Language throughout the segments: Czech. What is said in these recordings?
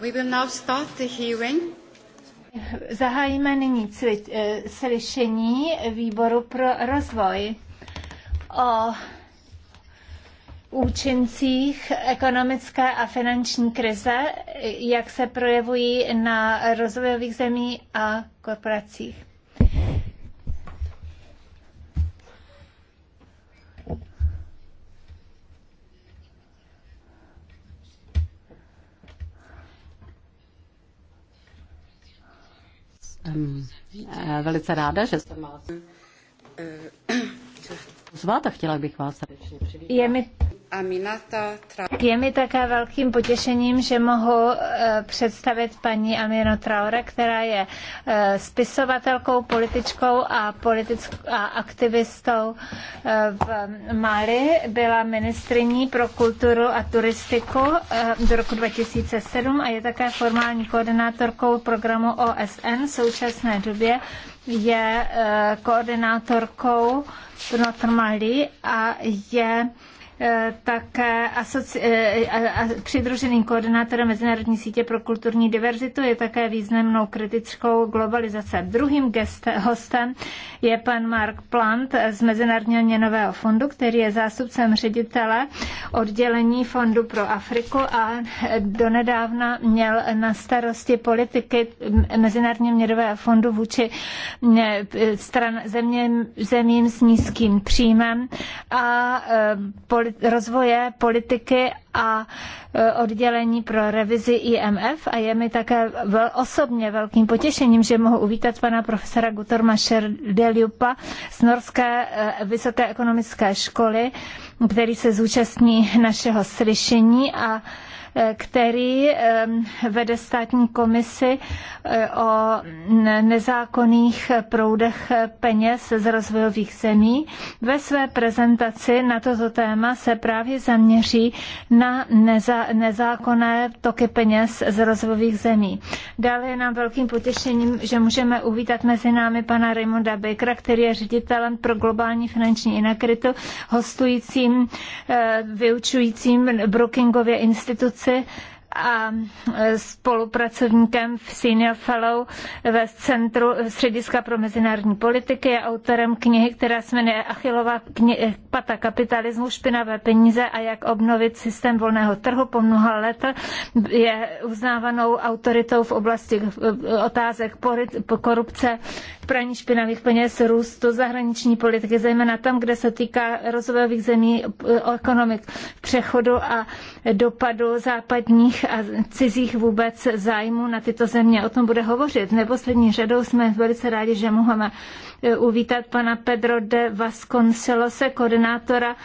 We will now start the hearing. Zahájíme nyní eh, slyšení výboru pro rozvoj o účincích ekonomické a finanční krize, jak se projevují na rozvojových zemích a korporacích. velice ráda, že jsem vás eh, eh, pozvat a chtěla bych vás srdečně přivítat. Je mi je mi také velkým potěšením, že mohu eh, představit paní Amino Traore, která je eh, spisovatelkou, političkou a, politickou a aktivistou eh, v Mali. Byla ministriní pro kulturu a turistiku do roku 2007 a je také formální koordinátorkou programu OSN v současné době je koordinátorkou Notre Mali a je Eh, také asoci... Eh, eh, přidruženým koordinátorem Mezinárodní sítě pro kulturní diverzitu, je také významnou kritickou globalizace. Druhým guest, hostem je pan Mark Plant z Mezinárodního měnového fondu, který je zástupcem ředitele oddělení Fondu pro Afriku a donedávna měl na starosti politiky Mezinárodního měnového fondu vůči stran země, zemím s nízkým příjmem a polit rozvoje politiky a e, oddělení pro revizi IMF a je mi také vel, osobně velkým potěšením, že mohu uvítat pana profesora Gutorma Šerdeliupa z Norské e, vysoké ekonomické školy, který se zúčastní našeho slyšení a který vede státní komisi eh, o nezákonných proudech peněz z rozvojových zemí. Ve své prezentaci na toto téma se právě zaměří na nezákonné toky peněz z rozvojových zemí. Dále je nám velkým potěšením, že můžeme uvítat mezi námi pana Raymonda Bakera, který je ředitelem pro globální finanční inakritu, hostujícím, eh, vyučujícím Brookingově instituci situaci a spolupracovníkem v Senior Fellow ve Centru Střediska pro mezinárodní politiky. Je autorem knihy, která se jmenuje Achilová kni- pata kapitalismu, špinavé peníze a jak obnovit systém volného trhu po mnoha let. Je uznávanou autoritou v oblasti otázek korupce, praní špinavých peněz, růstu zahraniční politiky, zejména tam, kde se týká rozvojových zemí, ekonomik přechodu a dopadu západních a cizích vůbec zájmů na tyto země. O tom bude hovořit. V neposlední řadou jsme velice rádi, že mohla eh, uvítat pana Pedro de Vasconcelose, koordinátora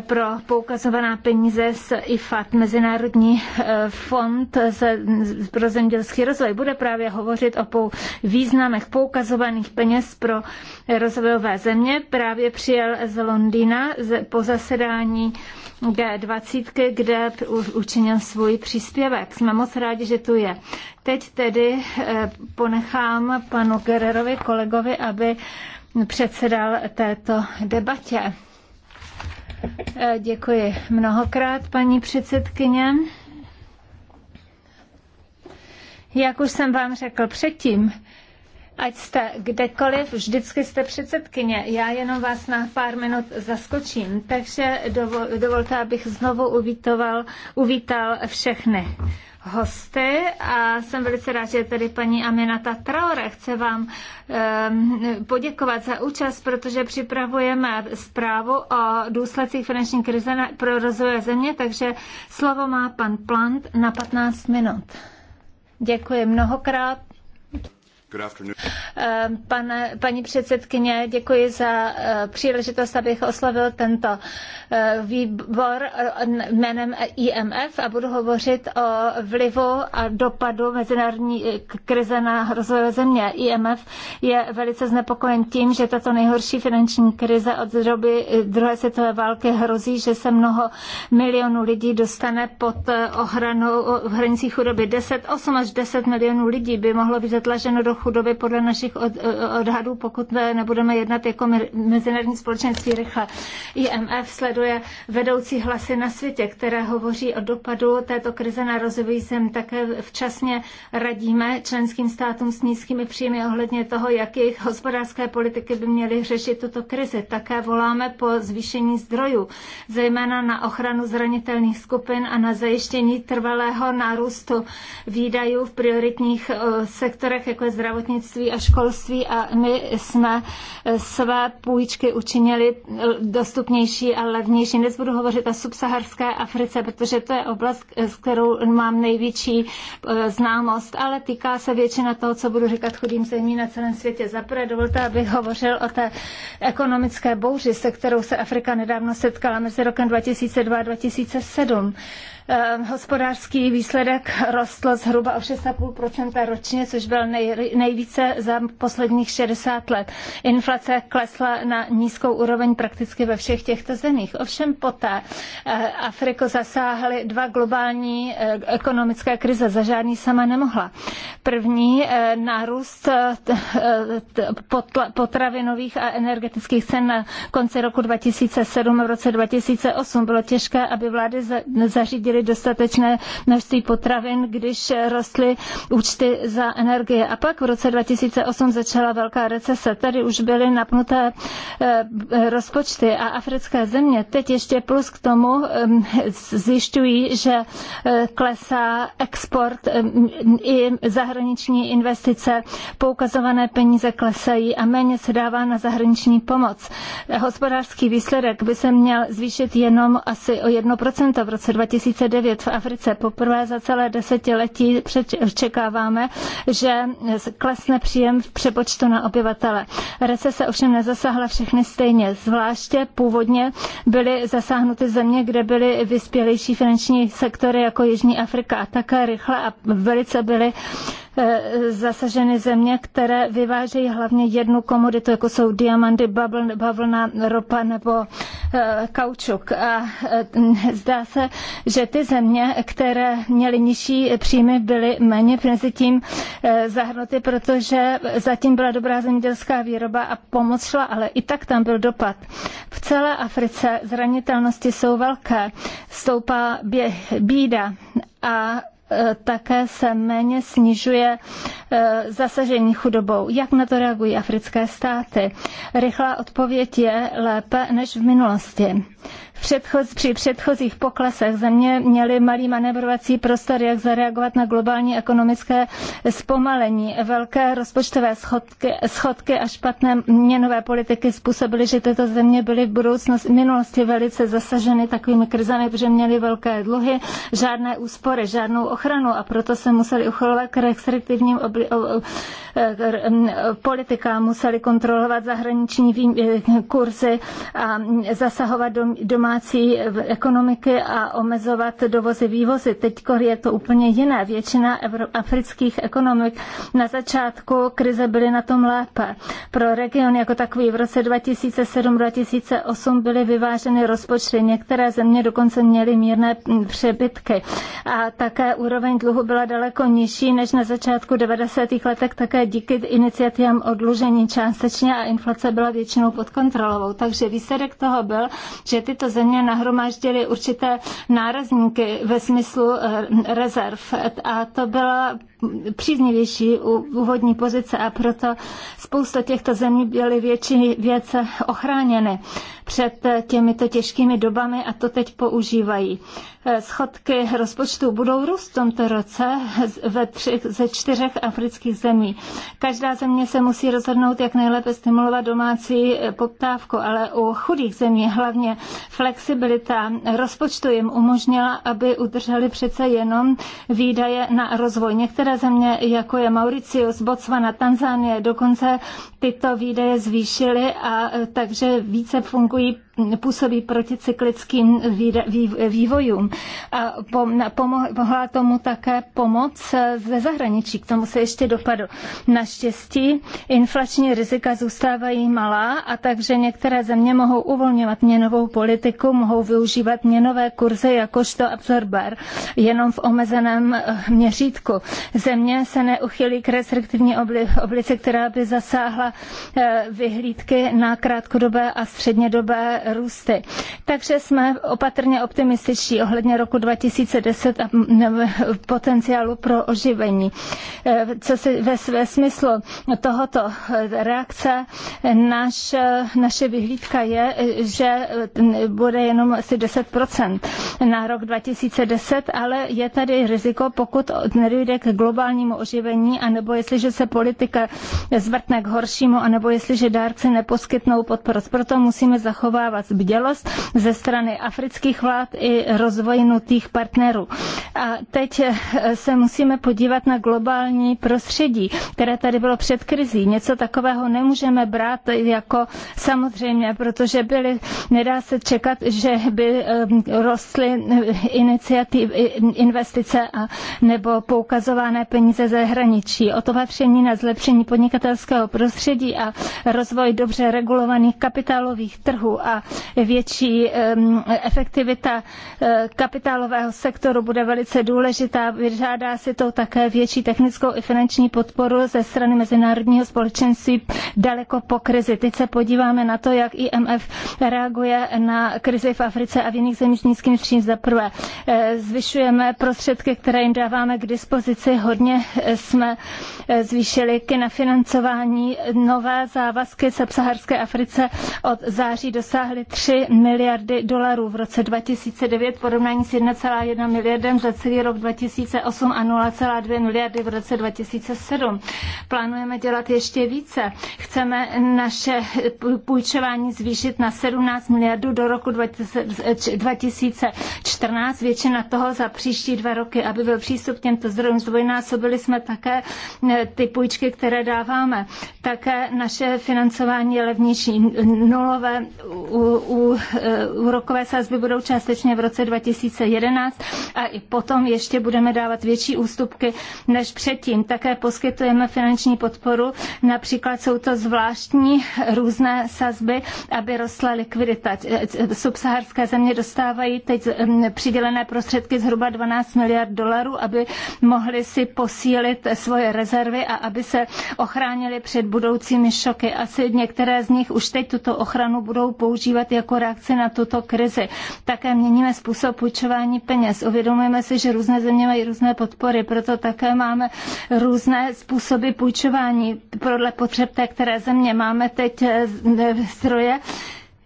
pro poukazovaná peníze z IFAT, Mezinárodní eh, fond pro zemědělský rozvoj, bude právě hovořit o pou, významech poukazovaných peněz pro rozvojové země. Právě přijel z Londýna po zasedání G20, kde učinil svůj příspěvek. Jsme moc rádi, že tu je. Teď tedy eh, ponechám panu Gererovi kolegovi, aby předsedal této debatě. Eh, děkuji mnohokrát, paní předsedkyně. Jak už jsem vám řekl předtím, ať jste kdekoliv, vždycky jste předsedkyně. Já jenom vás na pár minut zaskočím, takže dovolte, abych znovu uvítoval, uvítal všechny hosty a jsem velice rád, že je tady paní Aminata Traore. Chce vám um, poděkovat za účast, protože připravujeme zprávu o důsledcích finanční krize pro rozvoje země, takže slovo má pan Plant na 15 minut. Děkuji mnohokrát. Eh, pane, paní předsedkyně, děkuji za eh, příležitost, abych oslavil tento eh, výbor jménem IMF a budu hovořit o vlivu a dopadu mezinárodní krize na rozvoj země. IMF je velice znepokojen tím, že tato nejhorší finanční krize od doby druhé světové války hrozí, že se mnoho milionů lidí dostane pod ochranu v hranicích chudoby. 10, 8 až 10 milionů lidí by mohlo být zatlaženo do chudoby chudoby podle našich od, eh, odhadů, pokud nebudeme jednat jako mezinárodní společenství rychle. IMF sleduje vedoucí hlasy na světě, které hovoří o dopadu této krize na rozvoj zem. Také včasně radíme členským státům s nízkými příjmy ohledně toho, jak jejich hospodářské politiky by měly řešit tuto krizi. Také voláme po zvýšení zdrojů, zejména na ochranu zranitelných skupin a na zajištění trvalého nárůstu výdajů v prioritních eh, sektorech, jako je zdravotnictví a školství a my jsme eh, své půjčky učinili eh, dostupnější a levnější. Dnes budu hovořit o subsaharské Africe, protože to je oblast, eh, s kterou mám největší známost, ale týká se většina toho, co budu říkat chudým zemí na celém světě. Zaprvé dovolte, abych hovořil o té ekonomické bouři, se kterou se Afrika nedávno setkala mezi rokem 2002 a 2007. Eh, hospodářský výsledek rostl zhruba o 6,5 ročně, což byl nej, nejvíce za posledních 60 let. Inflace klesla na nízkou úroveň prakticky ve všech těchto zemích. Ovšem poté eh, Afriku zasáhly dva globální eh, ekonomické krize. Za žádný sama nemohla. První nárůst potravinových a energetických cen na konci roku 2007 v roce 2008 bylo těžké, aby vlády zařídily nedováželi dostatečné množství potravin, když rostly účty za energie. A pak v roce 2008 začala velká recese. Tady už byly napnuté eh, rozpočty a africké země teď ještě plus k tomu ehm, zjišťují, že eh, klesá export ehm, i zahraniční investice, poukazované peníze klesají a méně se dává na zahraniční pomoc. Hospodářský výsledek by se měl zvýšit jenom asi o 1% v roce 2020 2009 v Africe. Poprvé za celé desetiletí očekáváme, že klesne příjem v přepočtu na obyvatele. Recese ovšem nezasáhla všechny stejně. Zvláště původně byly zasáhnuty země, kde byly vyspělejší finanční sektory jako Jižní Afrika a také rychle a velice byly Eh, zasaženy země, které vyvážejí hlavně jednu komoditu, jako jsou diamanty, bavlna, ropa nebo eh, kaučuk. A eh, zdá se, že ty země, které měly nižší příjmy, byly méně mezi tím zahrnuty, protože zatím byla dobrá zemědělská výroba a pomoc šla, ale i tak tam byl dopad. V celé Africe zranitelnosti jsou velké, stoupá bída a E, také se méně snižuje e, zasažení chudobou. Jak na to reagují africké státy? Rychlá odpověď je lépe než v minulosti. V předchoz, při předchozích poklesech země měly malý manevrovací prostor, jak zareagovat na globální ekonomické zpomalení. Velké rozpočtové schodky, schodky a špatné měnové politiky způsobily, že tyto země byly v budoucnosti, v minulosti velice zasaženy takovými krizami, protože měly velké dluhy, žádné úspory, žádnou ochranu a proto se museli uchylovat k restriktivním obli- o, eh, politikám, museli kontrolovat zahraniční eh, kurzy a zasahovat do domácí ekonomiky a omezovat dovozy vývozy. Teď je to úplně jiné. Většina afrických ekonomik na začátku krize byly na tom lépe. Pro region jako takový v roce 2007-2008 byly vyváženy rozpočty. Některé země dokonce měly mírné přebytky a také úroveň dluhu byla daleko nižší než na začátku 90. letek, také díky iniciativám odlužení částečně a inflace byla většinou pod kontrolou. Takže výsledek toho byl, že tyto země nahromáždily určité nárazníky ve smyslu eh, rezerv a to byla příznivější úvodní pozice a proto spousta těchto zemí byly větší věce ochráněny před eh, těmito těžkými dobami a to teď používají. Eh, schodky rozpočtu budou růst tomto roce ve třech, ze čtyřech afrických zemí. Každá země se musí rozhodnout, jak nejlépe stimulovat domácí eh, poptávku, ale u chudých zemí hlavně flexibilita rozpočtu jim umožnila, aby udrželi přece jenom výdaje na rozvoj. Některé země, jako je Mauricius, Botswana, Tanzánie, dokonce tyto výdaje zvýšily a eh, takže více fungují působí proti cyklickým vývojům. A pomohla tomu také pomoc eh, ze zahraničí, k tomu se ještě dopadlo. Naštěstí inflační rizika zůstávají malá a takže některé země mohou uvolňovat měnovou politiku, mohou využívat měnové kurzy jakožto absorber jenom v omezeném eh, měřítku. Země se neuchylí k restriktivní oblice, která by zasáhla eh, vyhlídky na krátkodobé a střednědobé růsty. Takže jsme opatrně optimističtí ohledně roku 2010 a potenciálu pro oživení. E, co se ve, své smyslu tohoto e, reakce, naš, e, naše vyhlídka je, že bude jenom asi 10% na rok 2010, ale je tady riziko, pokud nedojde k globálnímu oživení, anebo jestliže se politika zvrtne k horšímu, anebo jestliže dárci neposkytnou podporu. Proto musíme zachovávat vyvolávat bdělost ze strany afrických vlád i rozvojnutých partnerů. A teď eh, se musíme podívat na globální prostředí, které tady bylo před krizí. Něco takového nemůžeme brát jako samozřejmě, protože byly, nedá se čekat, že by eh, rostly eh, iniciativy, investice a nebo poukazované peníze ze hraničí. Otovatření na zlepšení podnikatelského prostředí a rozvoj dobře regulovaných kapitálových trhů a větší efektivita eh, kapitálového sektoru bude velice důležitá. Vyžádá si to také větší technickou i finanční podporu ze strany mezinárodního společenství daleko po krizi. Teď se podíváme na to, jak IMF reaguje na krizi v Africe a v jiných zemích s nízkým příjmem za prvé. Eh, zvyšujeme prostředky, které jim dáváme k dispozici. Hodně eh, jsme zvýšili k na financování. Nové závazky se Saharské Africe od září dosáhly dosáhly 3 miliardy dolarů v roce 2009 v porovnání s 1,1 miliardem za celý rok 2008 a 0,2 miliardy v roce 2007. Plánujeme dělat ještě více. Chceme naše půjčování zvýšit na 17 miliardů do roku 2014, většina toho za příští dva roky, aby byl přístup těmto zdrojům. Zdvojnásobili jsme také eh, ty půjčky, které dáváme. Také naše financování je levnější nulové u, eh, úrokové sazby budou částečně v roce 2011 a i potom ještě budeme dávat větší ústupky než předtím. Také poskytujeme finanční podporu, například jsou to zvláštní různé sazby, aby rostla likvidita. Eh, subsaharské země dostávají teď mm, přidělené prostředky zhruba 12 miliard dolarů, aby mohli si posílit svoje rezervy a aby se ochránili před budoucími šoky. Asi některé z nich už teď tuto ochranu budou používat používat jako reakce na tuto krizi. Také měníme způsob půjčování peněz. Uvědomujeme si, že různé země mají různé podpory, proto také máme různé způsoby půjčování podle potřeb té které země. Máme teď stroje, eh,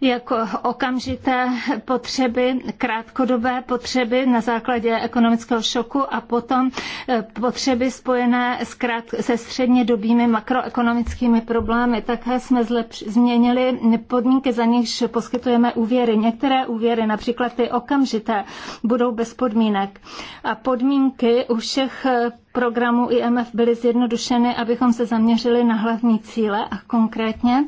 jako okamžité potřeby, krátkodobé potřeby na základě ekonomického šoku a potom eh, potřeby spojené s krát, se střednědobými makroekonomickými problémy. Také jsme zlepš, změnili podmínky, za nichž poskytujeme úvěry. Některé úvěry, například ty okamžité, budou bez podmínek. A podmínky u všech eh, programů IMF byly zjednodušeny, abychom se zaměřili na hlavní cíle a konkrétně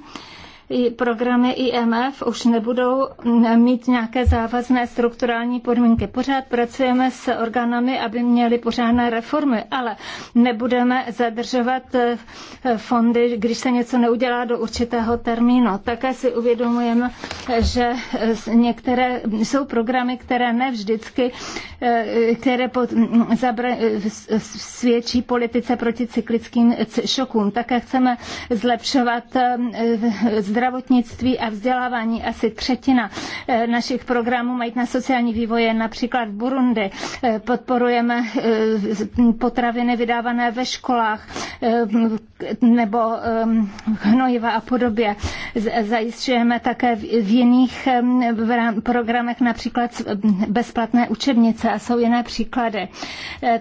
i programy IMF už nebudou mít nějaké závazné strukturální podmínky. Pořád pracujeme s orgánami, aby měli pořádné reformy, ale nebudeme zadržovat e, fondy, když se něco neudělá do určitého termínu. Také si uvědomujeme, že e, některé jsou programy, které ne vždycky, e, které pod, zabra, svědčí politice proti cyklickým šokům. Také chceme zlepšovat zdraví zdravotnictví a vzdělávání. Asi třetina eh, našich programů mají na sociální vývoje, například v Burundi. Eh, podporujeme eh, potraviny vydávané ve školách nebo hnojiva a podobě. Zajišťujeme také v jiných programech například bezplatné učebnice a jsou jiné příklady.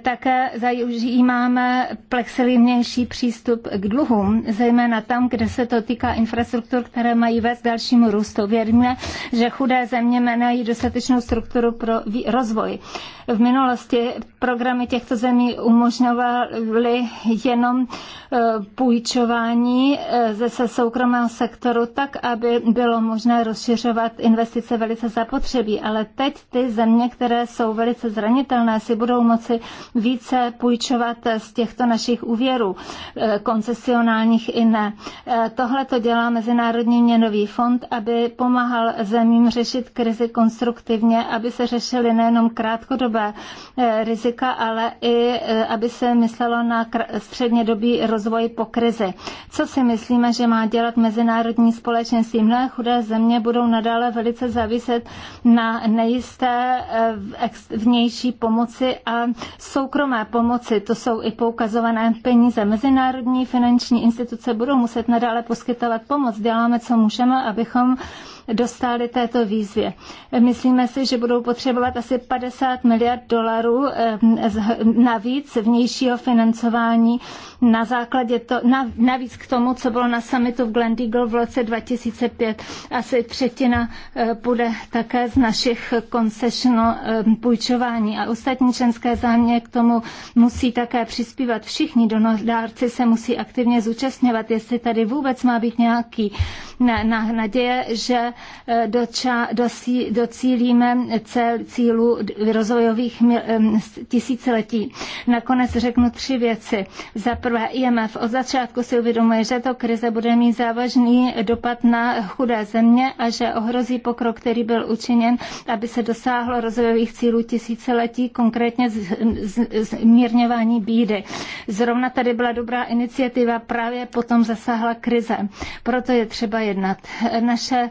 Také zajímáme plexilivnější přístup k dluhům, zejména tam, kde se to týká infrastruktur, které mají vést dalšímu růstu. Věříme, že chudé země mají dostatečnou strukturu pro rozvoj. V minulosti programy těchto zemí umožňovaly jenom e, půjčování e, ze soukromého sektoru tak, aby bylo možné rozšiřovat investice velice zapotřebí. Ale teď ty země, které jsou velice zranitelné, si budou moci více půjčovat z těchto našich úvěrů, e, koncesionálních i ne. Tohle to dělá Mezinárodní Mezinárodní měnový fond, aby pomáhal zemím řešit krizi konstruktivně, aby se řešily nejenom krátkodobé eh, rizika, ale i eh, aby se myslelo na střednědobý rozvoj po krizi. Co si myslíme, že má dělat mezinárodní společenství? Mnohé chudé země budou nadále velice záviset na nejisté eh, vnější pomoci a soukromé pomoci. To jsou i poukazované peníze. Mezinárodní finanční instituce budou muset nadále poskytovat pomoc. Dělá děláme, co můžeme, abychom dostali této výzvě. Myslíme si, že budou potřebovat asi 50 miliard dolarů navíc vnějšího financování na základě to, navíc k tomu, co bylo na summitu v Glendeagle v roce 2005. Asi třetina bude eh, také z našich koncesionů půjčování a ostatní členské země k tomu musí také přispívat. Všichni donodárci se musí aktivně zúčastňovat, jestli tady vůbec má být nějaký naděje, že docílíme cel, cílu rozvojových mil, tisíciletí. Nakonec řeknu tři věci. Za prvé IMF od začátku si uvědomuje, že to krize bude mít závažný dopad na chudé země a že ohrozí pokrok, který byl učiněn, aby se dosáhlo rozvojových cílů tisíciletí, konkrétně zmírňování bídy. Zrovna tady byla dobrá iniciativa, právě potom zasáhla krize. Proto je třeba jednat. Naše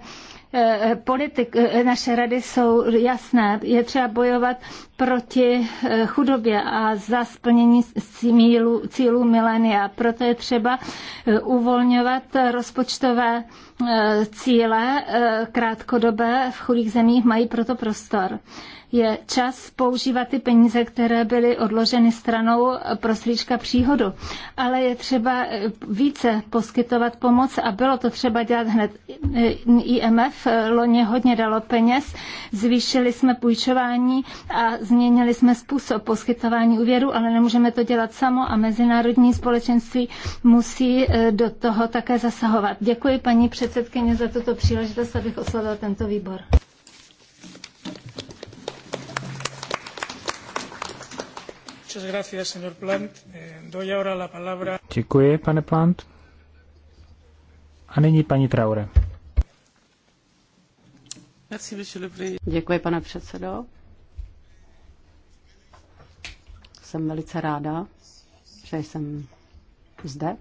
Eh, eh, politik, eh, naše rady jsou jasné. Je třeba bojovat proti chudobě a za splnění cílů, cílů milénia. Proto je třeba uvolňovat rozpočtové cíle krátkodobé. V chudých zemích mají proto prostor je čas používat ty peníze, které byly odloženy stranou pro slíčka příhodu. Ale je třeba eh, více poskytovat pomoc a bylo to třeba dělat hned. Eh, IMF eh, loni hodně dalo peněz, zvýšili jsme půjčování a změnili jsme způsob poskytování úvěru, ale nemůžeme to dělat samo a mezinárodní společenství musí do toho také zasahovat. Děkuji paní předsedkyně za tuto příležitost, abych oslovil tento výbor. Eh, Děkuji, pane Plant. A nyní paní Traure. Děkuji, pane předsedo. Jsem velice ráda, že jsem zde.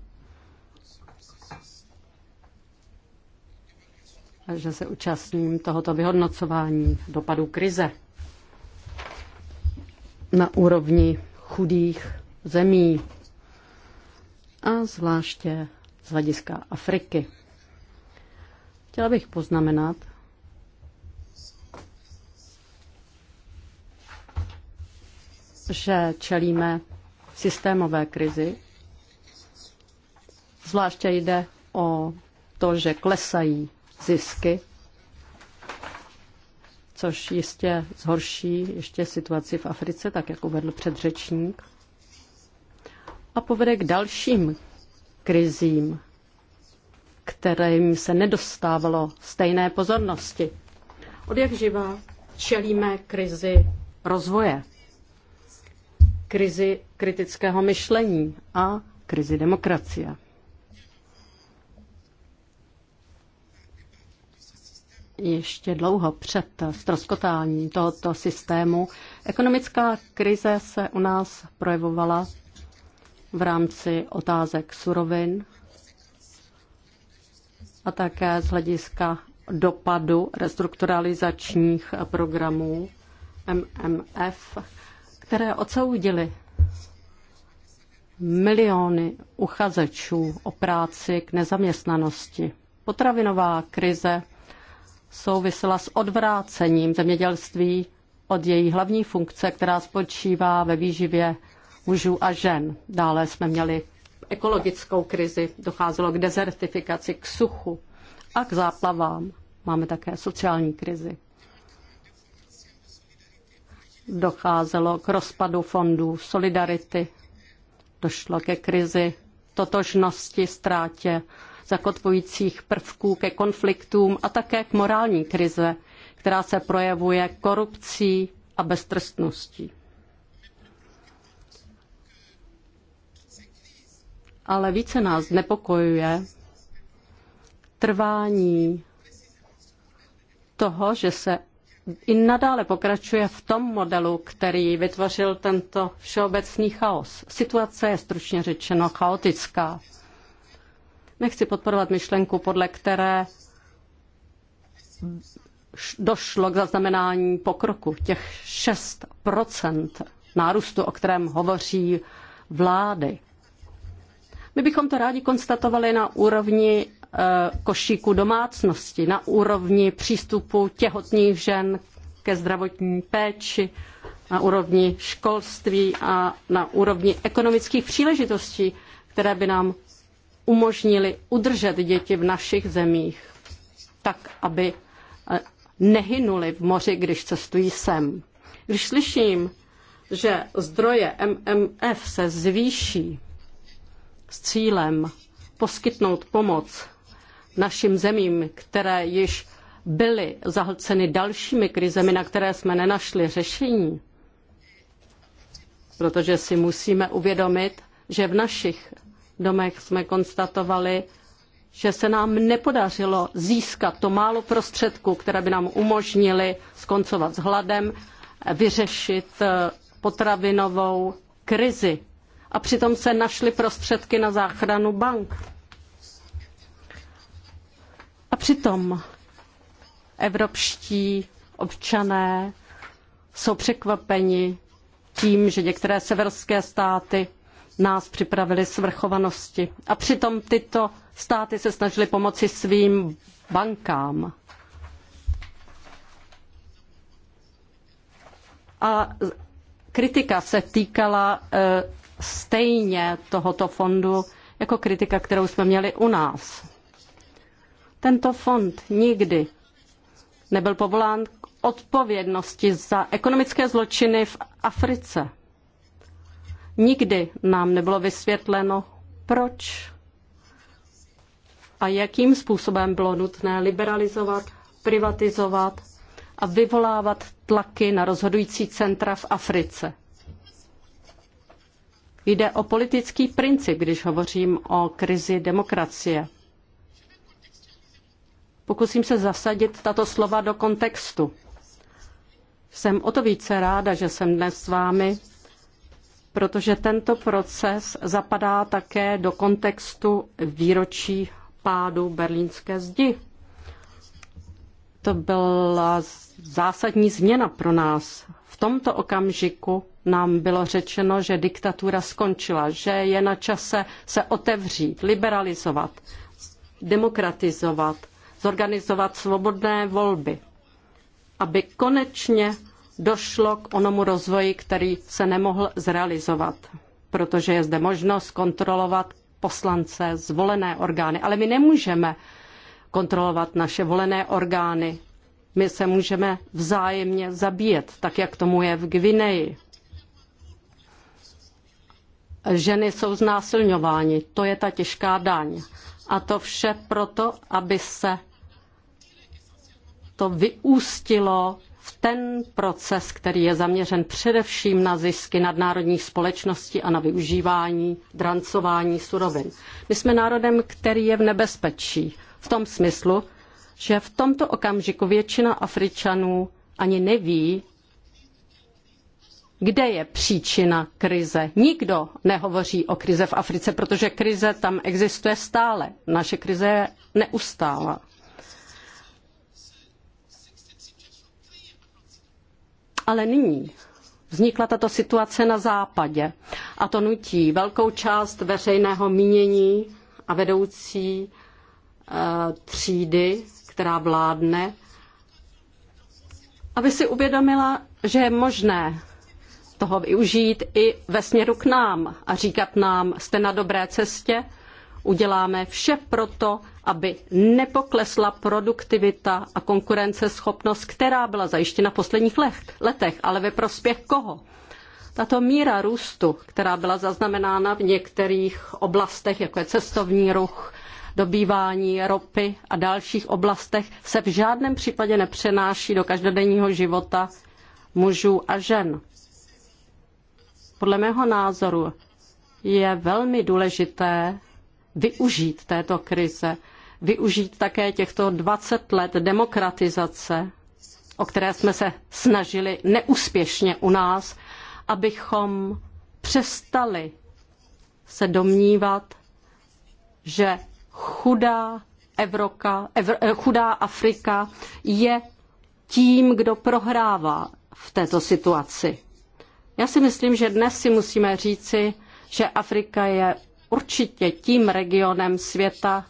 A že se účastním tohoto vyhodnocování dopadu krize na úrovni chudých zemí a zvláště z hlediska Afriky. Chtěla bych poznamenat, že čelíme systémové krizi. Zvláště jde o to, že klesají zisky což jistě zhorší ještě situaci v Africe, tak jak uvedl předřečník, a povede k dalším krizím, kterým se nedostávalo stejné pozornosti. Od jak živa čelíme krizi rozvoje, krizi kritického myšlení a krizi demokracie. ještě dlouho před stroskotáním tohoto systému. Ekonomická krize se u nás projevovala v rámci otázek surovin a také z hlediska dopadu restrukturalizačních programů MMF, které odsoudily miliony uchazečů o práci k nezaměstnanosti. Potravinová krize souvisela s odvrácením zemědělství od její hlavní funkce, která spočívá ve výživě mužů a žen. Dále jsme měli ekologickou krizi, docházelo k dezertifikaci, k suchu a k záplavám. Máme také sociální krizi. Docházelo k rozpadu fondů Solidarity, došlo ke krizi totožnosti, ztrátě zakotvujících prvků ke konfliktům a také k morální krize, která se projevuje korupcí a beztrstností. Ale více nás nepokojuje trvání toho, že se i nadále pokračuje v tom modelu, který vytvořil tento všeobecný chaos. Situace je stručně řečeno chaotická. Nechci podporovat myšlenku, podle které došlo k zaznamenání pokroku. Těch 6 nárůstu, o kterém hovoří vlády. My bychom to rádi konstatovali na úrovni eh, košíku domácnosti, na úrovni přístupu těhotných žen ke zdravotní péči, na úrovni školství a na úrovni ekonomických příležitostí, které by nám umožnili udržet děti v našich zemích, tak aby eh, nehynuli v moři, když cestují sem. Když slyším, že zdroje MMF se zvýší s cílem poskytnout pomoc našim zemím, které již byly zahlceny dalšími krizemi, na které jsme nenašli řešení, protože si musíme uvědomit, že v našich domech jsme konstatovali, že se nám nepodařilo získat to málo prostředků, které by nám umožnily skoncovat s hladem, vyřešit eh, potravinovou krizi. A přitom se našly prostředky na záchranu bank. A přitom evropští občané jsou překvapeni tím, že některé severské státy nás připravili svrchovanosti. A přitom tyto státy se snažily pomoci svým bankám. A kritika se týkala e, stejně tohoto fondu jako kritika, kterou jsme měli u nás. Tento fond nikdy nebyl povolán k odpovědnosti za ekonomické zločiny v Africe. Nikdy nám nebylo vysvětleno, proč a jakým způsobem bylo nutné liberalizovat, privatizovat a vyvolávat tlaky na rozhodující centra v Africe. Jde o politický princip, když hovořím o krizi demokracie. Pokusím se zasadit tato slova do kontextu. Jsem o to více ráda, že jsem dnes s vámi protože tento proces zapadá také do kontextu výročí pádu berlínské zdi. To byla zásadní změna pro nás. V tomto okamžiku nám bylo řečeno, že diktatura skončila, že je na čase se otevřít, liberalizovat, demokratizovat, zorganizovat svobodné volby, aby konečně došlo k onomu rozvoji, který se nemohl zrealizovat, protože je zde možnost kontrolovat poslance, zvolené orgány. Ale my nemůžeme kontrolovat naše volené orgány. My se můžeme vzájemně zabíjet, tak jak tomu je v Gvineji. Ženy jsou znásilňovány, to je ta těžká daň. A to vše proto, aby se to vyústilo v ten proces, který je zaměřen především na zisky nadnárodních společností a na využívání, drancování surovin. My jsme národem, který je v nebezpečí v tom smyslu, že v tomto okamžiku většina Afričanů ani neví, kde je příčina krize. Nikdo nehovoří o krize v Africe, protože krize tam existuje stále. Naše krize je neustálá. Ale nyní vznikla tato situace na západě a to nutí velkou část veřejného mínění a vedoucí eh, třídy, která vládne, aby si uvědomila, že je možné toho využít i ve směru k nám a říkat nám, jste na dobré cestě, uděláme vše proto, aby nepoklesla produktivita a konkurenceschopnost, která byla zajištěna v posledních letech, ale ve prospěch koho? Tato míra růstu, která byla zaznamenána v některých oblastech, jako je cestovní ruch, dobývání ropy a dalších oblastech, se v žádném případě nepřenáší do každodenního života mužů a žen. Podle mého názoru je velmi důležité využít této krize využít také těchto 20 let demokratizace, o které jsme se snažili neúspěšně u nás, abychom přestali se domnívat, že chudá, Evroka, eh, chudá Afrika je tím, kdo prohrává v této situaci. Já si myslím, že dnes si musíme říci, že Afrika je určitě tím regionem světa,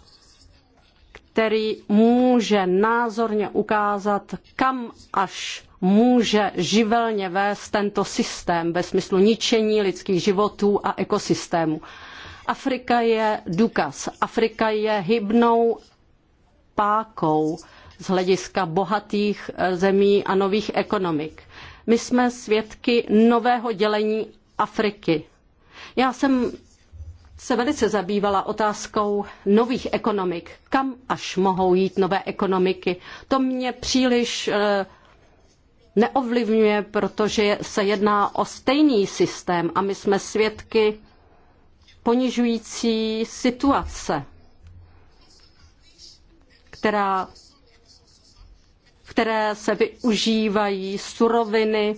který může názorně ukázat, kam až může živelně vést tento systém ve smyslu ničení lidských životů a ekosystému. Afrika je důkaz. Afrika je hybnou pákou z hlediska bohatých eh, zemí a nových ekonomik. My jsme svědky nového dělení Afriky. Já jsem se velice zabývala otázkou nových ekonomik. Kam až mohou jít nové ekonomiky? To mě příliš eh, neovlivňuje, protože se jedná o stejný systém a my jsme svědky ponižující situace, která, které se využívají suroviny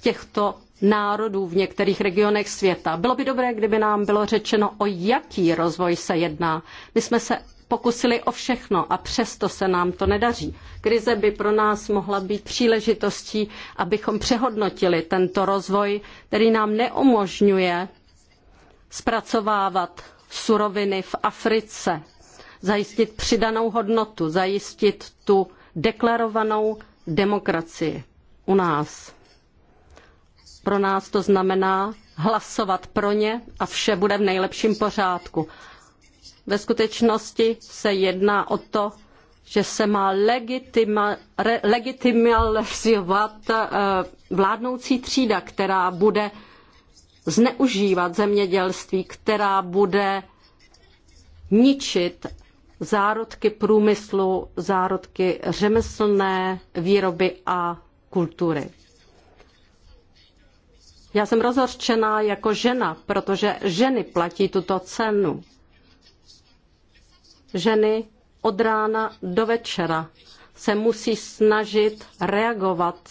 těchto národů v některých regionech světa. Bylo by dobré, kdyby nám bylo řečeno, o jaký rozvoj se jedná. My jsme se pokusili o všechno a přesto se nám to nedaří. Krize by pro nás mohla být příležitostí, abychom přehodnotili tento rozvoj, který nám neumožňuje zpracovávat suroviny v Africe, zajistit přidanou hodnotu, zajistit tu deklarovanou demokracii u nás. Pro nás to znamená hlasovat pro ně a vše bude v nejlepším pořádku. Ve skutečnosti se jedná o to, že se má legitimizovat eh, vládnoucí třída, která bude zneužívat zemědělství, která bude ničit zárodky průmyslu, zárodky řemeslné výroby a kultury. Já jsem rozhořčená jako žena, protože ženy platí tuto cenu. Ženy od rána do večera se musí snažit reagovat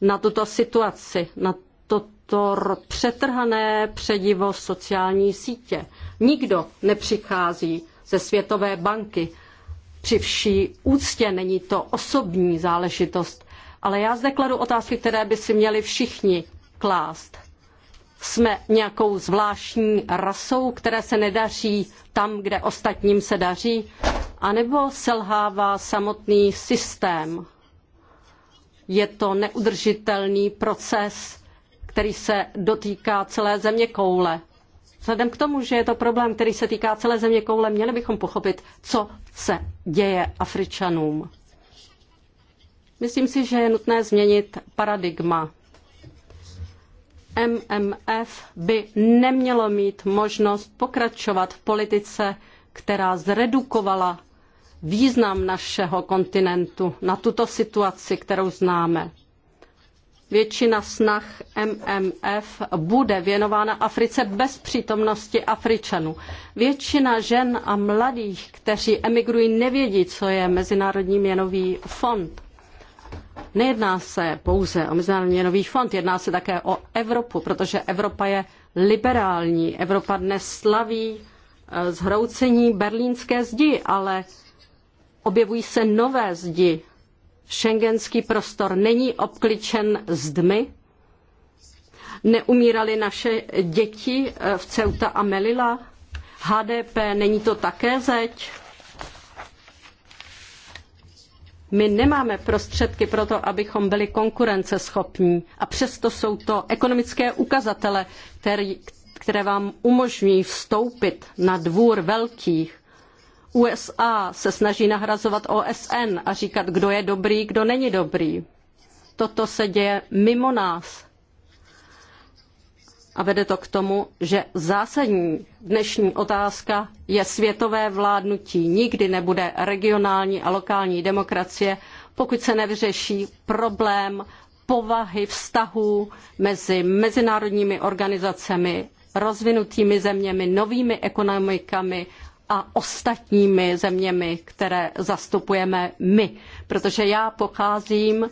na tuto situaci, na toto přetrhané předivo sociální sítě. Nikdo nepřichází ze Světové banky. Při vší úctě není to osobní záležitost, ale já zde kladu otázky, které by si měli všichni klást. Jsme nějakou zvláštní rasou, které se nedaří tam, kde ostatním se daří, anebo selhává samotný systém. Je to neudržitelný proces, který se dotýká celé země koule. Vzhledem k tomu, že je to problém, který se týká celé země koule, měli bychom pochopit, co se děje Afričanům. Myslím si, že je nutné změnit paradigma. MMF by nemělo mít možnost pokračovat v politice, která zredukovala význam našeho kontinentu na tuto situaci, kterou známe. Většina snah MMF bude věnována Africe bez přítomnosti Afričanů. Většina žen a mladých, kteří emigrují, nevědí, co je Mezinárodní měnový fond. Nejedná se pouze o Mezinárodní měnový fond, jedná se také o Evropu, protože Evropa je liberální. Evropa dnes slaví eh, zhroucení berlínské zdi, ale objevují se nové zdi. Schengenský prostor není obkličen zdmi. Neumírali naše děti eh, v Ceuta a Melila. HDP není to také zeď My nemáme prostředky pro to, abychom byli konkurenceschopní a přesto jsou to ekonomické ukazatele, který, které vám umožní vstoupit na dvůr velkých. USA se snaží nahrazovat OSN a říkat, kdo je dobrý, kdo není dobrý. Toto se děje mimo nás a vede to k tomu, že zásadní dnešní otázka je světové vládnutí. Nikdy nebude regionální a lokální demokracie, pokud se nevyřeší problém povahy vztahů mezi mezinárodními organizacemi, rozvinutými zeměmi, novými ekonomikami a ostatními zeměmi, které zastupujeme my. Protože já pocházím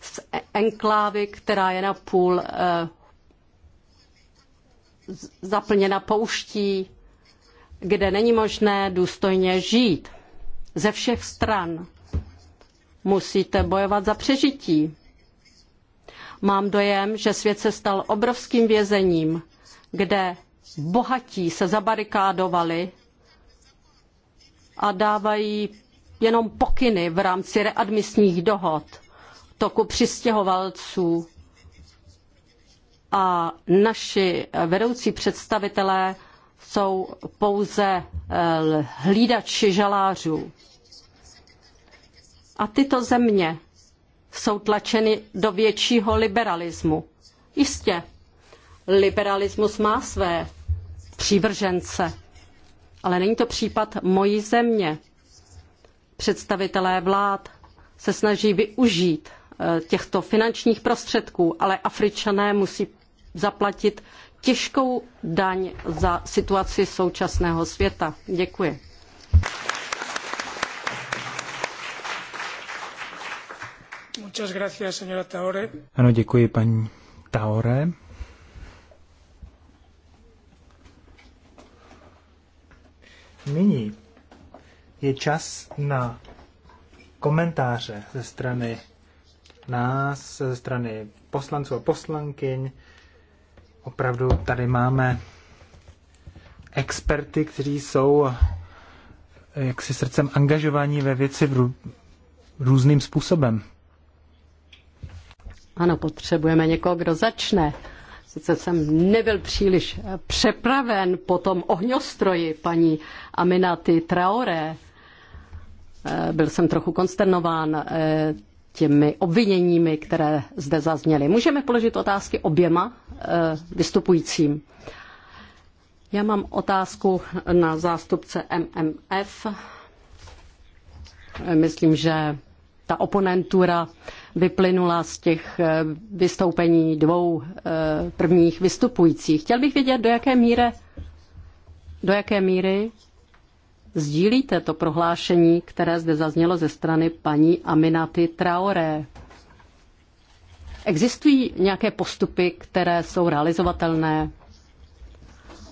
z enklávy, která je napůl eh, zaplněna pouští, kde není možné důstojně žít. Ze všech stran musíte bojovat za přežití. Mám dojem, že svět se stal obrovským vězením, kde bohatí se zabarikádovali a dávají jenom pokyny v rámci readmisních dohod toku přistěhovalců a naši vedoucí představitelé jsou pouze eh, hlídači žalářů. A tyto země jsou tlačeny do většího liberalismu. Jistě, liberalismus má své přívržence, ale není to případ mojí země. Představitelé vlád se snaží využít eh, těchto finančních prostředků, ale Afričané musí zaplatit těžkou daň za situaci současného světa. Děkuji. Ano, děkuji paní Taore. Nyní je čas na komentáře ze strany nás, ze strany poslanců a poslankyň opravdu tady máme experty, kteří jsou eh, jaksi srdcem angažování ve věci v různým způsobem. Ano, potřebujeme někoho, kdo začne. Sice jsem nebyl příliš eh, přepraven po tom ohňostroji paní Aminaty Traoré. Eh, byl jsem trochu konsternován těmi obviněními, které zde zazněly. Můžeme položit otázky oběma eh, vystupujícím. Já mám otázku na zástupce MMF. Myslím, že ta oponentura vyplynula z těch eh, vystoupení dvou eh, prvních vystupujících. Chtěl bych vědět, do jaké míry, do jaké míry Sdílíte to prohlášení, které zde zaznělo ze strany paní Aminaty Traoré? Existují nějaké postupy, které jsou realizovatelné?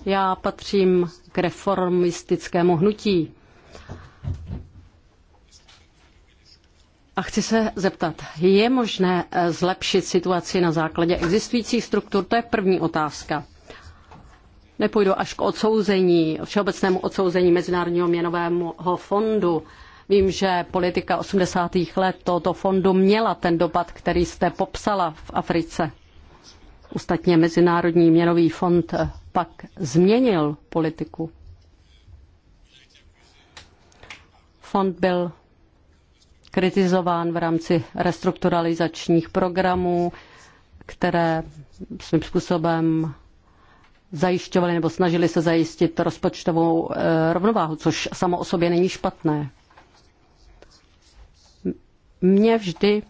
Já patřím k reformistickému hnutí. A chci se zeptat, je možné eh, zlepšit situaci na základě existujících struktur? To je první otázka nepůjdu až k odsouzení, všeobecnému odsouzení Mezinárodního měnového fondu. Vím, že politika 80. let tohoto fondu měla ten dopad, který jste popsala v Africe. Ostatně Mezinárodní měnový fond pak změnil politiku. Fond byl kritizován v rámci restrukturalizačních programů, které svým způsobem zajišťovali nebo snažili se zajistit rozpočtovou eh, rovnováhu, což samo o sobě není špatné. Mě vždy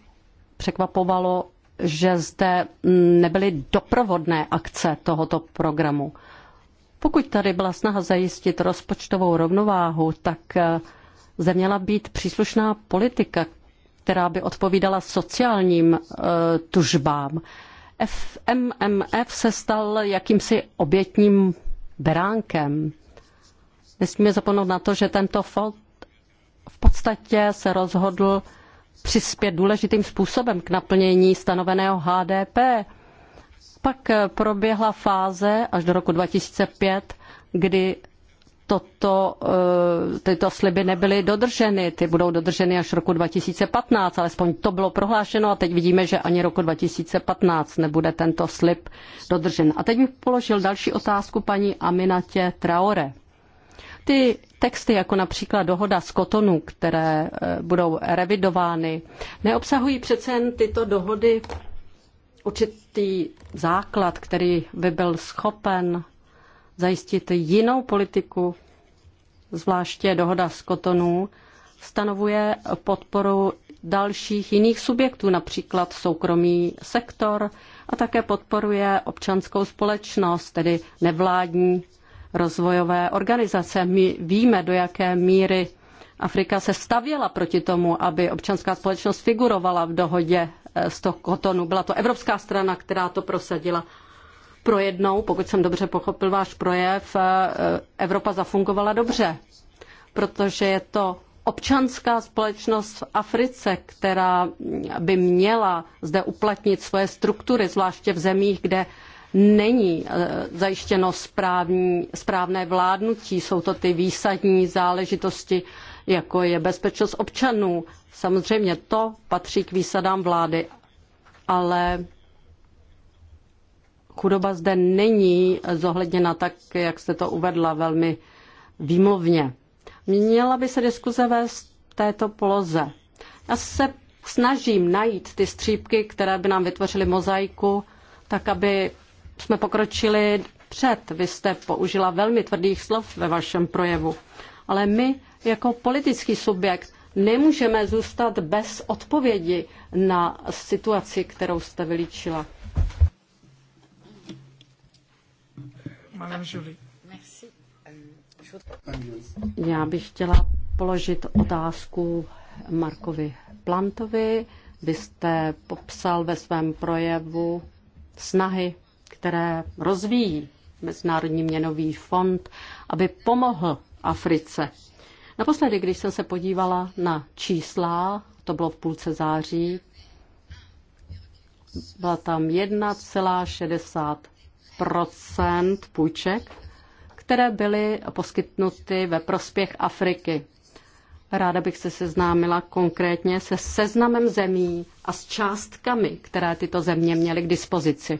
překvapovalo, že zde nebyly doprovodné akce tohoto programu. Pokud tady byla snaha zajistit rozpočtovou rovnováhu, tak eh, zde měla být příslušná politika, která by odpovídala sociálním eh, tužbám. MMF se stal jakýmsi obětním beránkem. Nesmíme zapomenout na to, že tento fond v podstatě se rozhodl přispět důležitým způsobem k naplnění stanoveného HDP. Pak proběhla fáze až do roku 2005, kdy toto, eh, tyto sliby nebyly dodrženy. Ty budou dodrženy až roku 2015, alespoň to bylo prohlášeno a teď vidíme, že ani roku 2015 nebude tento slib dodržen. A teď bych položil další otázku paní Aminatě Traore. Ty texty, jako například dohoda z Kotonu, které eh, budou revidovány, neobsahují přece jen tyto dohody určitý základ, který by byl schopen zajistit jinou politiku, zvláště dohoda z Kotonu, stanovuje podporu dalších jiných subjektů, například soukromý sektor a také podporuje občanskou společnost, tedy nevládní rozvojové organizace. My víme, do jaké míry Afrika se stavěla proti tomu, aby občanská společnost figurovala v dohodě eh, z toho kotonu. Byla to evropská strana, která to prosadila pro jednou, pokud jsem dobře pochopil váš projev, eh, Evropa zafungovala dobře, protože je to občanská společnost v Africe, která by měla zde uplatnit svoje struktury, zvláště v zemích, kde není eh, zajištěno správní, správné vládnutí. Jsou to ty výsadní záležitosti, jako je bezpečnost občanů. Samozřejmě to patří k výsadám vlády, ale chudoba zde není zohledněna tak, jak jste to uvedla velmi výmluvně. Měla by se diskuze vést této poloze. Já se snažím najít ty střípky, které by nám vytvořily mozaiku, tak aby jsme pokročili před. Vy jste použila velmi tvrdých slov ve vašem projevu. Ale my jako politický subjekt nemůžeme zůstat bez odpovědi na situaci, kterou jste vylíčila. Madame Já bych chtěla položit otázku Markovi Plantovi. Vy jste popsal ve svém projevu snahy, které rozvíjí Mezinárodní měnový fond, aby pomohl Africe. Naposledy, když jsem se podívala na čísla, to bylo v půlce září, byla tam procent půjček, které byly poskytnuty ve prospěch Afriky. Ráda bych se seznámila konkrétně se seznamem zemí a s částkami, které tyto země měly k dispozici.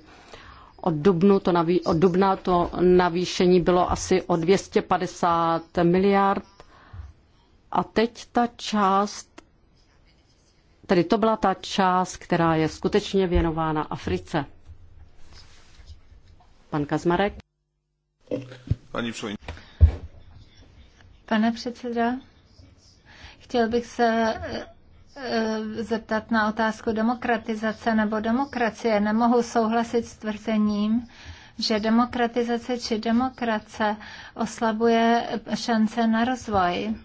Od, dubnu to naví, od dubna to navýšení bylo asi o 250 miliard a teď ta část, tedy to byla ta část, která je skutečně věnována Africe. Pan Kazmarek. Pane předseda, chtěl bych se eh, eh, zeptat na otázku demokratizace nebo demokracie. Nemohu souhlasit s tvrzením, že demokratizace či demokracie oslabuje šance na rozvoj.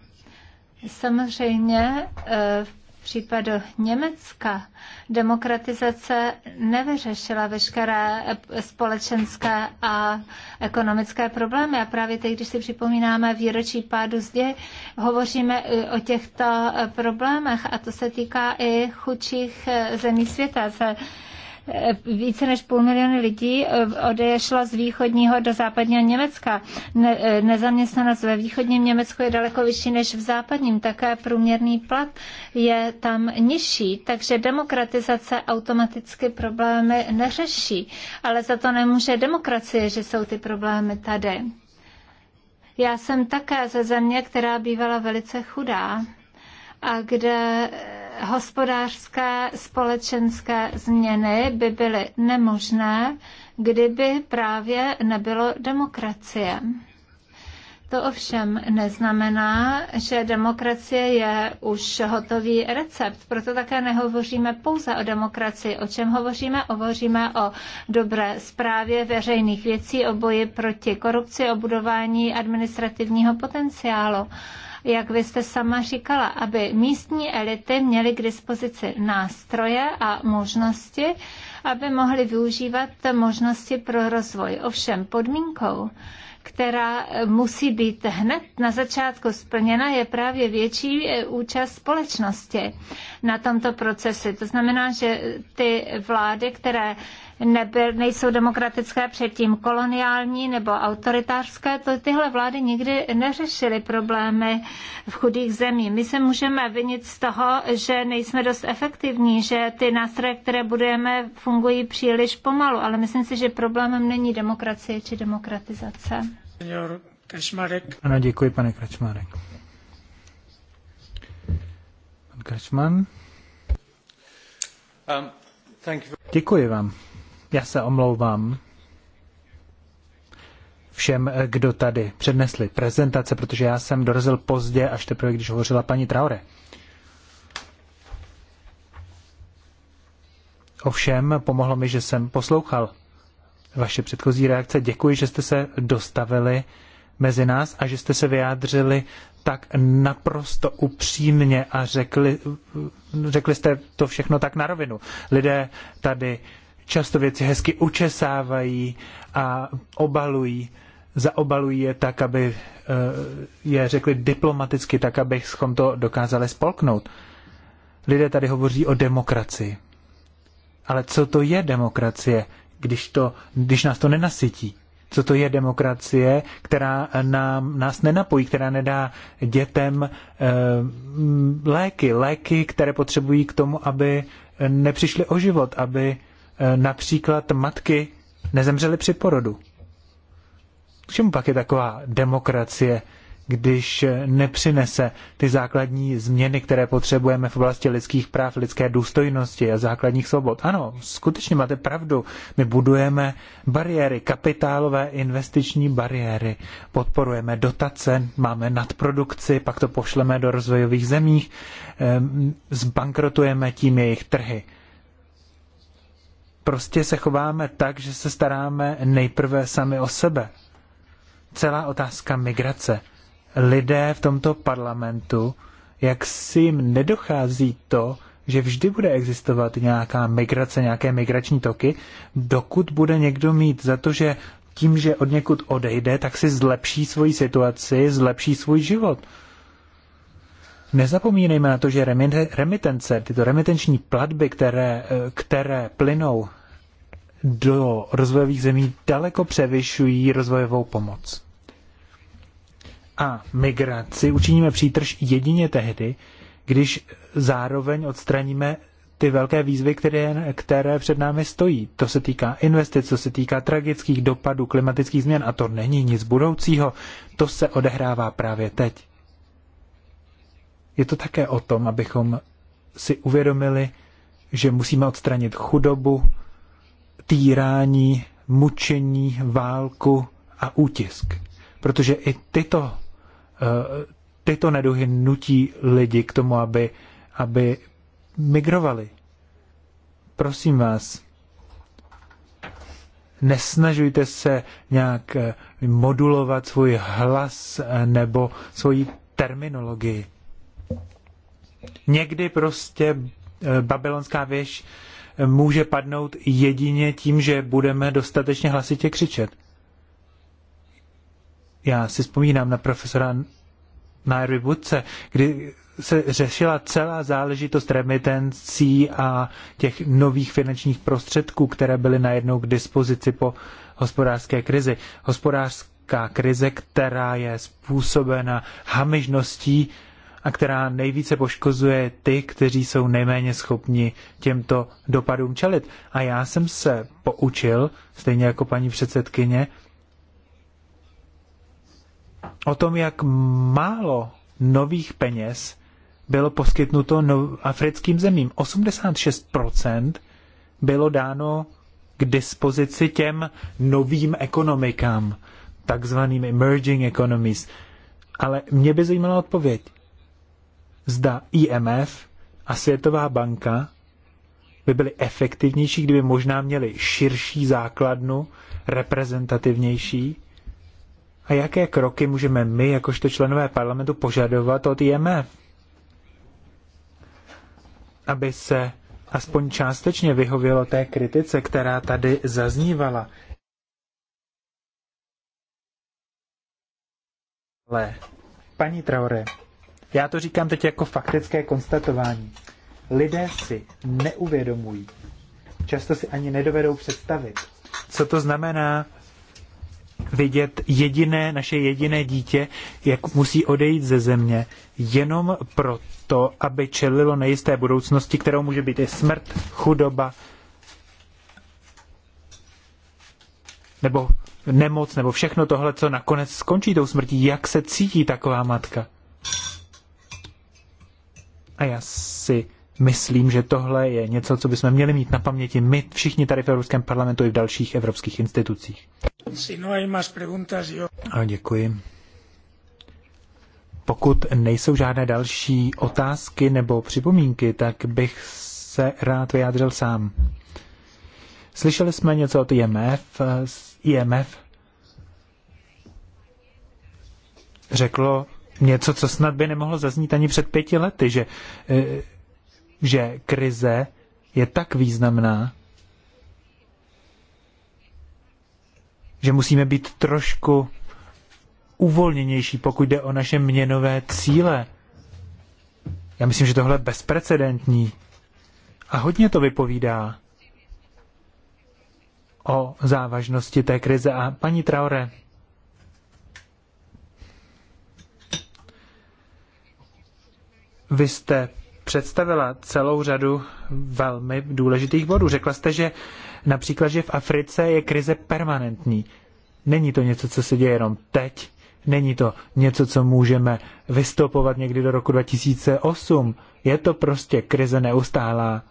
Samozřejmě v eh, případu Německa demokratizace nevyřešila veškeré společenské a ekonomické problémy. A právě teď, když si připomínáme výročí pádu zdi, hovoříme o těchto problémech a to se týká i chudších eh, zemí světa. Se více než půl milionu lidí odešlo z východního do západního Německa. Ne, nezaměstnanost ve východním Německu je daleko vyšší než v západním, také průměrný plat je tam nižší, takže demokratizace automaticky problémy neřeší, ale za to nemůže demokracie, že jsou ty problémy tady. Já jsem také ze země, která bývala velice chudá a kde hospodářské společenské změny by byly nemožné, kdyby právě nebylo demokracie. To ovšem neznamená, že demokracie je už hotový recept. Proto také nehovoříme pouze o demokracii. O čem hovoříme? Hovoříme o dobré zprávě veřejných věcí, o boji proti korupci, o budování administrativního potenciálu jak vy jste sama říkala, aby místní elity měly k dispozici nástroje a možnosti, aby mohly využívat možnosti pro rozvoj. Ovšem podmínkou, která musí být hned na začátku splněna, je právě větší e, účast společnosti na tomto procesu. To znamená, že ty vlády, které nebyl, nejsou demokratické, předtím koloniální nebo autoritářské, to tyhle vlády nikdy neřešily problémy v chudých zemí. My se můžeme vinit z toho, že nejsme dost efektivní, že ty nástroje, které budujeme, fungují příliš pomalu, ale myslím si, že problémem není demokracie či demokratizace. Ano, děkuji, pane Kračmarek. Pan Kačman. Um, děkuji vám. Já se omlouvám všem, kdo tady přednesli prezentace, protože já jsem dorazil pozdě, až teprve, když hovořila paní Traore. Ovšem, pomohlo mi, že jsem poslouchal vaše předchozí reakce. Děkuji, že jste se dostavili mezi nás a že jste se vyjádřili tak naprosto upřímně a řekli, řekli jste to všechno tak na rovinu. Lidé tady uh, často věci hezky učesávají a obalují, zaobalují je tak, aby eh, je řekli diplomaticky, tak, abychom to dokázali spolknout. Lidé tady hovoří o demokracii. Ale co to je demokracie, když, to, když nás to nenasytí? Co to je demokracie, která nám, nás nenapojí, která nedá dětem e, léky, léky, které potřebují k tomu, aby eh, nepřišli o život, aby Eh, například matky nezemřely při porodu. K čemu pak je taková demokracie, když eh, nepřinese ty základní změny, které potřebujeme v oblasti lidských práv, lidské důstojnosti a základních svobod? Ano, skutečně máte pravdu. My budujeme bariéry, kapitálové investiční bariéry, podporujeme dotace, máme nadprodukci, pak to pošleme do rozvojových zemích, ehm, zbankrotujeme tím jejich trhy prostě se chováme tak, že se staráme nejprve sami o sebe. Celá otázka migrace. Lidé v tomto parlamentu, jak si jim nedochází to, že vždy bude existovat nějaká migrace, nějaké migrační toky, dokud bude někdo mít za to, že tím, že od někud odejde, tak si zlepší svoji situaci, zlepší svůj život. Nezapomínejme na to, že remitence, tyto remitenční platby, které, eh, které plynou do rozvojových zemí daleko převyšují rozvojovou pomoc. A migraci učiníme přítrž jedině tehdy, když zároveň odstraníme ty velké výzvy, které, které před námi stojí. To se týká investic, to se týká tragických dopadů klimatických změn a to není nic budoucího. To se odehrává právě teď. Je to také o tom, abychom si uvědomili, že musíme odstranit chudobu, týrání, mučení, válku a útisk. Protože i tyto, eh, tyto neduhy nutí lidi k tomu, aby, aby migrovali. Prosím vás, nesnažujte se nějak eh, modulovat svůj hlas eh, nebo svoji terminologii. Někdy prostě babylonská věž může padnout jedině tím, že budeme dostatečně hlasitě křičet. Já si vzpomínám na profesora Nairy Woodce, kdy se řešila celá záležitost remitencí a těch nových finančních prostředků, které byly najednou k dispozici po hospodářské krizi. Hospodářská krize, která je způsobena hamižností a která nejvíce poškozuje ty, kteří jsou nejméně schopni těmto dopadům čelit. A já jsem se poučil, stejně jako paní předsedkyně, o tom, jak málo nových peněz bylo poskytnuto africkým zemím. 86% bylo dáno k dispozici těm novým ekonomikám, takzvaným emerging economies. Ale mě by zajímala odpověď zda IMF a Světová banka by byly efektivnější, kdyby možná měly širší základnu, reprezentativnější? A jaké kroky můžeme my, jakožto členové parlamentu, požadovat od IMF? Aby se aspoň částečně vyhovělo té kritice, která tady zaznívala. Ale, paní Traore, já to říkám teď jako faktické konstatování. Lidé si neuvědomují, často si ani nedovedou představit, co to znamená vidět jediné, naše jediné dítě, jak musí odejít ze země, jenom proto, aby čelilo nejisté budoucnosti, kterou může být i smrt, chudoba, nebo nemoc, nebo všechno tohle, co nakonec skončí tou smrtí. Jak se cítí taková matka? A já si myslím, že tohle je něco, co bychom měli mít na paměti my všichni tady v Evropském parlamentu i v dalších evropských institucích. Si no hay más preguntas, yo... A děkuji. Pokud nejsou žádné další otázky nebo připomínky, tak bych se rád vyjádřil sám. Slyšeli jsme něco od IMF, eh, IMF řeklo něco, co snad by nemohlo zaznít ani před pěti lety, že, e, že krize je tak významná, že musíme být trošku uvolněnější, pokud jde o naše měnové cíle. Já myslím, že tohle je bezprecedentní. A hodně to vypovídá o závažnosti té krize. A paní Traore, Vy jste představila celou řadu velmi důležitých bodů. Řekla jste, že například, že v Africe je krize permanentní. Není to něco, co se děje jenom teď. Není to něco, co můžeme vystopovat někdy do roku 2008. Je to prostě krize neustálá.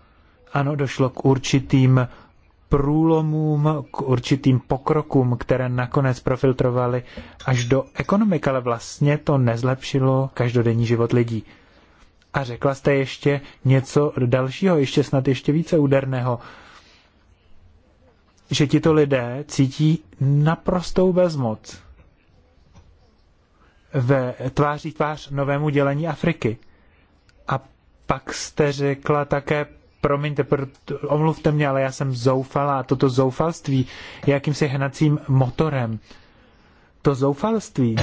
Ano, došlo k určitým průlomům, k určitým pokrokům, které nakonec profiltrovaly až do ekonomik, ale vlastně to nezlepšilo každodenní život lidí. A řekla jste ještě něco dalšího, ještě snad ještě více úderného, že tito lidé cítí naprostou bezmoc ve tváří tvář novému dělení Afriky. A pak jste řekla také, promiňte, omluvte mě, ale já jsem zoufalá. Toto zoufalství je jakýmsi hnacím motorem. To zoufalství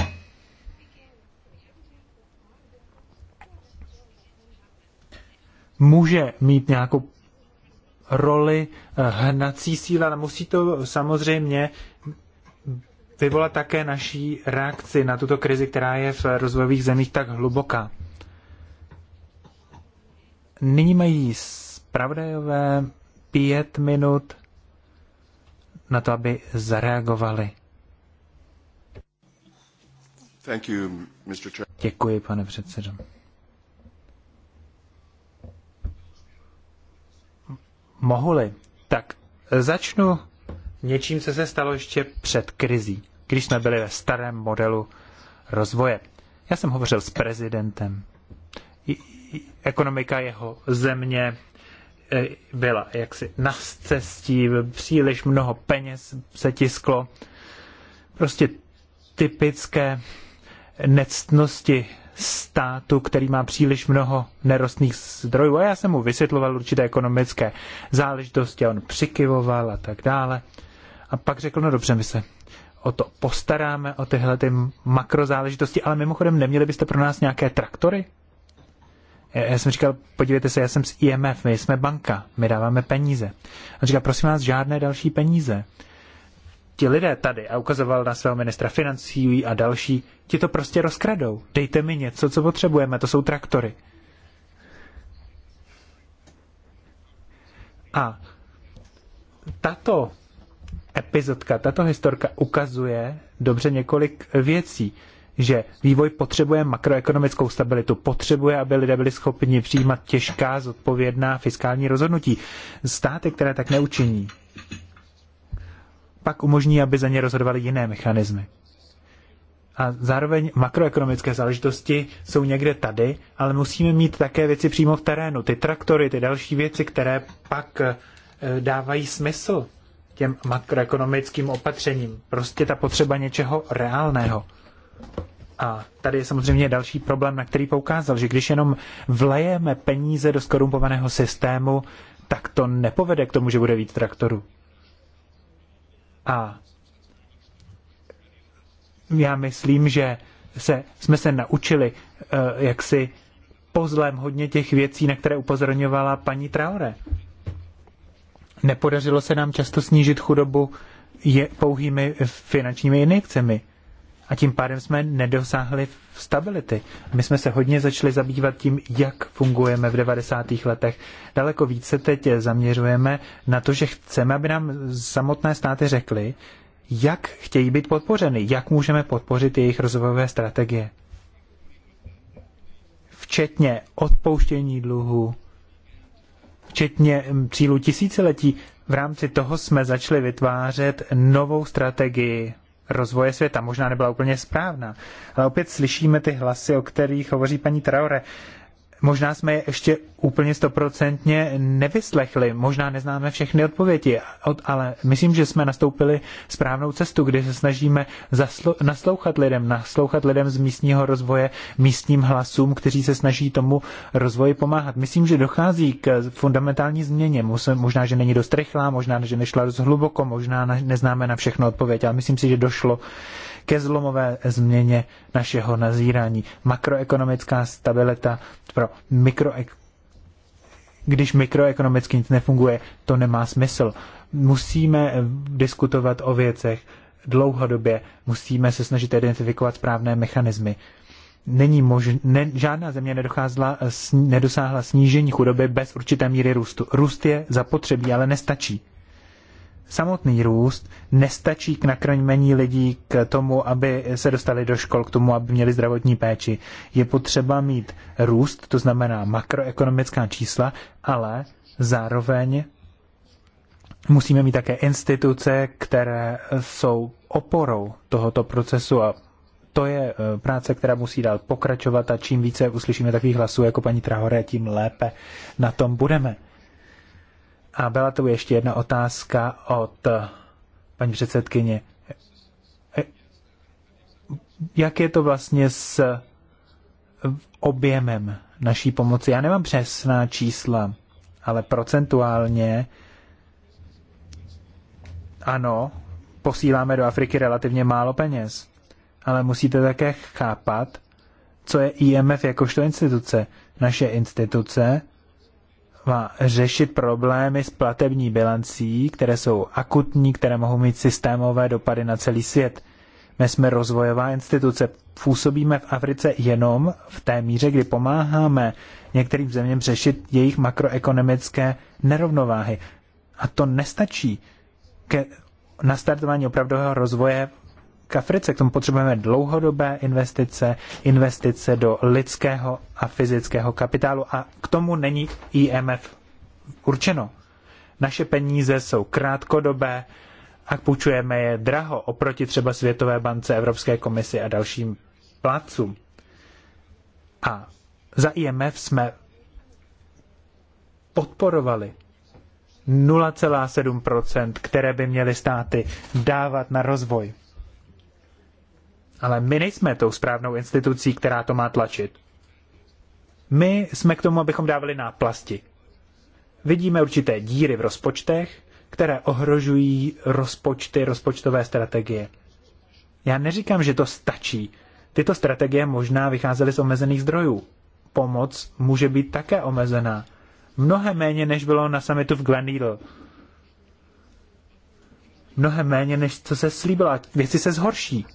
může mít nějakou roli eh, hnací síla, ale musí to samozřejmě vyvolat také naší reakci na tuto krizi, která je v rozvojových zemích tak hluboká. Nyní mají zpravodajové pět minut na to, aby zareagovali. Thank you, Mr. Děkuji, pane předsedo. Mohuli. tak začnu něčím, co se stalo ještě před krizí, když jsme byli ve starém modelu rozvoje. Já jsem hovořil s prezidentem. Ekonomika jeho země e, byla jaksi na cestí, příliš mnoho peněz se tisklo. Prostě typické nectnosti státu, který má příliš mnoho nerostných zdrojů. A já jsem mu vysvětloval určité ekonomické záležitosti a on přikyvoval a tak dále. A pak řekl, no dobře, my se o to postaráme, o tyhle ty makrozáležitosti, ale mimochodem neměli byste pro nás nějaké traktory? Já jsem říkal, podívejte se, já jsem z IMF, my jsme banka, my dáváme peníze. A říkal, prosím vás, žádné další peníze ti lidé tady, a ukazoval na svého ministra financí a další, ti to prostě rozkradou. Dejte mi něco, co potřebujeme, to jsou traktory. A tato epizodka, tato historka ukazuje dobře několik věcí že vývoj potřebuje makroekonomickou stabilitu, potřebuje, aby lidé byli schopni přijímat těžká, zodpovědná fiskální rozhodnutí. Státy, které tak neučiní, pak umožní, aby za ně rozhodovaly jiné mechanismy. A zároveň makroekonomické záležitosti jsou někde tady, ale musíme mít také věci přímo v terénu. Ty traktory, ty další věci, které pak eh, dávají smysl těm makroekonomickým opatřením. Prostě ta potřeba něčeho reálného. A tady je samozřejmě další problém, na který poukázal, že když jenom vlejeme peníze do skorumpovaného systému, tak to nepovede k tomu, že bude víc traktorů. A já myslím, že se, jsme se naučili eh, jak si pozlem hodně těch věcí, na které upozorňovala paní Traore. Nepodařilo se nám často snížit chudobu je pouhými finančními injekcemi. A tím pádem jsme nedosáhli stability. My jsme se hodně začali zabývat tím, jak fungujeme v 90. letech. Daleko více teď zaměřujeme na to, že chceme, aby nám samotné státy řekly, jak chtějí být podpořeny, jak můžeme podpořit jejich rozvojové strategie. Včetně odpouštění dluhu, včetně mm, cílu tisíciletí. V rámci toho jsme začali vytvářet novou strategii rozvoje světa. Možná nebyla úplně správná. Ale opět slyšíme ty hlasy, o kterých hovoří paní Traore možná jsme je ještě úplně stoprocentně nevyslechli, možná neznáme všechny odpovědi, ale myslím, že jsme nastoupili správnou cestu, kdy se snažíme naslouchat lidem, naslouchat lidem z místního rozvoje, místním hlasům, kteří se snaží tomu rozvoji pomáhat. Myslím, že dochází k fundamentální změně. Možná, že není dost rychlá, možná, že nešla dost hluboko, možná neznáme na všechno odpověď, ale myslím si, že došlo ke zlomové změně našeho nazírání. Makroekonomická stabilita pro mikro když mikroekonomicky nic nefunguje, to nemá smysl. Musíme eh, diskutovat o věcech dlouhodobě, musíme se snažit identifikovat správné mechanismy. Není mož... ne, žádná země eh, s, nedosáhla snížení chudoby bez určité míry růstu. Růst je zapotřebí, ale nestačí samotný růst nestačí k nakrmení lidí k tomu, aby se dostali do škol, k tomu, aby měli zdravotní péči. Je potřeba mít růst, to znamená makroekonomická čísla, ale zároveň musíme mít také instituce, které jsou oporou tohoto procesu a to je eh, práce, která musí dál pokračovat a čím více uslyšíme takových hlasů jako paní Trahore, tím lépe na tom budeme. A byla tu ještě jedna otázka od paní předsedkyně. Jak je to vlastně s objemem naší pomoci? Já nemám přesná čísla, ale procentuálně ano, posíláme do Afriky relativně málo peněz. Ale musíte také chápat, co je IMF jakožto instituce. Naše instituce má řešit problémy s platební bilancí, které jsou akutní, které mohou mít systémové dopady na celý svět. My jsme rozvojová instituce, působíme v Africe jenom v té míře, kdy pomáháme některým zemím řešit jejich makroekonomické nerovnováhy. A to nestačí ke nastartování opravdového rozvoje k Africe. K tomu potřebujeme dlouhodobé investice, investice do lidského a fyzického kapitálu a k tomu není IMF určeno. Naše peníze jsou krátkodobé a půjčujeme je draho oproti třeba Světové bance, Evropské komisi a dalším plácům. A za IMF jsme podporovali 0,7%, které by měly státy dávat na rozvoj. Ale my nejsme tou správnou institucí, která to má tlačit. My jsme k tomu, abychom dávali náplasti. Vidíme určité díry v rozpočtech, které ohrožují rozpočty, rozpočtové strategie. Já neříkám, že to stačí. Tyto strategie možná vycházely z omezených zdrojů. Pomoc může být také omezená. Mnohem méně, než bylo na summitu v Gleneagle. Mnohem méně, než co se slíbila. Věci se zhorší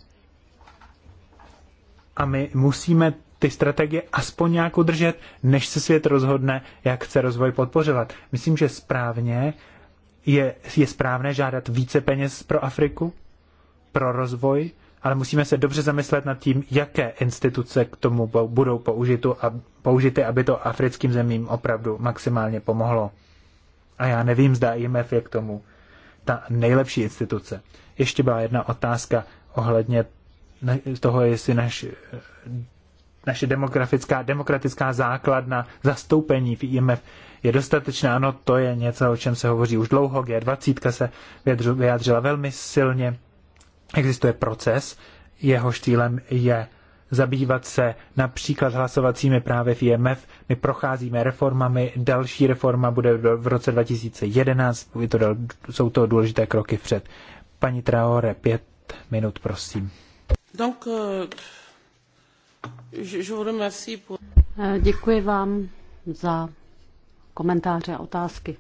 a my musíme ty strategie aspoň nějak udržet, než se svět rozhodne, jak chce rozvoj podpořovat. Myslím, že správně je, je správné žádat více peněz pro Afriku, pro rozvoj, ale musíme se dobře zamyslet nad tím, jaké instituce k tomu budou použitu a použity, aby to africkým zemím opravdu maximálně pomohlo. A já nevím, zda IMF je k tomu ta nejlepší instituce. Ještě byla jedna otázka ohledně z toho, jestli naš, naše demografická, demokratická základna zastoupení v IMF je dostatečná. Ano, to je něco, o čem se hovoří už dlouho. G20 se vyjádřila velmi silně. Existuje proces, jeho cílem je zabývat se například hlasovacími právy v IMF. My procházíme reformami, další reforma bude v roce 2011, jsou to důležité kroky vpřed. Paní Traore, pět minut, prosím. Donc, euh, je, je vous remercie pour... Eh, děkuji vám za komentáře a otázky.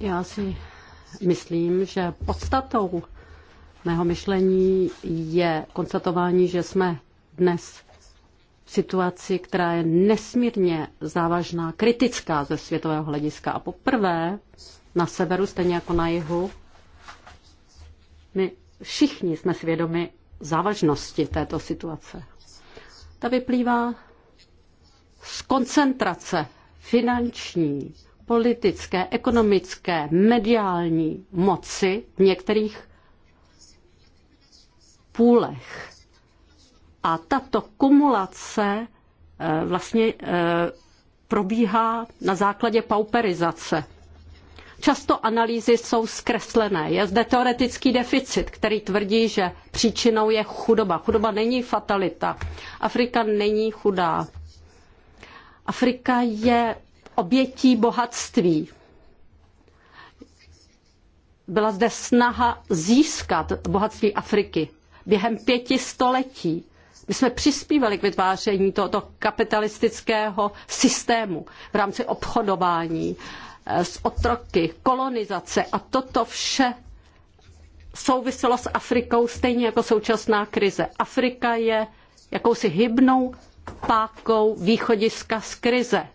Já si myslím, že podstatou mého myšlení je konstatování, že jsme dnes v situaci, která je nesmírně závažná, kritická ze světového hlediska. A poprvé na severu, stejně jako na jihu. My všichni jsme svědomi závažnosti této situace. Ta vyplývá z koncentrace finanční, politické, ekonomické, mediální moci v některých půlech. A tato kumulace eh, vlastně eh, probíhá na základě pauperizace Často analýzy jsou zkreslené. Je zde teoretický deficit, který tvrdí, že příčinou je chudoba. Chudoba není fatalita. Afrika není chudá. Afrika je obětí bohatství. Byla zde snaha získat bohatství Afriky během pěti století. My jsme přispívali k vytváření tohoto kapitalistického systému v rámci obchodování, z eh, otroky, kolonizace a toto vše souviselo s Afrikou stejně jako současná krize. Afrika je jakousi hybnou pákou východiska z krize.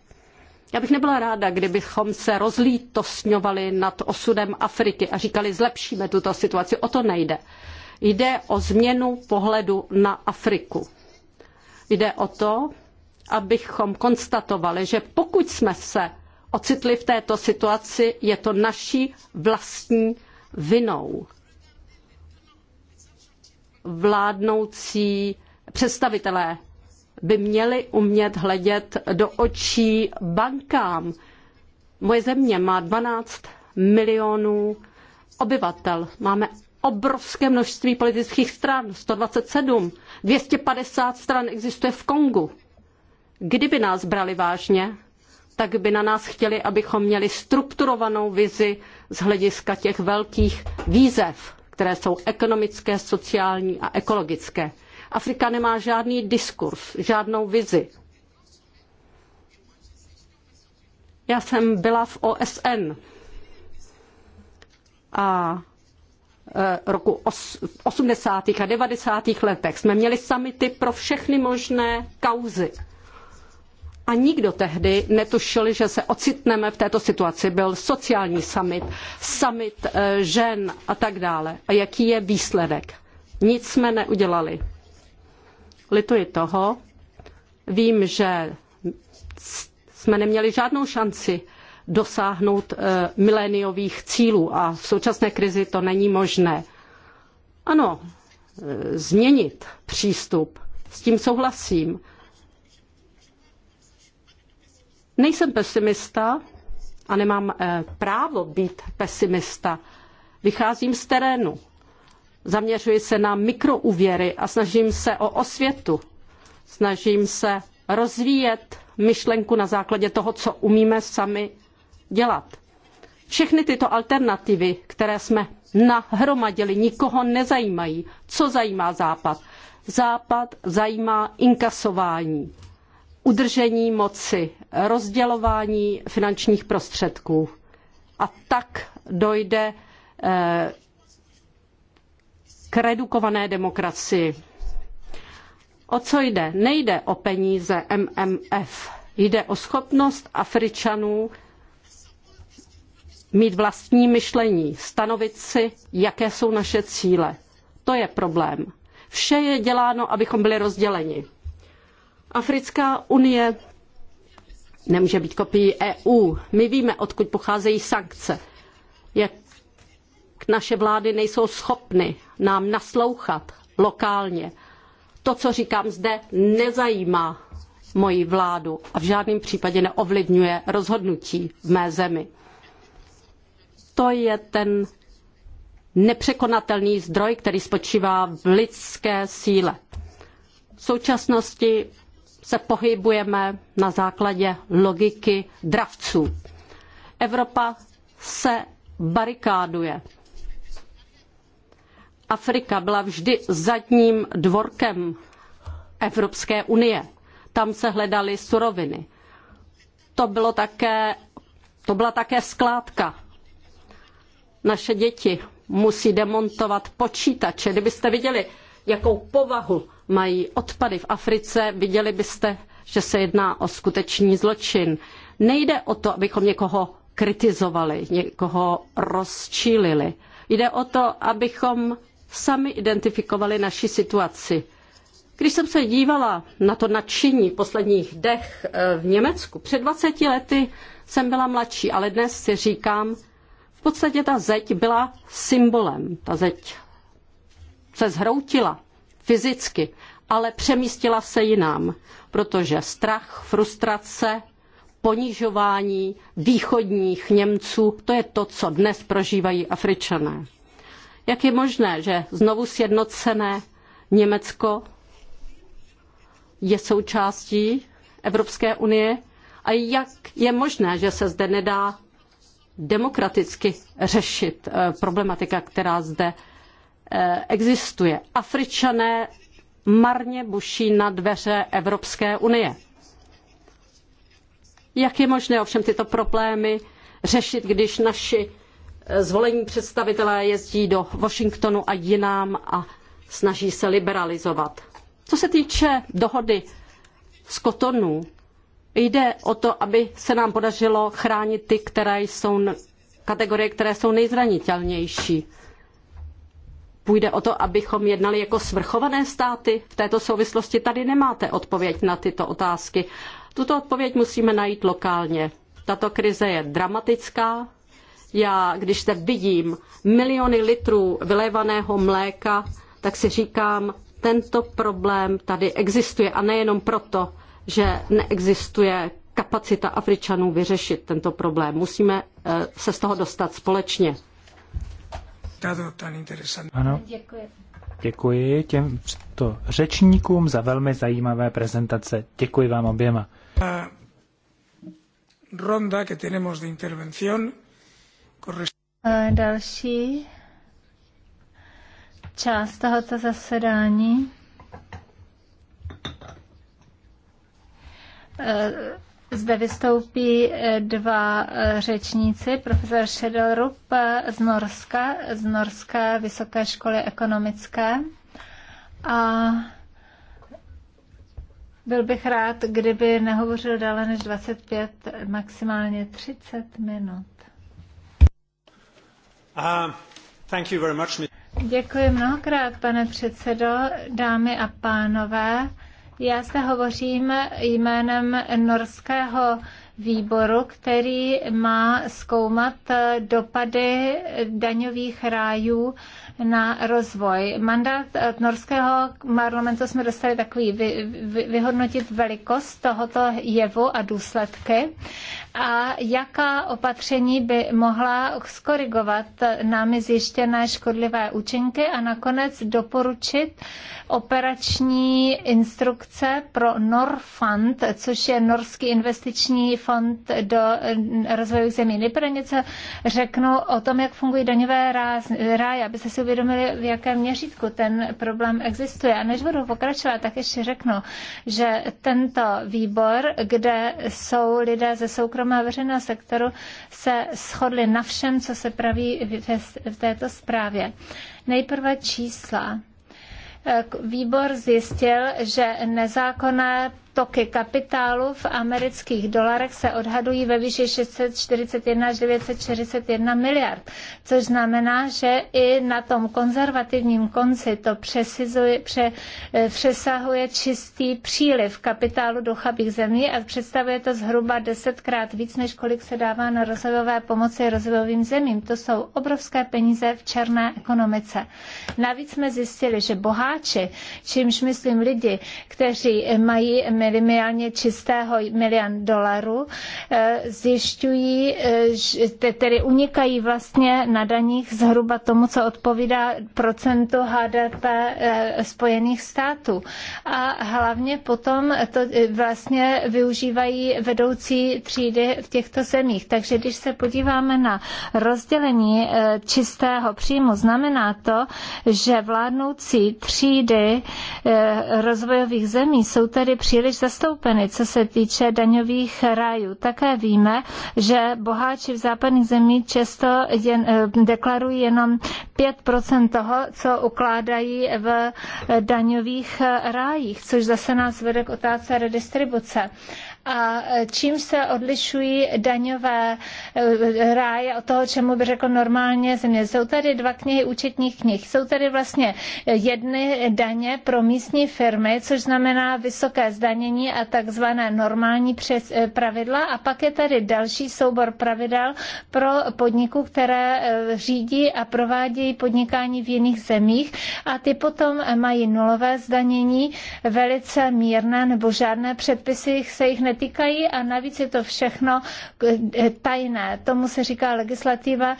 Já bych nebyla ráda, kdybychom se rozlítosňovali nad osudem Afriky a říkali, zlepšíme tuto situaci. O to nejde. Jde o změnu pohledu na Afriku. Jde o to, abychom konstatovali, že pokud jsme se ocitli v této situaci, je to naší vlastní vinou. Vládnoucí představitelé by měli umět hledět do očí bankám. Moje země má 12 milionů obyvatel. Máme obrovské množství politických stran, 127, 250 stran existuje v Kongu. Kdyby nás brali vážně, tak by na nás chtěli, abychom měli strukturovanou vizi z hlediska těch velkých výzev, které jsou ekonomické, sociální a ekologické. Afrika nemá žádný diskurs, žádnou vizi. Já jsem byla v OSN a e, roku 80. a 90. letech jsme měli samity pro všechny možné kauzy a nikdo tehdy netušil, že se ocitneme v této situaci. Byl sociální summit, summit eh, žen a tak dále. A jaký je výsledek? Nic jsme neudělali. Lituji toho. Vím, že jsme neměli žádnou šanci dosáhnout eh, miléniových cílů a v současné krizi to není možné. Ano, eh, změnit přístup, s tím souhlasím Nejsem pesimista a nemám eh, právo být pesimista. Vycházím z terénu. Zaměřuji se na mikrouvěry a snažím se o osvětu. Snažím se rozvíjet myšlenku na základě toho, co umíme sami dělat. Všechny tyto alternativy, které jsme nahromadili, nikoho nezajímají. Co zajímá Západ? Západ zajímá inkasování, udržení moci, rozdělování finančních prostředků. A tak dojde eh, k redukované demokracii. O co jde? Nejde o peníze MMF. Jde o schopnost Afričanů mít vlastní myšlení, stanovit si, jaké jsou naše cíle. To je problém. Vše je děláno, abychom byli rozděleni. Africká unie nemůže být kopií EU. My víme, odkud pocházejí sankce. Jak naše vlády nejsou schopny nám naslouchat lokálně. To, co říkám zde, nezajímá moji vládu a v žádném případě neovlivňuje rozhodnutí v mé zemi. To je ten nepřekonatelný zdroj, který spočívá v lidské síle. V současnosti se pohybujeme na základě logiky dravců. Evropa se barikáduje. Afrika byla vždy zadním dvorkem Evropské unie. Tam se hledaly suroviny. To, bylo také, to byla také skládka. Naše děti musí demontovat počítače. Kdybyste viděli, jakou povahu mají odpady v Africe, viděli byste, že se jedná o skutečný zločin. Nejde o to, abychom někoho kritizovali, někoho rozčílili. Jde o to, abychom sami identifikovali naši situaci. Když jsem se dívala na to nadšení v posledních dech eh, v Německu, před 20 lety jsem byla mladší, ale dnes si říkám, v podstatě ta zeď byla symbolem. Ta zeď se zhroutila fyzicky, ale přemístila se jinam, protože strach, frustrace, ponižování východních Němců, to je to, co dnes prožívají Afričané. Jak je možné, že znovu sjednocené Německo je součástí Evropské unie a jak je možné, že se zde nedá demokraticky řešit eh, problematika, která zde Eh, existuje. Afričané marně buší na dveře Evropské unie. Jak je možné ovšem tyto problémy řešit, když naši eh, zvolení představitelé jezdí do Washingtonu a jinam a snaží se liberalizovat? Co se týče dohody z Kotonu, jde o to, aby se nám podařilo chránit ty, které jsou kategorie, které jsou nejzranitelnější. Půjde o to, abychom jednali jako svrchované státy? V této souvislosti tady nemáte odpověď na tyto otázky. Tuto odpověď musíme najít lokálně. Tato krize je dramatická. Já, když zde vidím miliony litrů vylévaného mléka, tak si říkám, tento problém tady existuje a nejenom proto, že neexistuje kapacita Afričanů vyřešit tento problém. Musíme eh, se z toho dostat společně dado tan interesante. Ano. Děkuji. Děkuji těmto řečníkům za velmi zajímavé prezentace. Děkuji vám oběma. A ronda que tenemos de intervención a eh, Další část tohoto zasedání eh, zde vystoupí eh, dva eh, řečníci, profesor Šedelrup eh, z Norska, z Norské vysoké školy ekonomické. A byl bych rád, kdyby nehovořil dále než 25, maximálně 30 minut. Uh, thank you very much. Děkuji mnohokrát, pane předsedo, dámy a pánové. Já se hovořím jménem norského výboru, který má zkoumat dopady daňových rájů na rozvoj. Mandát od norského parlamentu jsme dostali takový vy, vy, vyhodnotit velikost tohoto jevu a důsledky a jaká opatření by mohla skorigovat námi zjištěné škodlivé účinky a nakonec doporučit operační instrukce pro Norfund, což je Norský investiční fond do eh, rozvojových zemí. Nejprve něco řeknu o tom, jak fungují daňové ráje, aby se si uvědomili, v jakém měřítku ten problém existuje. A než budu pokračovat, tak ještě řeknu, že tento výbor, kde jsou lidé ze soukromí, a veřejného sektoru se shodly na všem, co se praví v této zprávě. Nejprve čísla výbor zjistil, že nezákonné toky kapitálu v amerických dolarech se odhadují ve výši 641 až 941 miliard, což znamená, že i na tom konzervativním konci to pře, eh, přesahuje čistý příliv kapitálu do chabých zemí a představuje to zhruba desetkrát víc, než kolik se dává na rozvojové pomoci rozvojovým zemím. To jsou obrovské peníze v černé ekonomice. Navíc jsme zjistili, že boháči, čímž myslím lidi, kteří mají minimálně čistého milion dolarů, eh, zjišťují, eh, tedy unikají vlastně na daních zhruba tomu, co odpovídá procentu HDP eh, Spojených států. A hlavně potom to vlastně využívají vedoucí třídy v těchto zemích. Takže když se podíváme na rozdělení čistého příjmu, znamená to, že vládnoucí třídy rozvojových zemí jsou tedy příliš zastoupeny, co se týče daňových rájů. Také víme, že boháči v západních zemích často jen, eh, deklarují jenom 5% toho, co ukládají v daňových eh, rájích, což zase nás vede k otázce redistribuce a e, čím se odlišují daňové e, e, ráje od toho, čemu by řekl normálně země. Jsou tady dva knihy účetních knih. Jsou tady vlastně jedny daně pro místní firmy, což znamená vysoké zdanění a takzvané normální přes, pravidla. A pak je tady další soubor pravidel pro podniků, které řídí a provádějí podnikání v jiných zemích a ty potom mají nulové zdanění, velice mírné nebo žádné předpisy se jich netýkají netýkají a navíc je to všechno eh, tajné. Tomu se říká legislativa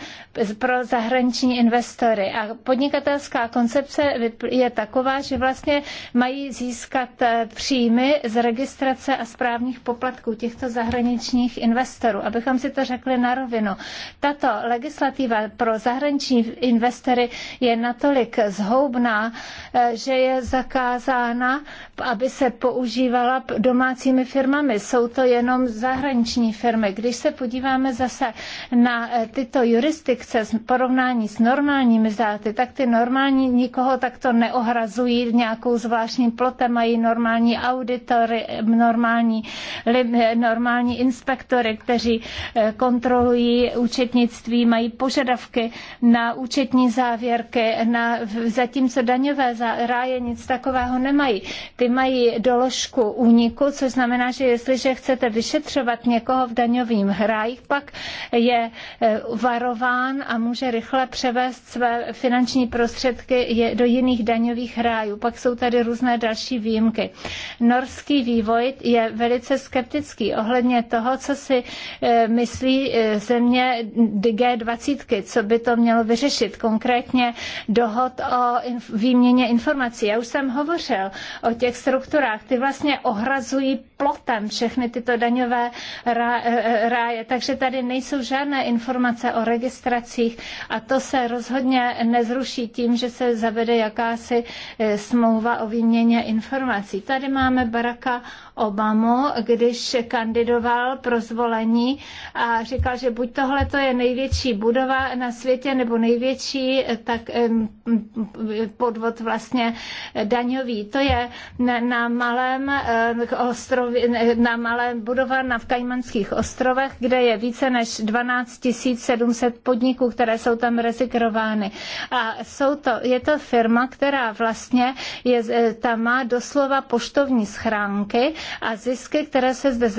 pro zahraniční investory. A podnikatelská koncepce je taková, že vlastně mají získat eh, příjmy z registrace a správních poplatků těchto zahraničních investorů. Abychom si to řekli na rovinu. Tato legislativa pro zahraniční investory je natolik zhoubná, eh, že je zakázána, aby se používala domácími firmami jsou to jenom zahraniční firmy. Když se podíváme zase na eh, tyto jurisdikce v porovnání s normálními státy, tak ty normální nikoho takto neohrazují nějakou zvláštní plotem, mají normální auditory, eh, normální, eh, normální inspektory, kteří kontrolují účetnictví, mají požadavky na účetní závěrky, na, zatímco daňové ráje nic takového nemají. Ty mají doložku úniku, což znamená, že jestli jestliže chcete vyšetřovat někoho v daňovým hrájích, pak je e, varován a může rychle převést své finanční prostředky do jiných daňových rájů. Pak jsou tady různé další výjimky. Norský vývoj je velice skeptický ohledně toho, co si e, myslí e, země G20, co by to mělo vyřešit, konkrétně dohod o výměně informací. Já už jsem hovořil o těch strukturách, ty vlastně ohrazují plotem všechny tyto daňové eh, eh, ráje. Takže tady nejsou žádné informace o registracích a to se rozhodně nezruší tím, že se zavede jakási eh, smlouva o výměně informací. Tady máme Baracka Obamu, když kandidoval pro zvolení a říkal, že buď tohle to je největší budova na světě nebo největší tak podvod vlastně daňový. To je na malém eh, ostrově, na malé budova na v Kajmanských ostrovech, kde je více než 12 700 podniků, které jsou tam rezikrovány. A jsou to, je to firma, která vlastně je, eh, tam má doslova poštovní schránky a zisky, které se zde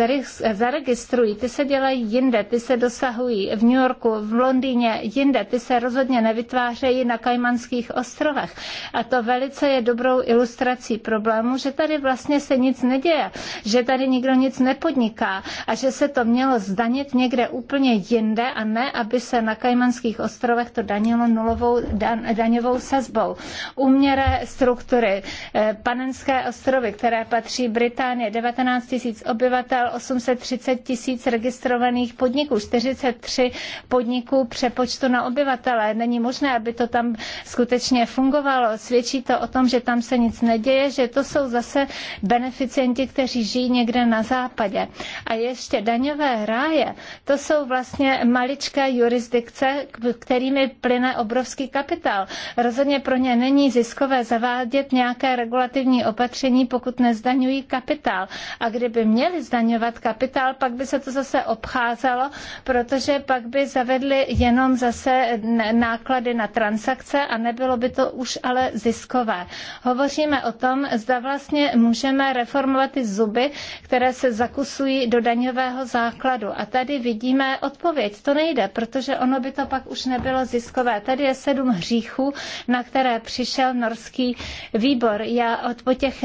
zaregistrují, ty se dělají jinde, ty se dosahují v New Yorku, v Londýně, jinde, ty se rozhodně nevytvářejí na Kajmanských ostrovech. A to velice je dobrou ilustrací problému, že tady vlastně se nic neděje, že tady nikdo nic nepodniká a že se to mělo zdanit někde úplně jinde a ne, aby se na Kajmanských ostrovech to danilo nulovou dan, daňovou sazbou. Uměré struktury, eh, panenské ostrovy, které patří Británii, 19 tisíc obyvatel, 830 tisíc registrovaných podniků, 43 podniků přepočtu na obyvatele. Není možné, aby to tam skutečně fungovalo. Svědčí to o tom, že tam se nic neděje, že to jsou zase beneficienti, kteří žijí někde na západě. A ještě daňové ráje, to jsou vlastně maličké jurisdikce, kterými plyne obrovský kapitál. Rozhodně pro ně není ziskové zavádět nějaké regulativní opatření, pokud nezdaňují kapitál kapitál. A kdyby měli zdaňovat kapitál, pak by se to zase obcházelo, protože pak by zavedli jenom zase náklady na transakce a nebylo by to už ale ziskové. Hovoříme o tom, zda vlastně můžeme reformovat ty zuby, které se zakusují do daňového základu. A tady vidíme odpověď. To nejde, protože ono by to pak už nebylo ziskové. Tady je sedm hříchů, na které přišel norský výbor. Já od po těch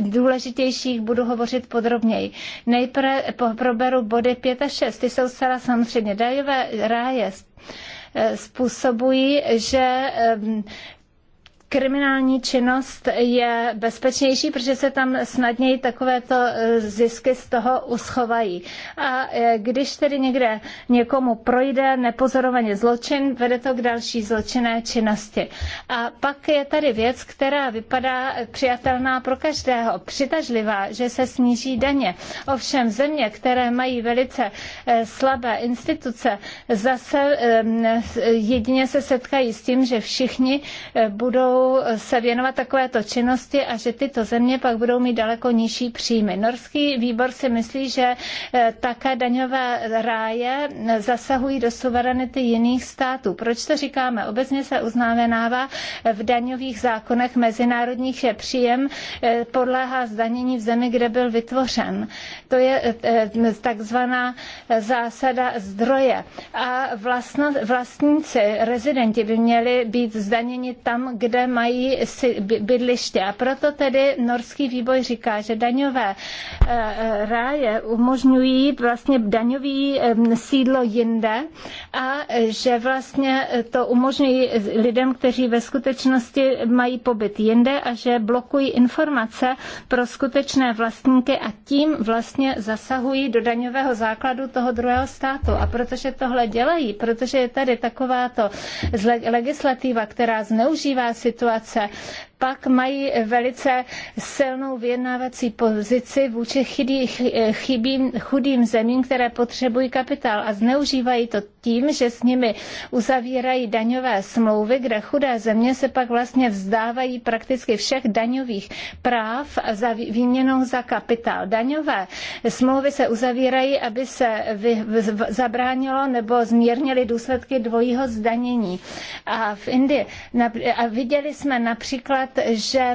důležitějších budu hovořit podrobněji. Nejprve proberu body 5 a 6. Ty jsou zcela samozřejmě dajové ráje eh, způsobují, že kriminální činnost je bezpečnější, protože se tam snadněji takovéto e, zisky z toho uschovají. A e, když tedy někde někomu projde nepozorovaně zločin, vede to k další zločinné činnosti. A pak je tady věc, která vypadá přijatelná pro každého, přitažlivá, že se sníží daně. Ovšem země, které mají velice e, slabé instituce, zase jedině se setkají s tím, že všichni budou budou se věnovat takovéto činnosti a že tyto země pak budou mít daleko nižší příjmy. Norský výbor si myslí, že eh, také daňové ráje zasahují do suverenity jiných států. Proč to říkáme? Obecně se uznámenává v daňových zákonech mezinárodních, že příjem eh, podléhá zdanění v zemi, kde byl vytvořen. To je eh, takzvaná zásada zdroje. A vlastníci, rezidenti by měli být zdaněni tam, kde mají bydliště. A proto tedy norský výboj říká, že daňové eh, eh, ráje umožňují vlastně daňový eh, sídlo jinde a že vlastně to umožňují lidem, kteří ve skutečnosti mají pobyt jinde a že blokují informace pro skutečné vlastníky a tím vlastně zasahují do daňového základu toho druhého státu. A protože tohle dělají, protože je tady takováto legislativa, která zneužívá si situace pak mají velice silnou vyjednávací pozici vůči chybí, chybím, chudým zemím, které potřebují kapitál a zneužívají to tím, že s nimi uzavírají daňové smlouvy, kde chudé země se pak vlastně vzdávají prakticky všech daňových práv za výměnou za kapitál. Daňové smlouvy se uzavírají, aby se vy, zabránilo nebo zmírnili důsledky dvojího zdanění. A v Indii a viděli jsme například říkat, že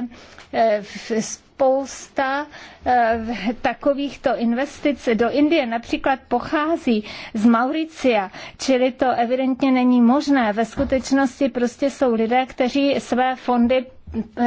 eh, spousta eh, takovýchto investic do Indie například pochází z Mauricia, čili to evidentně není možné. Ve skutečnosti prostě jsou lidé, kteří své fondy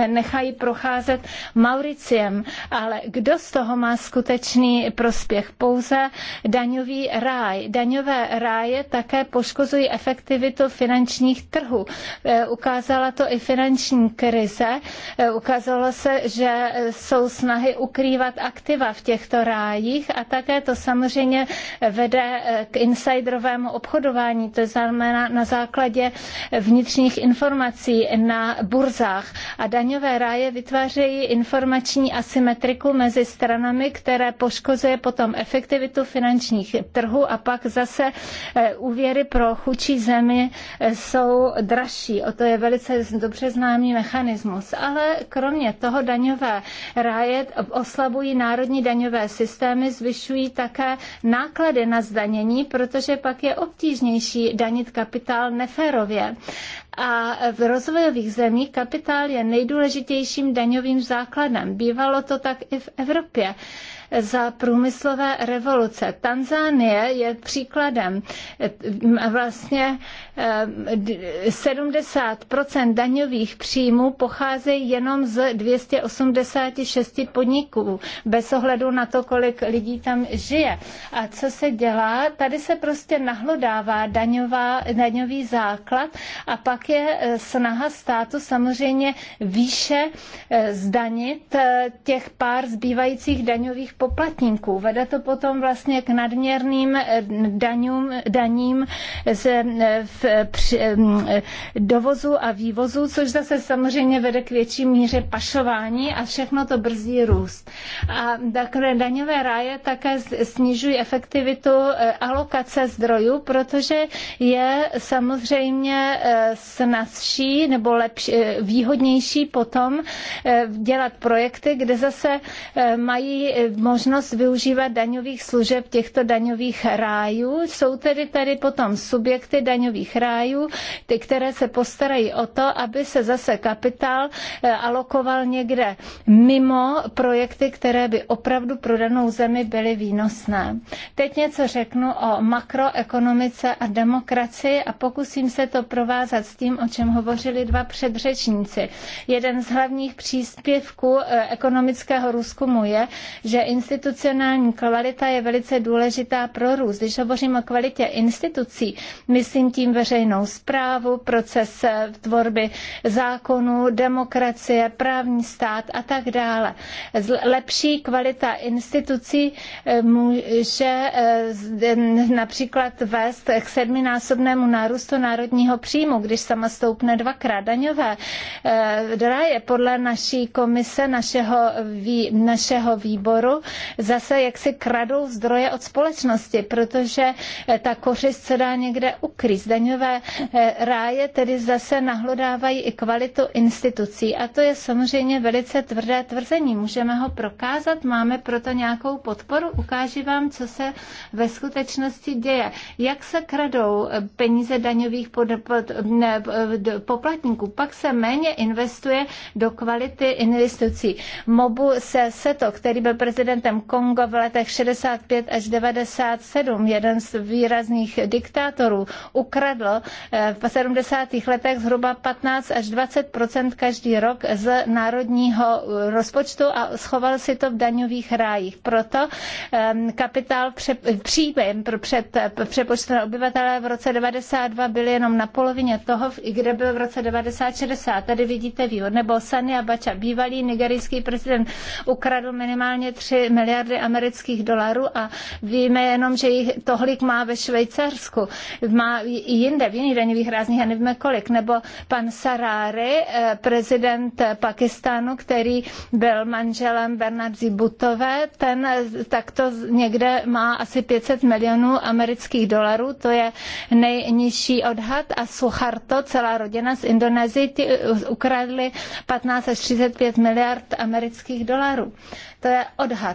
nechají procházet Mauriciem, ale kdo z toho má skutečný prospěch? Pouze daňový ráj. Daňové ráje také poškozují efektivitu finančních trhů. E, ukázala to i finanční krize. E, ukázalo se, že jsou snahy ukrývat aktiva v těchto rájích a také to samozřejmě vede e, k insiderovému obchodování, to znamená na základě vnitřních informací na burzách a daňové ráje vytvářejí informační asymetriku mezi stranami, které poškozuje potom efektivitu finančních trhů a pak zase eh, úvěry pro chudší zemi eh, jsou dražší. O to je velice dobře známý mechanismus. Ale kromě toho daňové ráje oslabují národní daňové systémy, zvyšují také náklady na zdanění, protože pak je obtížnější danit kapitál neférově. A v rozvojových zemích kapitál je nejdůležitějším daňovým základem. Bývalo to tak i v Evropě za průmyslové revoluce. Tanzánie je příkladem. E, vlastně 70 e, daňových příjmů pocházejí jenom z 286 podniků, bez ohledu na to, kolik lidí tam žije. A co se dělá? Tady se prostě nahlodává daňová, daňový základ a pak je e, snaha státu samozřejmě výše zdanit těch pár zbývajících daňových poplatníků. Vede to potom vlastně k nadměrným eh, daňům, daním z eh, v, při, eh, dovozu a vývozu, což zase samozřejmě vede k větší míře pašování a všechno to brzdí růst. A takové daňové ráje také snižují efektivitu alokace zdrojů, protože je samozřejmě snazší nebo lepší, výhodnější potom dělat projekty, kde zase mají možnost využívat daňových služeb těchto daňových rájů. Jsou tedy tady potom subjekty daňových rájů, ty, které se postarají o to, aby se zase kapitál eh, alokoval někde mimo projekty, které by opravdu pro danou zemi byly výnosné. Teď něco řeknu o makroekonomice a demokracii a pokusím se to provázat s tím, o čem hovořili dva předřečníci. Jeden z hlavních příspěvků eh, ekonomického růzkumu je, že institucionální kvalita je velice důležitá pro růst. Když hovořím o kvalitě institucí, myslím tím veřejnou zprávu, proces eh, tvorby zákonů, demokracie, právní stát a tak dále. Lepší kvalita institucí eh, může eh, například vést k sedminásobnému nárůstu národního příjmu, když sama stoupne dvakrát daňové. Dra je podle naší komise, našeho, vý, našeho výboru zase jaksi kradou zdroje od společnosti, protože eh, ta kořist se dá někde ukryt. Daňové eh, ráje tedy zase nahlodávají i kvalitu institucí a to je samozřejmě velice tvrdé tvrzení. Můžeme ho prokázat, máme proto nějakou podporu, ukáži vám, co se ve skutečnosti děje. Jak se kradou eh, peníze daňových pod, pod, ne, poplatníků, pak se méně investuje do kvality investicí. Mobu se Seto, který byl prezident prezidentem Konga v letech 65 až 97, jeden z výrazných diktátorů, ukradl eh, v 70. letech zhruba 15 až 20 každý rok z národního eh, rozpočtu a schoval si to v daňových rájích. Proto ehm, kapitál příjmy pro před eh, obyvatele v roce 92 byl jenom na polovině toho, i kde byl v roce 90 Tady vidíte vývod. Nebo Sani Abacha, bývalý nigerijský prezident, ukradl minimálně tři miliardy, amerických dolarů a víme jenom, že jich tohlik má ve Švejcarsku. Má i jinde, v jiných daňových rázních a nevíme kolik. Nebo pan Sarari, eh, prezident Pakistánu, který byl manželem Bernardy Butové, ten eh, takto někde má asi 500 milionů amerických dolarů, to je nejnižší odhad a Suharto, celá rodina z Indonésie, eh, ukradli 15 až 35 miliard amerických dolarů. To je odhad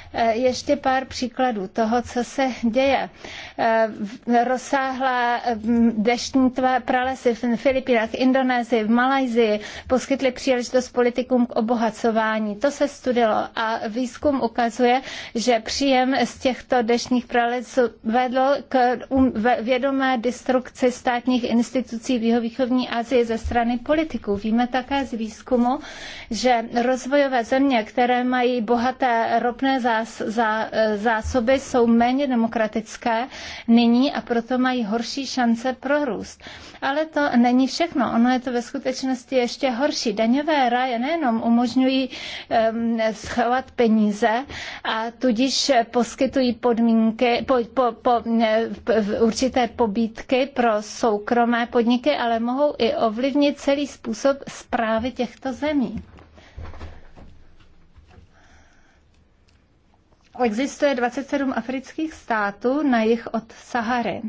Eh, ještě pár příkladů toho, co se děje. Eh, rozsáhlá mm, deštní tvé pralesy v Filipinách, Indonésii, v Malajzii poskytly příležitost politikům k obohacování. To se studilo a výzkum ukazuje, že příjem z těchto deštních pralesů vedl k um, vědomé destrukci státních institucí v jihovýchovní Asii ze strany politiků. Víme také z výzkumu, že rozvojové země, které mají bohaté ropné zásoby, E, zásoby jsou méně demokratické nyní a proto mají horší šance pro růst. Ale to není všechno. Ono je to ve skutečnosti ještě horší. Daňové ráje nejenom umožňují um, schovat peníze a tudíž poskytují podmínky, po, po, po, určité pobídky pro soukromé podniky, ale mohou i ovlivnit celý způsob zprávy těchto zemí. existuje 27 afrických států na jich od Sahary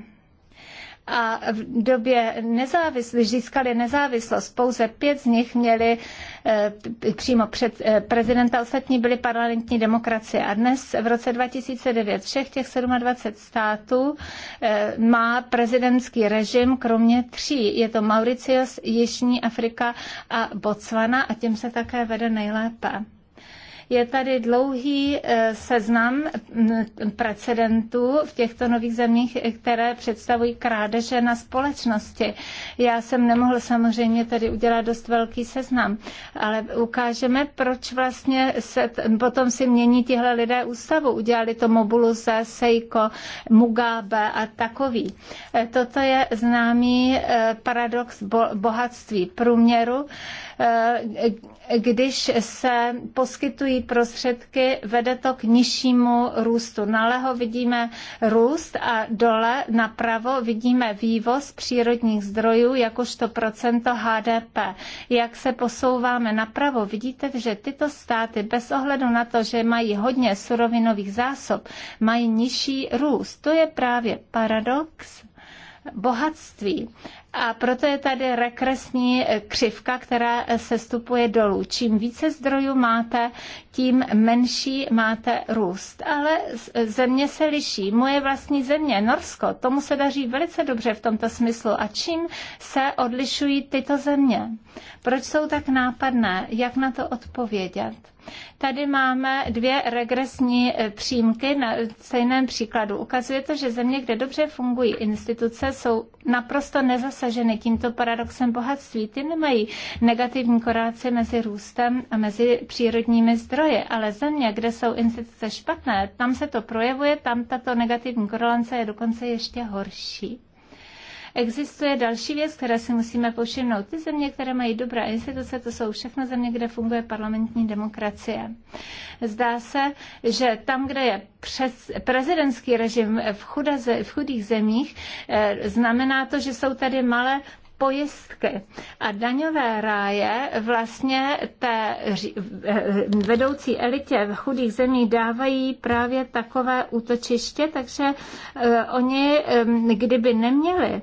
a v době nezávislosti, když získali nezávislost, pouze pět z nich měli eh, přímo před eh, prezidenta, ostatní byly parlamentní demokracie. A dnes v roce 2009 všech těch 27 států eh, má prezidentský režim, kromě tří. Je to Mauricius, Jižní Afrika a Botswana a tím se také vede nejlépe. Je tady dlouhý eh, seznam mm, precedentů v těchto nových zemích, eh, které představují krádeže na společnosti. Já jsem nemohl samozřejmě tady udělat dost velký seznam, ale ukážeme, proč vlastně se potom si mění tihle lidé ústavu. Udělali to Mobuluze, Seiko, Mugabe a takový. Eh, toto je známý paradox bohatství průměru Eh, když se poskytují prostředky, vede to k nižšímu růstu. Nalevo vidíme růst a dole napravo vidíme vývoz přírodních zdrojů jakožto procento HDP. Jak se posouváme napravo, vidíte, že tyto státy bez ohledu na to, že mají hodně surovinových zásob, mají nižší růst. To je právě paradox bohatství. A proto je tady rekresní křivka, která se stupuje dolů. Čím více zdrojů máte, tím menší máte růst. Ale země se liší. Moje vlastní země, Norsko, tomu se daří velice dobře v tomto smyslu. A čím se odlišují tyto země? Proč jsou tak nápadné? Jak na to odpovědět? Tady máme dvě regresní eh, přímky na stejném příkladu. Ukazuje to, že země, kde dobře fungují instituce, jsou naprosto nezasaženy tímto paradoxem bohatství. Ty nemají negativní koráci mezi růstem a mezi přírodními zdroje, ale země, kde jsou instituce špatné, tam se to projevuje, tam tato negativní korelace je dokonce ještě horší. Existuje další věc, které si musíme povšimnout. Ty země, které mají dobré instituce, to jsou všechno země, kde funguje parlamentní demokracie. Zdá se, že tam, kde je přes prezidentský režim v, chudaze, v chudých zemích, eh, znamená to, že jsou tady malé pojistky. A daňové ráje vlastně té eh, vedoucí elitě v chudých zemích dávají právě takové útočiště, takže eh, oni, eh, kdyby neměli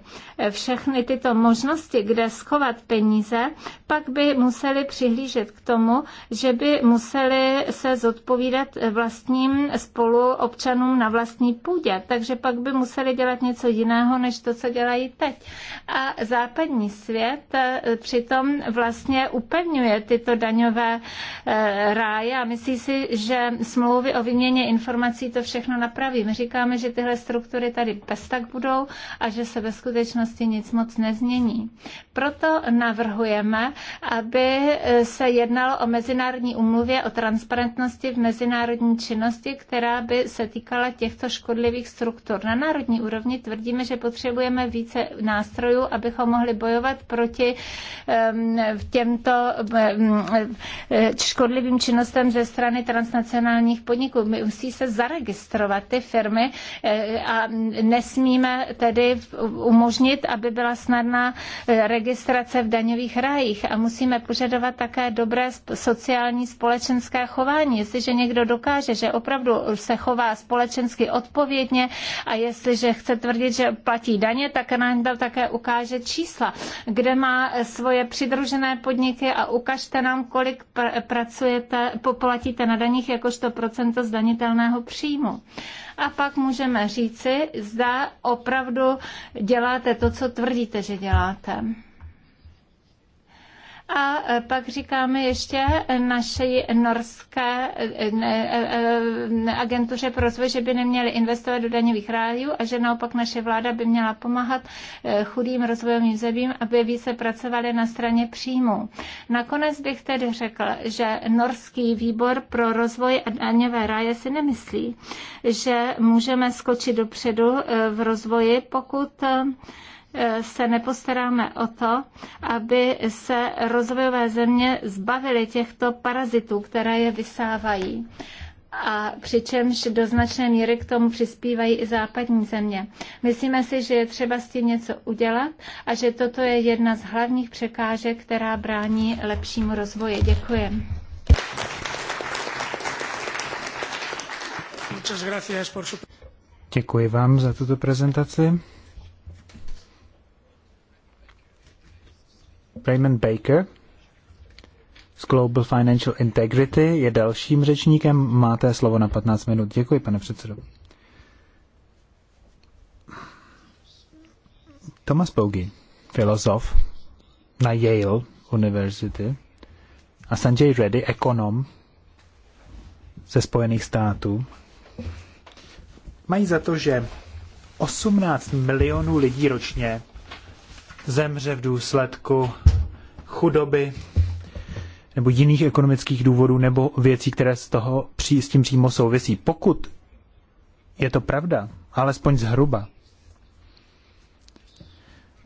všechny tyto možnosti, kde schovat peníze, pak by museli přihlížet k tomu, že by museli se zodpovídat vlastním spoluobčanům na vlastní půdě. Takže pak by museli dělat něco jiného, než to, co dělají teď. A západní svět e, přitom vlastně upevňuje tyto daňové e, ráje a myslí si, že smlouvy o vyměně informací to všechno napraví. My říkáme, že tyhle struktury tady bez tak budou a že se ve skutečnosti nic moc nezmění. Proto navrhujeme, aby eh, se jednalo o mezinárodní umluvě o transparentnosti v mezinárodní činnosti, která by se týkala těchto škodlivých struktur. Na národní úrovni tvrdíme, že potřebujeme více nástrojů, abychom mohli bojovat proti těmto eh, škodlivým činnostem ze strany transnacionálních podniků. My musí se zaregistrovat ty firmy eh, a nesmíme tedy umožnit, aby byla snadná registrace v daňových rájích a musíme požadovat také dobré sociální společenské chování. Jestliže někdo dokáže, že opravdu se chová společensky odpovědně a jestliže chce tvrdit, že platí daně, tak nám to také ukáže čísla, kde má svoje přidružené podniky a ukažte nám, kolik pr- pracujete, poplatíte na daních jakožto procento zdanitelného příjmu a pak můžeme říci, zda opravdu děláte to, co tvrdíte, že děláte. A e, pak říkáme ještě naší norské e, e, agentuře pro rozvoj, že by neměli investovat do daňových rájů a že naopak naše vláda by měla pomáhat chudým rozvojovým zemím, aby více pracovali na straně příjmu. Nakonec bych tedy řekl, že norský výbor pro rozvoj a daňové ráje si nemyslí, že můžeme skočit dopředu v rozvoji, pokud Eh, se nepostaráme o to, aby se rozvojové země zbavily těchto parazitů, které je vysávají a přičemž do značné míry k tomu přispívají i západní země. Myslíme si, že je třeba s tím něco udělat a že toto je jedna z hlavních překážek, která brání lepšímu rozvoji. Děkuji. Děkuji vám za tuto prezentaci. Raymond Baker z Global Financial Integrity je dalším řečníkem. Máte slovo na 15 minut. Děkuji, pane předsedo. Thomas Bogie, filozof na Yale University a Sanjay Reddy, ekonom ze Spojených států, mají za to, že 18 milionů lidí ročně zemře v důsledku chudoby nebo jiných ekonomických důvodů nebo věcí, které z toho při s tím přímo souvisí. Pokud je to pravda, alespoň zhruba,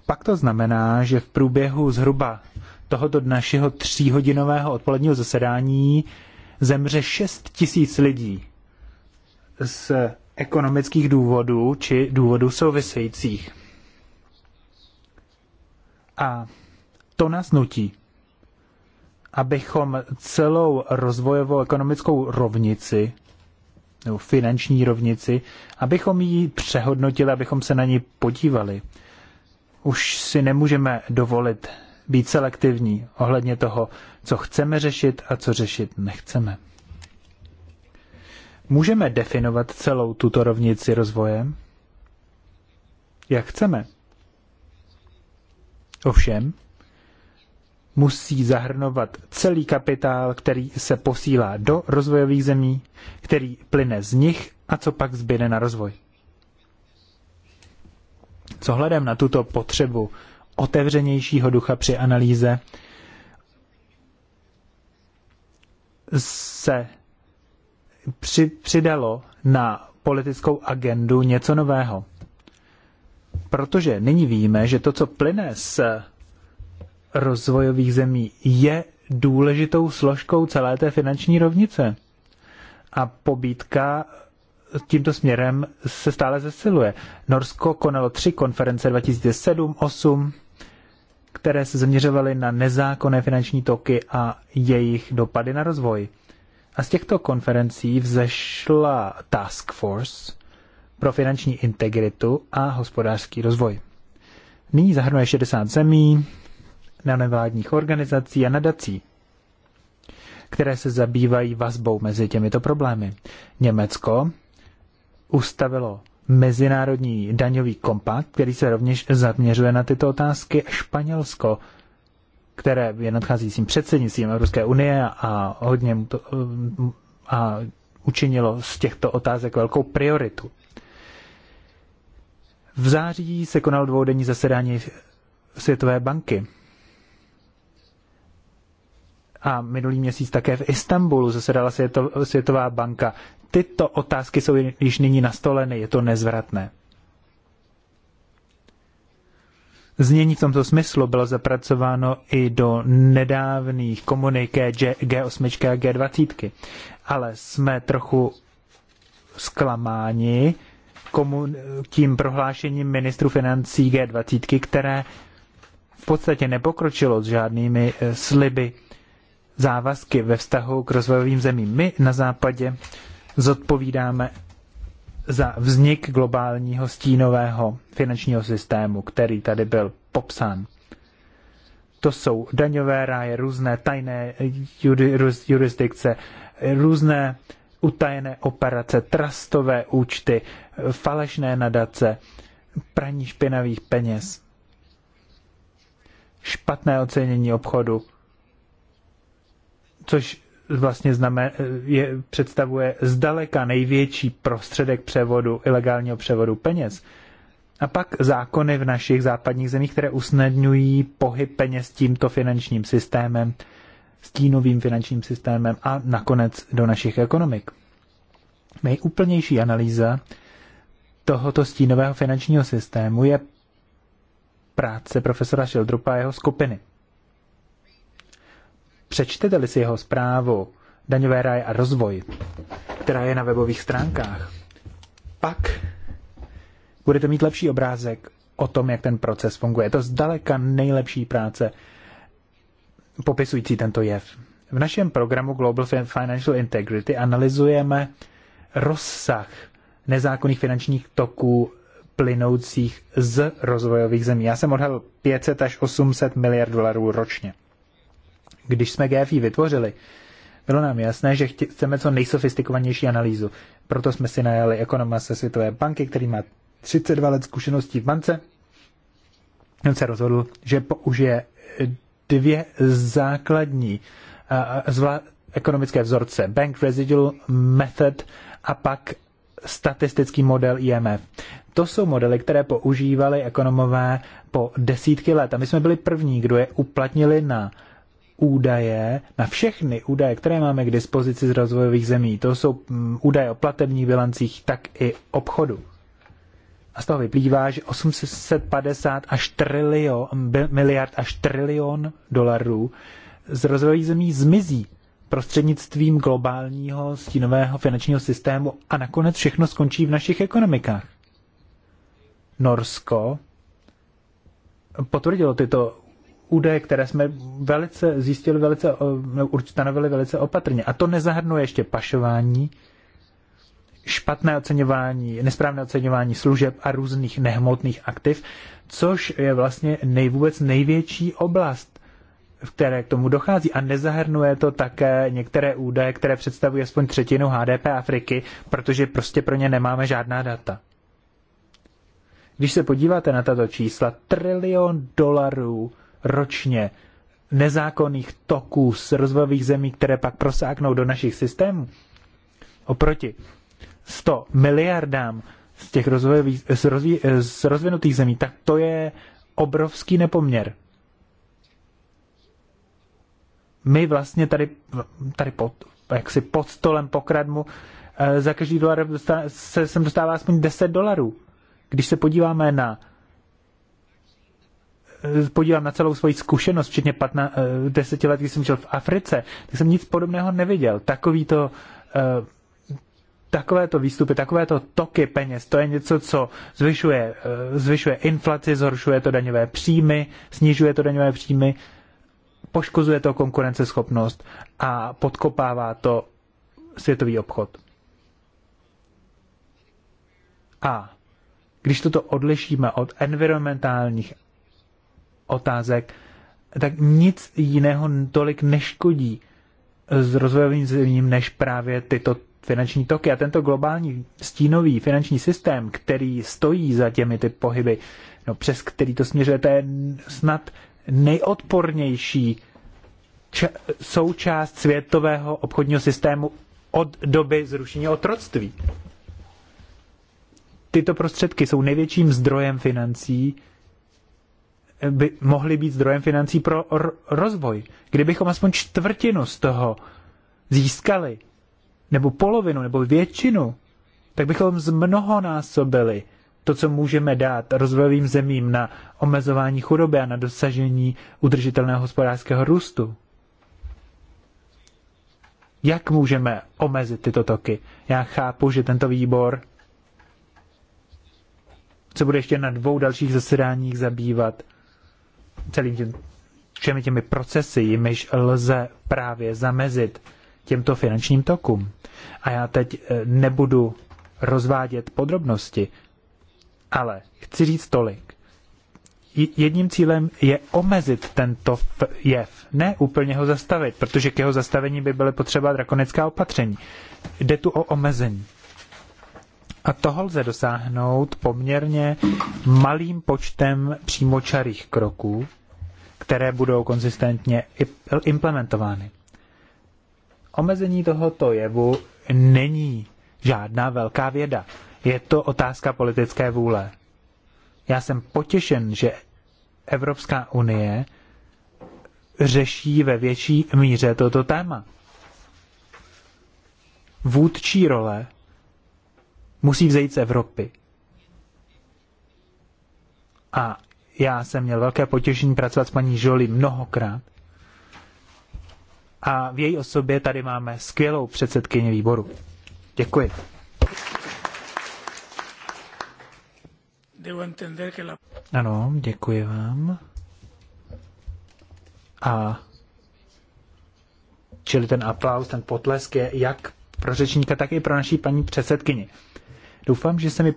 pak to znamená, že v průběhu zhruba tohoto našeho tříhodinového odpoledního zasedání zemře 6 tisíc lidí z ekonomických důvodů či důvodů souvisejících. A to nás nutí, abychom celou rozvojovou ekonomickou rovnici nebo finanční rovnici, abychom ji přehodnotili, abychom se na ní podívali. Už si nemůžeme dovolit být selektivní ohledně toho, co chceme řešit a co řešit nechceme. Můžeme definovat celou tuto rovnici rozvojem, jak chceme. Ovšem, musí zahrnovat celý kapitál, který se posílá do rozvojových zemí, který plyne z nich a co pak zbyde na rozvoj. S ohledem na tuto potřebu otevřenějšího ducha při analýze se při, přidalo na politickou agendu něco nového. Protože nyní víme, že to, co plyne z rozvojových zemí je důležitou složkou celé té finanční rovnice. A pobítka tímto směrem se stále zesiluje. Norsko konalo tři konference 2007, 8, které se zaměřovaly na nezákonné finanční toky a jejich dopady na rozvoj. A z těchto konferencí vzešla Task Force pro finanční integritu a hospodářský rozvoj. Nyní zahrnuje 60 zemí, na nevládních organizací a nadací, které se zabývají vazbou mezi těmito problémy. Německo ustavilo mezinárodní daňový kompakt, který se rovněž zaměřuje na tyto otázky. Španělsko, které je nadcházejícím předsednictvím Evropské unie a hodně to, a učinilo z těchto otázek velkou prioritu. V září se konalo dvoudenní zasedání Světové banky a minulý měsíc také v Istanbulu zasedala Světová banka. Tyto otázky jsou již nyní nastoleny, je to nezvratné. Znění v tomto smyslu bylo zapracováno i do nedávných komuniké G8 a G20. Ale jsme trochu zklamáni tím prohlášením ministru financí G20, které v podstatě nepokročilo s žádnými eh, sliby závazky ve vztahu k rozvojovým zemím. My na západě zodpovídáme za vznik globálního stínového finančního systému, který tady byl popsán. To jsou daňové ráje, různé tajné jurisdikce, různé utajené operace, trastové účty, falešné nadace, praní špinavých peněz, špatné ocenění obchodu, což vlastně znamená, je, představuje zdaleka největší prostředek převodu, ilegálního převodu peněz. A pak zákony v našich západních zemích, které usnadňují pohyb peněz tímto finančním systémem, stínovým finančním systémem a nakonec do našich ekonomik. Nejúplnější analýza tohoto stínového finančního systému je práce profesora Šeldrupa a jeho skupiny – Přečtete-li si jeho zprávu Daňové ráje a rozvoj, která je na webových stránkách, pak budete mít lepší obrázek o tom, jak ten proces funguje. Je to zdaleka nejlepší práce popisující tento jev. V našem programu Global Financial Integrity analyzujeme rozsah nezákonných finančních toků plynoucích z rozvojových zemí. Já jsem odhalil 500 až 800 miliard dolarů ročně. Když jsme GFI vytvořili, bylo nám jasné, že chceme co nejsofistikovanější analýzu. Proto jsme si najali ekonoma se Světové banky, který má 32 let zkušeností v bance. On se rozhodl, že použije dvě základní zvla- ekonomické vzorce. Bank Residual Method a pak statistický model IMF. To jsou modely, které používali ekonomové po desítky let. A my jsme byli první, kdo je uplatnili na uh, údaje, na všechny údaje, které máme k dispozici z rozvojových zemí. To jsou mm, údaje o platebních bilancích, tak i obchodu. A z toho vyplývá, že 850 až trilion, miliard až trilion dolarů z rozvojových zemí zmizí prostřednictvím globálního stínového finančního systému a nakonec všechno skončí v našich ekonomikách. Norsko potvrdilo tyto údaje, které jsme velice zjistili, velice, stanovili velice opatrně. A to nezahrnuje ještě pašování, špatné oceňování, nesprávné oceňování služeb a různých nehmotných aktiv, což je vlastně nejvůbec největší oblast, v které k tomu dochází. A nezahrnuje to také některé údaje, které představují aspoň třetinu HDP Afriky, protože prostě pro ně nemáme žádná data. Když se podíváte na tato čísla, trilion dolarů ročně nezákonných toků z rozvojových zemí, které pak prosáknou do našich systémů, oproti 100 miliardám z těch rozvojových, z, rozví, z rozvinutých zemí, tak to je obrovský nepoměr. My vlastně tady, tady pod, jaksi pod stolem pokradmu eh, za každý dolar se sem dostává aspoň 10 dolarů. Když se podíváme na podívám na celou svoji zkušenost, včetně 15, 10 let, kdy jsem žil v Africe, tak jsem nic podobného neviděl. to, eh, takovéto výstupy, takovéto toky peněz, to je něco, co zvyšuje, eh, zvyšuje inflaci, zhoršuje to daňové příjmy, snižuje to daňové příjmy, poškozuje to konkurenceschopnost a podkopává to světový obchod. A když toto odlišíme od environmentálních otázek, tak nic jiného tolik neškodí s rozvojovým zemím, než právě tyto finanční toky. A tento globální stínový finanční systém, který stojí za těmi ty pohyby, no přes který to směřuje, to je snad nejodpornější součást světového obchodního systému od doby zrušení otroctví. Tyto prostředky jsou největším zdrojem financí, by mohly být zdrojem financí pro rozvoj. Kdybychom aspoň čtvrtinu z toho získali, nebo polovinu, nebo většinu, tak bychom zmnohonásobili to, co můžeme dát rozvojovým zemím na omezování chudoby a na dosažení udržitelného hospodářského růstu. Jak můžeme omezit tyto toky? Já chápu, že tento výbor se bude ještě na dvou dalších zasedáních zabývat celým tím, všemi těmi procesy, jimiž lze právě zamezit těmto finančním tokům. A já teď eh, nebudu rozvádět podrobnosti, ale chci říct tolik. Jedním cílem je omezit tento jev, ne úplně ho zastavit, protože k jeho zastavení by byly potřeba drakonická opatření. Jde tu o omezení. A toho lze dosáhnout poměrně malým počtem přímočarých kroků, které budou konzistentně implementovány. Omezení tohoto jevu není žádná velká věda. Je to otázka politické vůle. Já jsem potěšen, že Evropská unie řeší ve větší míře toto téma. Vůdčí role musí vzejít z Evropy. A já jsem měl velké potěšení pracovat s paní Žoli mnohokrát. A v její osobě tady máme skvělou předsedkyni výboru. Děkuji. Ano, děkuji vám. A čili ten aplaus, ten potlesk je jak pro řečníka, tak i pro naší paní předsedkyni. Doufám, že se mi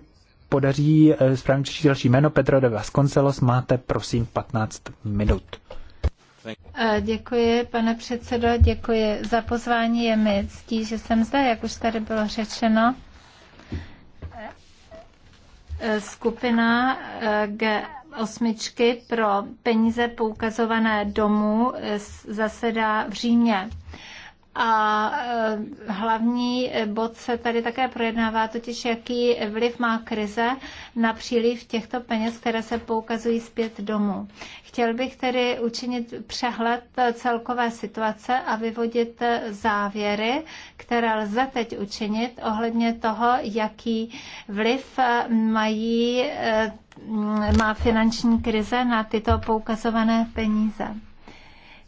podaří eh, správně přečíst další jméno. Petra de Vasconcelos, máte prosím 15 minut. Eh, děkuji, pane předsedo, děkuji za pozvání. Je mi ctí, že jsem zde, jak už tady bylo řečeno. Eh, skupina G osmičky pro peníze poukazované domů zasedá v Římě. A eh, hlavní bod se tady také projednává, totiž jaký vliv má krize na příliv těchto peněz, které se poukazují zpět domů. Chtěl bych tedy učinit přehled celkové situace a vyvodit závěry, které lze teď učinit ohledně toho, jaký vliv mají eh, má finanční krize na tyto poukazované peníze.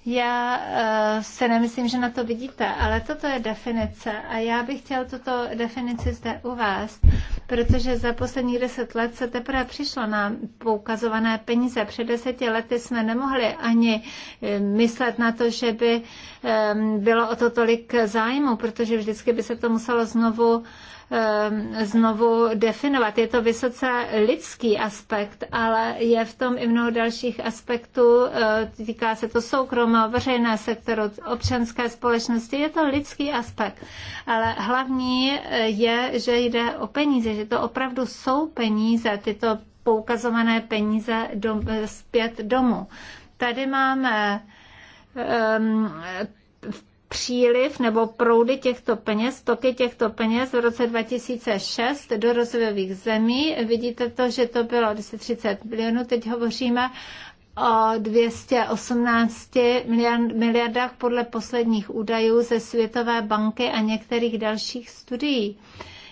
Já eh, se nemyslím, že na to vidíte, ale toto je definice a já bych chtěl tuto definici zde uvést, protože za posledních deset let se teprve přišlo na poukazované peníze. Před deseti lety jsme nemohli ani eh, myslet na to, že by eh, bylo o to tolik zájmu, protože vždycky by se to muselo znovu Ehm, znovu definovat. Je to vysoce lidský aspekt, ale je v tom i mnoho dalších aspektů. Ehm, týká se to soukromého, veřejné sektoru, občanské společnosti. Je to lidský aspekt. Ale hlavní eh, je, že jde o peníze, že to opravdu jsou peníze, tyto poukazované peníze dom, zpět domů. Tady máme um, příliv nebo proudy těchto peněz, toky těchto peněz v roce 2006 do rozvojových zemí. Vidíte to, že to bylo 230 milionů, teď hovoříme o 218 miliardách podle posledních údajů ze Světové banky a některých dalších studií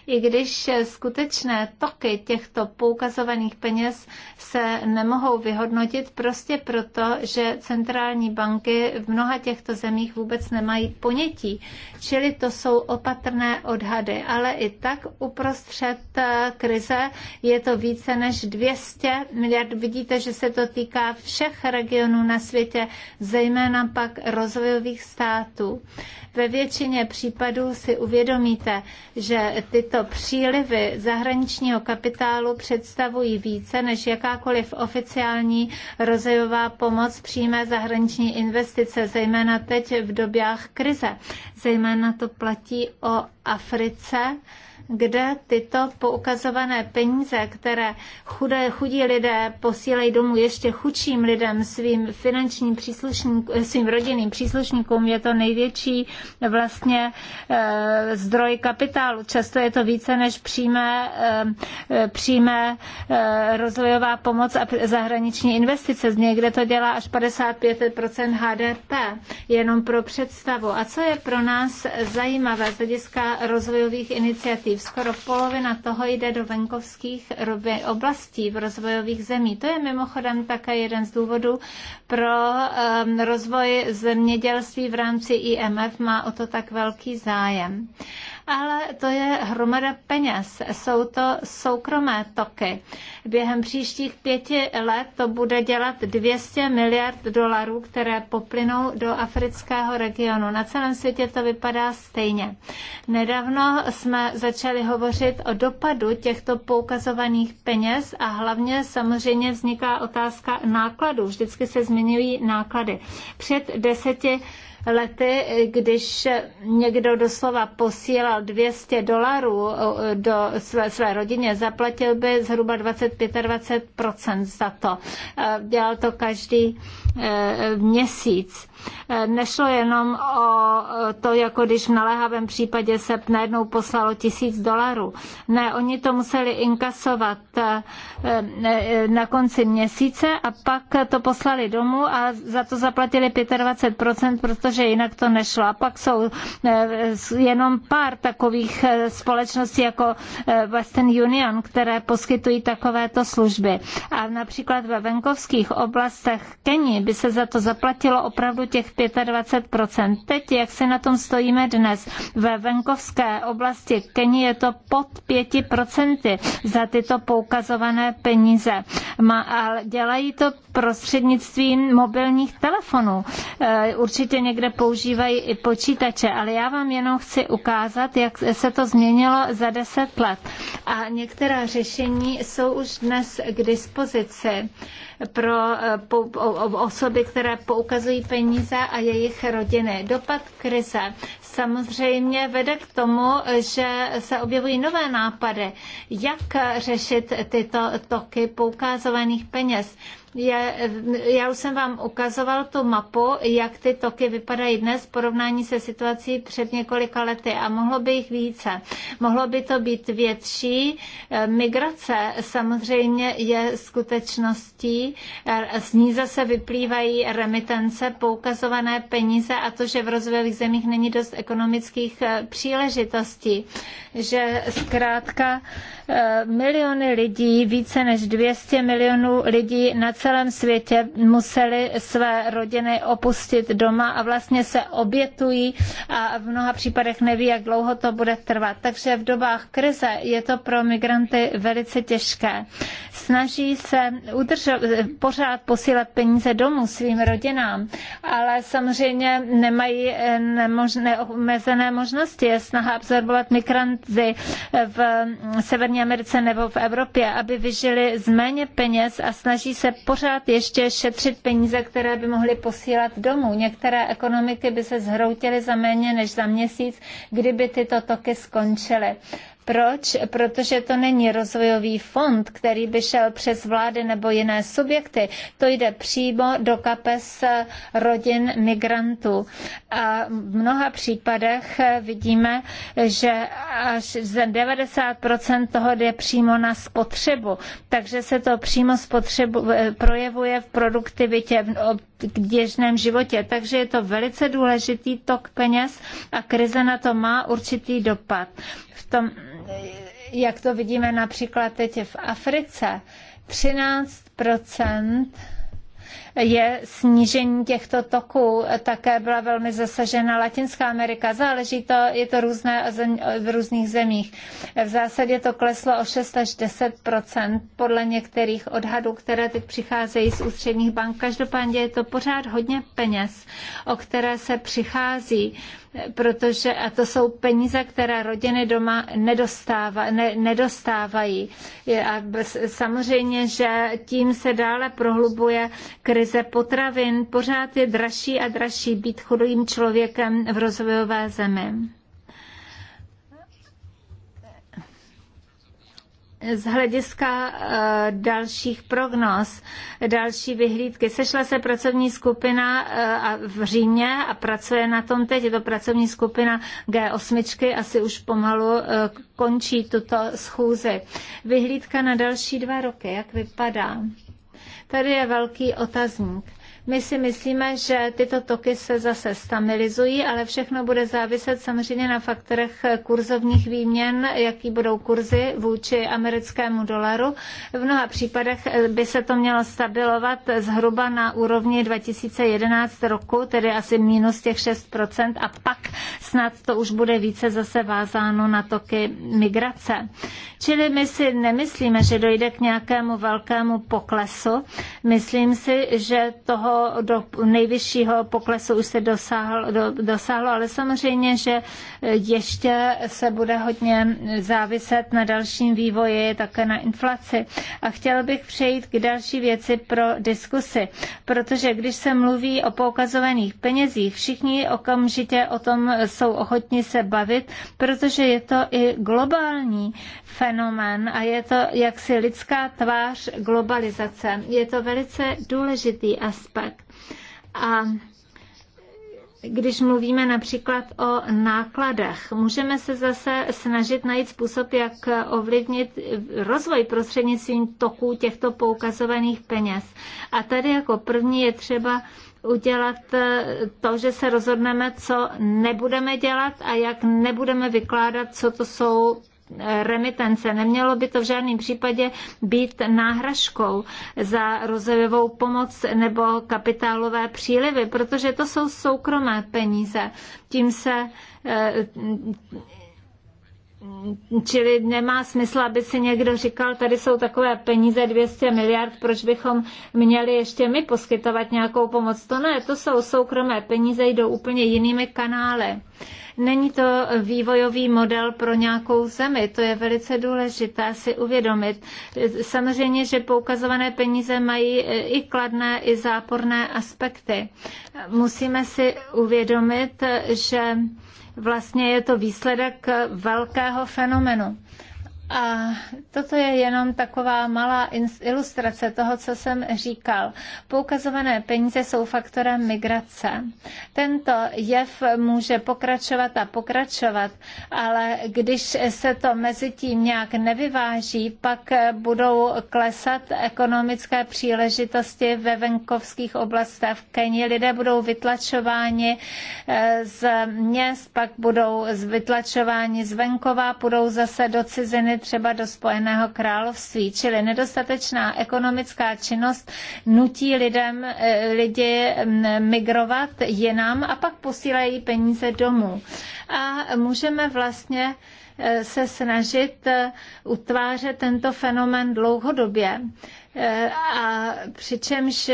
i když skutečné toky těchto poukazovaných peněz se nemohou vyhodnotit prostě proto, že centrální banky v mnoha těchto zemích vůbec nemají ponětí. Čili to jsou opatrné odhady, ale i tak uprostřed eh, krize je to více než 200 miliard. Vidíte, že se to týká všech regionů na světě, zejména pak rozvojových států. Ve většině případů si uvědomíte, že tyto Tyto přílivy zahraničního kapitálu představují více než jakákoliv oficiální rozvojová pomoc přímé zahraniční investice, zejména teď v dobách krize. Zejména to platí o Africe, kde tyto poukazované peníze, které chudé, chudí lidé posílají domů ještě chudším lidem, svým finančním příslušníkům, eh, svým rodinným příslušníkům, je to největší eh, vlastně e, zdroj kapitálu. Často je to více než přímé, e, přímé e, rozvojová pomoc a zahraniční investice. Z někde to dělá až 55% HDP, jenom pro představu. A co je pro nás zajímavé z hlediska rozvojových iniciativ? lidí, skoro polovina toho jde do venkovských oblastí v rozvojových zemí. To je mimochodem také jeden z důvodů pro um, rozvoj zemědělství v rámci IMF, má o to tak velký zájem. Uh, ale to je hromada peněz. Jsou to soukromé toky. Během příštích pěti let to bude dělat 200 miliard dolarů, které poplynou do afrického regionu. Na celém světě to vypadá stejně. Nedávno jsme začali hovořit o dopadu těchto poukazovaných peněz a hlavně samozřejmě vzniká otázka nákladů. Vždycky se zmiňují náklady. Před deseti lety, když někdo doslova posílal 200 dolarů do své, své rodině, zaplatil by zhruba 20-25% za to. Dělal to každý e, měsíc. Nešlo jenom o to, jako když v naléhavém případě se najednou poslalo tisíc dolarů. Ne, oni to museli inkasovat eh, eh, na konci měsíce a pak to poslali domů a za to zaplatili 25%, protože jinak to nešlo. A pak jsou eh, jenom pár takových společností jako Western Union, které poskytují takovéto služby. A například ve venkovských oblastech Keni by se za to zaplatilo opravdu těch 25%. Teď, jak se na tom stojíme dnes, ve venkovské oblasti Keni je to pod 5% za tyto poukazované peníze. Ma, ale dělají to prostřednictvím mobilních telefonů. E, určitě někde používají i počítače, ale já vám jenom chci ukázat, jak se to změnilo za 10 let. A některá řešení jsou už dnes k dispozici pro eh, osoby, které poukazují peníze a jejich rodiny. Dopad krize samozřejmě vede k tomu, že se objevují nové nápady, jak řešit tyto toky poukázovaných peněz je, já už jsem vám ukazoval tu mapu, jak ty toky vypadají dnes v porovnání se situací před několika lety a mohlo by jich více. Mohlo by to být větší. Eh, migrace samozřejmě je skutečností. Eh, z ní zase vyplývají remitence, poukazované peníze a to, že v rozvojových zemích není dost ekonomických eh, příležitostí. Že zkrátka miliony lidí, více než 200 milionů lidí na celém světě museli své rodiny opustit doma a vlastně se obětují a v mnoha případech neví, jak dlouho to bude trvat. Takže v dobách krize je to pro migranty velice těžké. Snaží se pořád posílat peníze domů svým rodinám, ale samozřejmě nemají eh, neomezené možnosti. Je snaha absorbovat migranty v Severní Americe nebo v Evropě, aby vyžili z méně peněz a snaží se pořád ještě šetřit peníze, které by mohly posílat domů. Některé ekonomiky by se zhroutily za méně než za měsíc, kdyby tyto toky skončily. Proč? Protože to není rozvojový fond, který by šel přes vlády nebo jiné subjekty. To jde přímo do kapes rodin migrantů. A v mnoha případech vidíme, že až ze 90% toho jde přímo na spotřebu. Takže se to přímo spotřebu, eh, projevuje v produktivitě, v běžném životě. Takže je to velice důležitý tok peněz a krize na to má určitý dopad. V tom jak to vidíme například teď v Africe, 13 je snížení těchto toků. Také byla velmi zasažena Latinská Amerika. Záleží to, je to různé v různých zemích. V zásadě to kleslo o 6 až 10 podle některých odhadů, které teď přicházejí z ústředních bank. Každopádně je to pořád hodně peněz, o které se přichází protože a to jsou peníze, které rodiny doma nedostává, ne, nedostávají. A samozřejmě, že tím se dále prohlubuje krize potravin. Pořád je dražší a dražší být chudým člověkem v rozvojové zemi. z hlediska eh, dalších prognóz, další vyhlídky. Sešla se pracovní skupina eh, v Římě a pracuje na tom teď. Je to pracovní skupina G8, asi už pomalu eh, končí tuto schůzi. Vyhlídka na další dva roky, jak vypadá? Tady je velký otazník. My si myslíme, že tyto toky se zase stabilizují, ale všechno bude záviset samozřejmě na faktorech kurzovních výměn, jaký budou kurzy vůči americkému dolaru. V mnoha případech by se to mělo stabilovat zhruba na úrovni 2011 roku, tedy asi minus těch 6%, a pak snad to už bude více zase vázáno na toky migrace. Čili my si nemyslíme, že dojde k nějakému velkému poklesu. Myslím si, že toho do nejvyššího poklesu už se dosáhl, do, dosáhlo, ale samozřejmě, že ještě se bude hodně záviset na dalším vývoji, také na inflaci. A chtěla bych přejít k další věci pro diskusy, protože když se mluví o poukazovaných penězích, všichni okamžitě o tom jsou ochotni se bavit, protože je to i globální fenomén a je to jaksi lidská tvář globalizace. Je to velice důležitý aspekt. A když mluvíme například o nákladech, můžeme se zase snažit najít způsob, jak ovlivnit rozvoj prostřednictvím toků těchto poukazovaných peněz. A tady jako první je třeba udělat to, že se rozhodneme, co nebudeme dělat a jak nebudeme vykládat, co to jsou remitence. Nemělo by to v žádném případě být náhražkou za rozvojovou pomoc nebo kapitálové přílivy, protože to jsou soukromé peníze. Tím se eh, Čili nemá smysl, aby si někdo říkal, tady jsou takové peníze 200 miliard, proč bychom měli ještě my poskytovat nějakou pomoc. To ne, to jsou soukromé peníze, jdou úplně jinými kanály. Uh, Není to vývojový model pro nějakou zemi, to je velice důležité si uvědomit. Samozřejmě, že poukazované peníze mají i kladné, i záporné aspekty. Musíme si uvědomit, že vlastně je to výsledek velkého fenomenu. A toto je jenom taková malá ilustrace toho, co jsem říkal. Poukazované peníze jsou faktorem migrace. Tento jev může pokračovat a pokračovat, ale když se to mezi tím nějak nevyváží, pak budou klesat ekonomické příležitosti ve venkovských oblastech v Keni. Lidé budou vytlačováni eh, z měst, pak budou vytlačováni z venkova, budou zase do ciziny třeba do Spojeného království. Čili nedostatečná ekonomická činnost nutí lidem, eh, lidi mm, migrovat jinam a pak posílají peníze domů. A můžeme vlastně eh, se snažit eh, utvářet tento fenomén dlouhodobě. A přičemž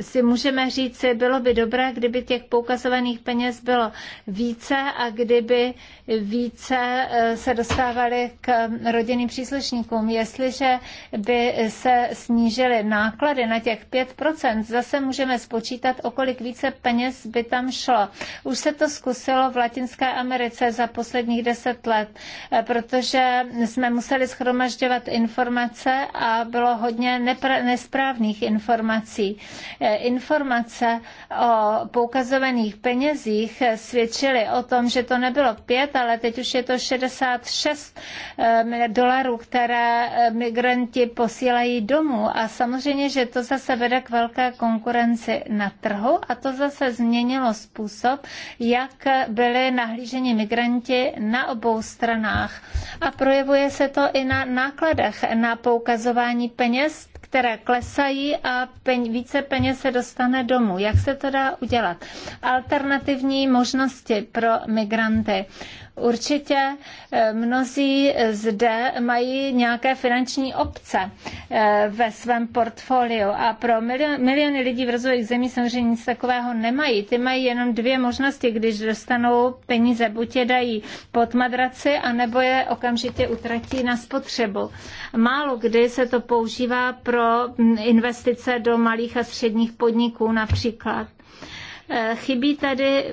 si můžeme říci, bylo by dobré, kdyby těch poukazovaných peněz bylo více a kdyby více eh, se dostávaly k eh, rodinným příslušníkům. Jestliže by se snížily náklady na těch 5%, zase můžeme spočítat, o kolik více peněz by tam šlo. Už se to zkusilo v Latinské Americe za posledních deset let, eh, protože jsme museli schromažďovat informace a bylo hodně nesprávných informací informace o poukazovaných penězích svědčily o tom, že to nebylo pět, ale teď už je to 66 eh, dolarů, které eh, migranti posílají domů. A samozřejmě, že to zase vede k velké konkurenci na trhu a to zase změnilo způsob, jak byly nahlíženi migranti na obou stranách. A projevuje se to i na nákladech na poukazování peněz, které klesají a peň, více peněz se dostane domů. Jak se to dá udělat? Alternativní možnosti pro migranty. Určitě eh, mnozí zde mají nějaké finanční obce eh, ve svém portfoliu a pro miliony lidí v rozvojových zemích samozřejmě nic takového nemají. Ty mají jenom dvě možnosti, když dostanou peníze, buď je dají pod madraci, anebo je okamžitě utratí na spotřebu. Málo kdy se to používá pro hm, investice do malých a středních podniků například. Eh, chybí tady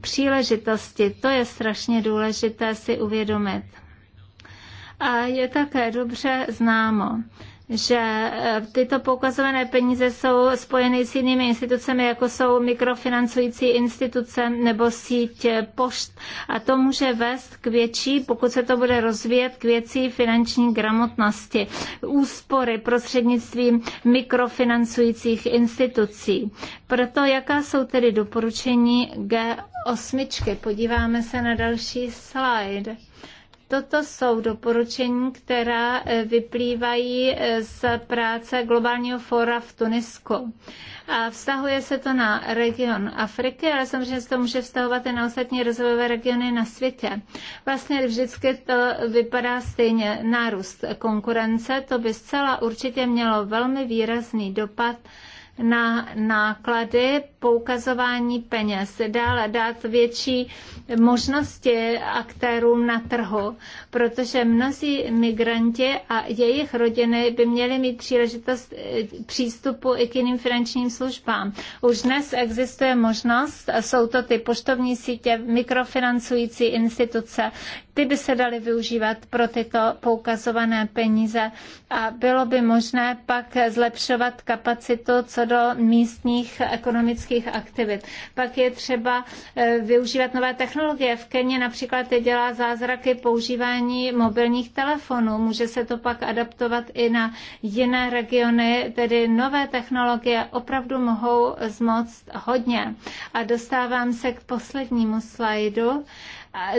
příležitosti. To je strašně důležité si uvědomit. A je také dobře známo, že e, tyto poukazované peníze jsou spojeny s jinými institucemi, jako jsou mikrofinancující instituce nebo síť pošt. A to může vést k větší, pokud se to bude rozvíjet, k větší finanční gramotnosti, úspory prostřednictvím mikrofinancujících institucí. Proto jaká jsou tedy doporučení G8? Podíváme se na další slide. Toto jsou doporučení, která eh, vyplývají eh, z práce Globálního fóra v Tunisku. A vztahuje se to na region Afriky, ale samozřejmě se to může vztahovat i na ostatní rozvojové regiony na světě. Vlastně vždycky to vypadá stejně. Nárůst konkurence, to by zcela určitě mělo velmi výrazný dopad na náklady poukazování peněz, dále dát větší možnosti aktérům na trhu, protože mnozí migranti a jejich rodiny by měli mít příležitost eh, přístupu i k jiným finančním službám. Už dnes existuje možnost, jsou to ty poštovní sítě, mikrofinancující instituce, ty by se daly využívat pro tyto poukazované peníze a bylo by možné pak zlepšovat kapacitu co do místních ekonomických aktivit. Pak je třeba eh, využívat nové technologie. V Keni například dělá zázraky používání mobilních telefonů. Může se to pak adaptovat i na jiné regiony, tedy nové technologie opravdu mohou zmoct hodně. A dostávám se k poslednímu slajdu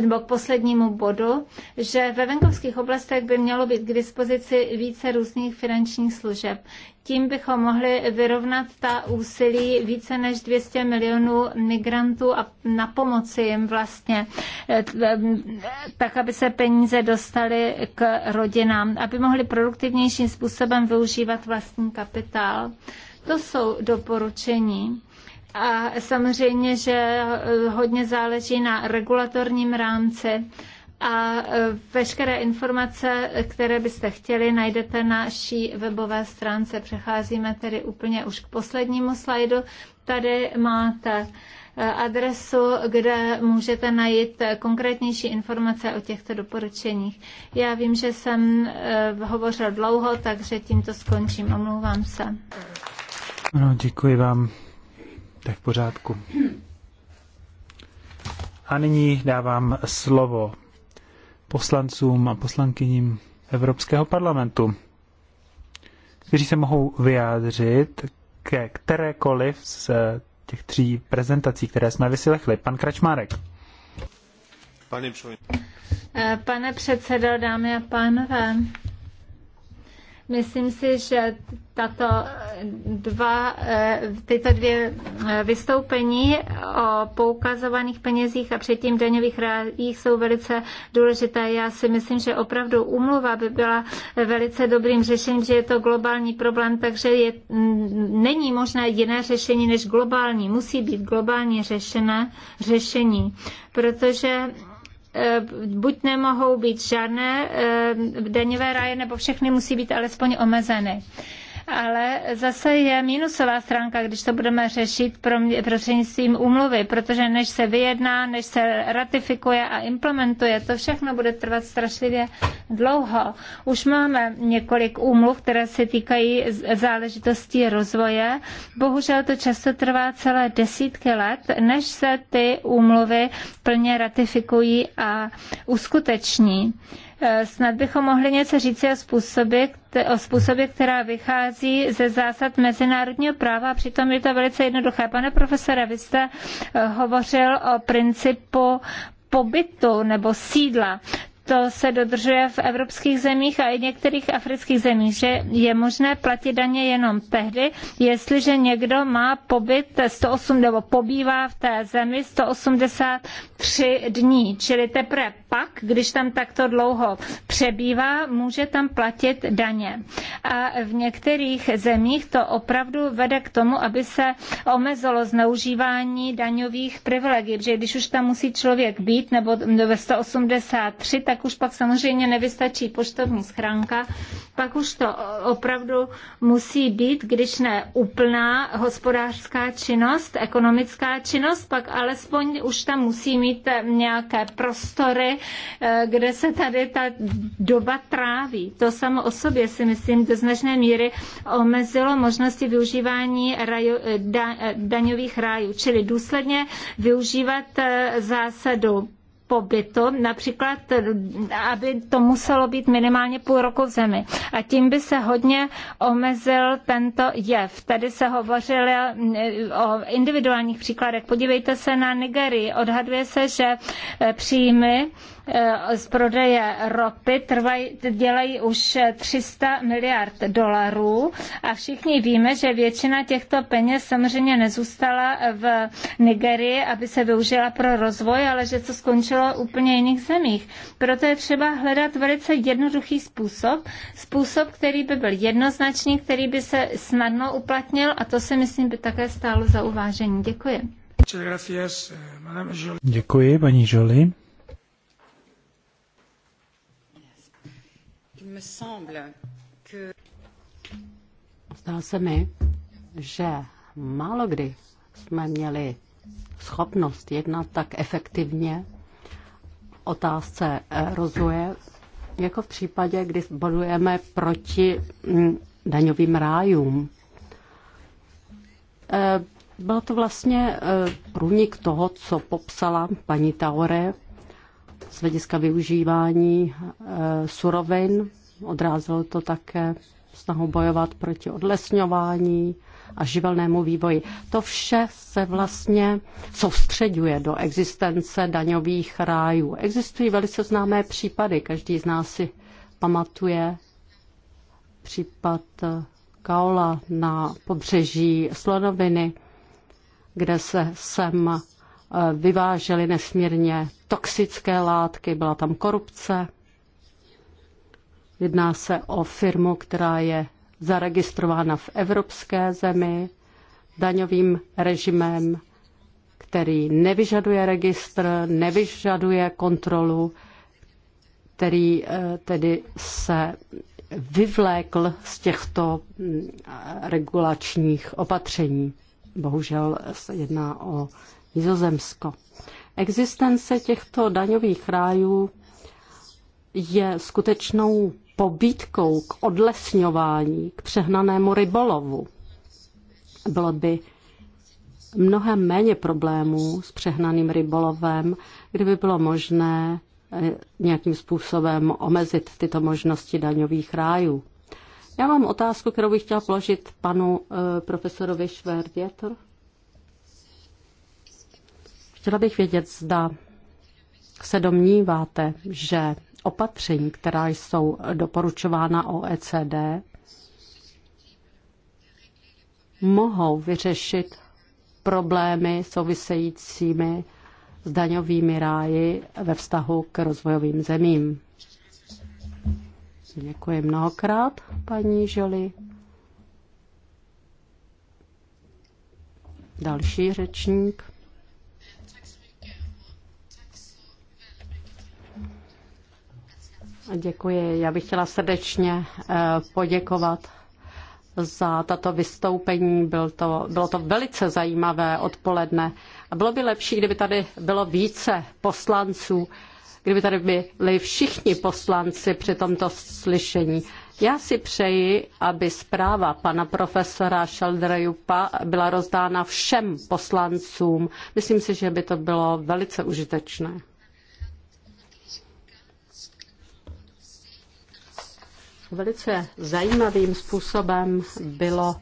nebo k poslednímu bodu, že ve venkovských oblastech by mělo být k dispozici více různých finančních služeb. Tím bychom mohli vyrovnat ta úsilí více než 200 milionů migrantů a na pomoci jim vlastně, eh, eh, tak aby se peníze dostaly k rodinám, aby mohli produktivnějším způsobem využívat vlastní kapitál. To jsou doporučení a samozřejmě, že eh, hodně záleží na regulatorním rámci a eh, veškeré informace, které byste chtěli, najdete na naší webové stránce. Přecházíme tedy úplně už k poslednímu slajdu. Tady máte eh, adresu, kde můžete najít konkrétnější informace o těchto doporučeních. Já vím, že jsem hovořil dlouho, takže tímto skončím. Omlouvám se. No, děkuji vám. To je v pořádku. A nyní dávám slovo poslancům a poslankyním Evropského parlamentu, kteří se mohou vyjádřit ke kterékoliv z těch tří prezentací, které jsme vyslechli. Pan Kračmárek. Pane eh, předsedo, dámy a pánové, Myslím si, že tato dva, eh, tyto dvě eh, vystoupení o poukazovaných penězích a předtím daňových rájích jsou velice důležité. Já si myslím, že opravdu umluva by byla velice dobrým řešením, že je to globální problém, takže je, mm, není možné jiné řešení než globální. Musí být globální řešené řešení, protože Eh, buď nemohou být žádné eh, daňové ráje, nebo všechny musí být alespoň omezeny ale zase je minusová stránka, když to budeme řešit pro prostřednictvím úmluvy, protože než se vyjedná, než se ratifikuje a implementuje, to všechno bude trvat strašlivě dlouho. Už máme několik úmluv, které se týkají záležitostí rozvoje. Bohužel to často trvá celé desítky let, než se ty úmluvy plně ratifikují a uskuteční. Eh, snad bychom mohli něco říci o způsobě, o způsobě, která vychází ze zásad mezinárodního práva přitom je to velice jednoduché. Pane profesore, vy jste eh, hovořil o principu pobytu nebo sídla to se dodržuje v evropských zemích a i některých afrických zemích, že je možné platit daně jenom tehdy, jestliže někdo má pobyt 108 nebo pobývá v té zemi 183 dní, čili teprve pak, když tam takto dlouho přebývá, může tam platit daně. A v některých zemích to opravdu vede k tomu, aby se omezilo zneužívání daňových privilegií, protože když už tam musí člověk být nebo ve 183, tak tak už pak samozřejmě nevystačí poštovní schránka. Pak už to opravdu musí být, když ne úplná hospodářská činnost, ekonomická činnost, pak alespoň už tam musí mít eh, nějaké prostory, eh, kde se tady ta doba tráví. To samo o sobě si myslím do značné míry omezilo možnosti využívání raju, eh, da, daňových rájů, čili důsledně využívat zásadu pobytu, například, aby to muselo být minimálně půl roku v zemi. A tím by se hodně omezil tento jev. Tady se hovořilo eh, o individuálních příkladech. Podívejte se na Nigerii. Odhaduje se, že eh, příjmy Eh, z prodeje ropy trvají, dělají už 300 miliard dolarů a všichni víme, že většina těchto peněz samozřejmě nezůstala v Nigerii, aby se využila pro rozvoj, ale že to skončilo v úplně jiných zemích. Proto je třeba hledat velice jednoduchý způsob, způsob, který by byl jednoznačný, který by se snadno uplatnil a to si myslím by také stálo za uvážení. Děkuji. Eh, Děkuji, paní Jolie. Zdá se mi, že málo kdy jsme měli schopnost jednat tak efektivně otázce eh, rozvoje, jako v případě, kdy bojujeme proti mm, daňovým rájům. Eh, byl to vlastně eh, průnik toho, co popsala paní Taore z hlediska využívání surovin Odrázelo to také snahu bojovat proti odlesňování a živelnému vývoji. To vše se vlastně soustředuje do existence daňových rájů. Existují velice známé případy, každý z nás si pamatuje případ Kaola na pobřeží Slonoviny, kde se sem eh, vyvážely nesmírně toxické látky, byla tam korupce Jedná se o firmu, která je zaregistrována v evropské zemi daňovým režimem, který nevyžaduje registr, nevyžaduje kontrolu, který eh, tedy se vyvlékl z těchto mm, regulačních opatření. Bohužel se jedná o Nizozemsko. Existence těchto daňových rájů je skutečnou pobídkou k odlesňování, k přehnanému rybolovu. Bylo by mnohem méně problémů s přehnaným rybolovem, kdyby bylo možné eh, nějakým způsobem omezit tyto možnosti daňových rájů. Já mám otázku, kterou bych chtěla položit panu eh, profesorovi Švérdětr. Chtěla bych vědět, zda se domníváte, že opatření, která jsou doporučována OECD, mohou vyřešit problémy souvisejícími s daňovými ráji ve vztahu k rozvojovým zemím. Děkuji mnohokrát, paní Žoli. Další řečník. Děkuji. Já bych chtěla srdečně eh, poděkovat za tato vystoupení. Byl to, bylo to velice zajímavé odpoledne. A bylo by lepší, kdyby tady bylo více poslanců, kdyby tady byli všichni poslanci při tomto slyšení. Já si přeji, aby zpráva pana profesora Šaldrajupa byla rozdána všem poslancům. Myslím si, že by to bylo velice užitečné. velice zajímavým způsobem bylo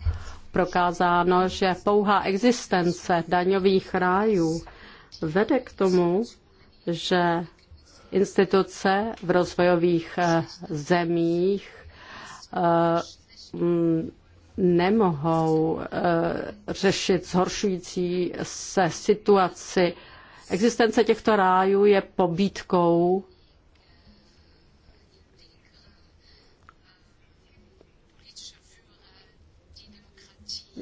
prokázáno, že pouhá existence daňových rájů vede k tomu, že instituce v rozvojových eh, zemích eh, mm, nemohou eh, řešit zhoršující se situaci. Existence těchto rájů je pobídkou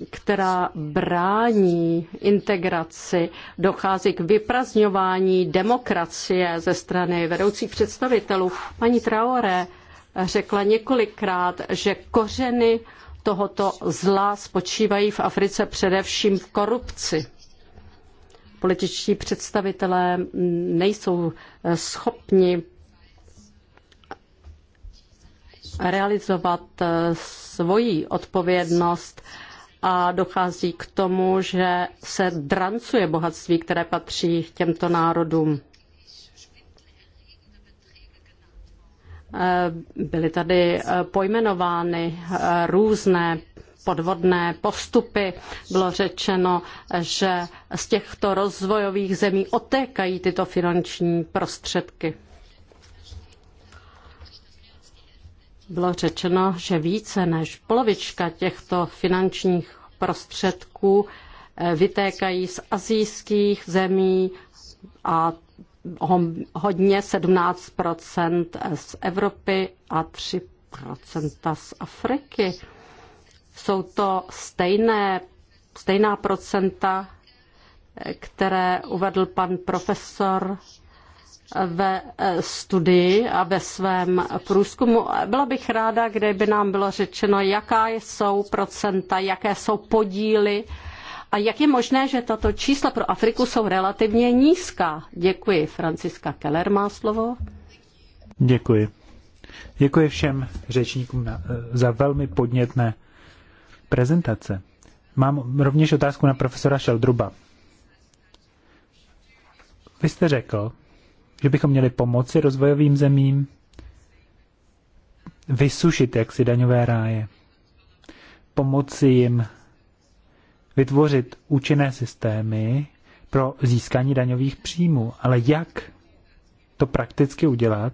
která brání integraci, dochází k vyprazňování demokracie ze strany vedoucích představitelů. Paní Traore řekla několikrát, že kořeny tohoto zla spočívají v Africe především v korupci. Političtí představitelé nejsou schopni realizovat svoji odpovědnost a dochází k tomu, že se drancuje bohatství, které patří těmto národům. Eh, byly tady eh, pojmenovány eh, různé podvodné postupy. Bylo řečeno, že z těchto rozvojových zemí otékají tyto finanční prostředky. bylo řečeno, že více než polovička těchto finančních prostředků eh, vytékají z azijských zemí a hodně 17 z Evropy a 3 z Afriky. Jsou to stejné, stejná procenta, eh, které uvedl pan profesor ve e, studii a ve svém průzkumu. Byla bych ráda, kdyby nám bylo řečeno, jaká jsou procenta, jaké jsou podíly a jak je možné, že tato čísla pro Afriku jsou relativně nízká. Děkuji. Franciska Keller má slovo. Děkuji. Děkuji všem řečníkům e, za velmi podnětné prezentace. Mám rovněž otázku na profesora Šeldruba. Vy jste řekl, že bychom měli pomoci rozvojovým zemím vysušit jaksi daňové ráje, pomoci jim vytvořit účinné systémy pro získání daňových příjmů. Ale jak to prakticky udělat,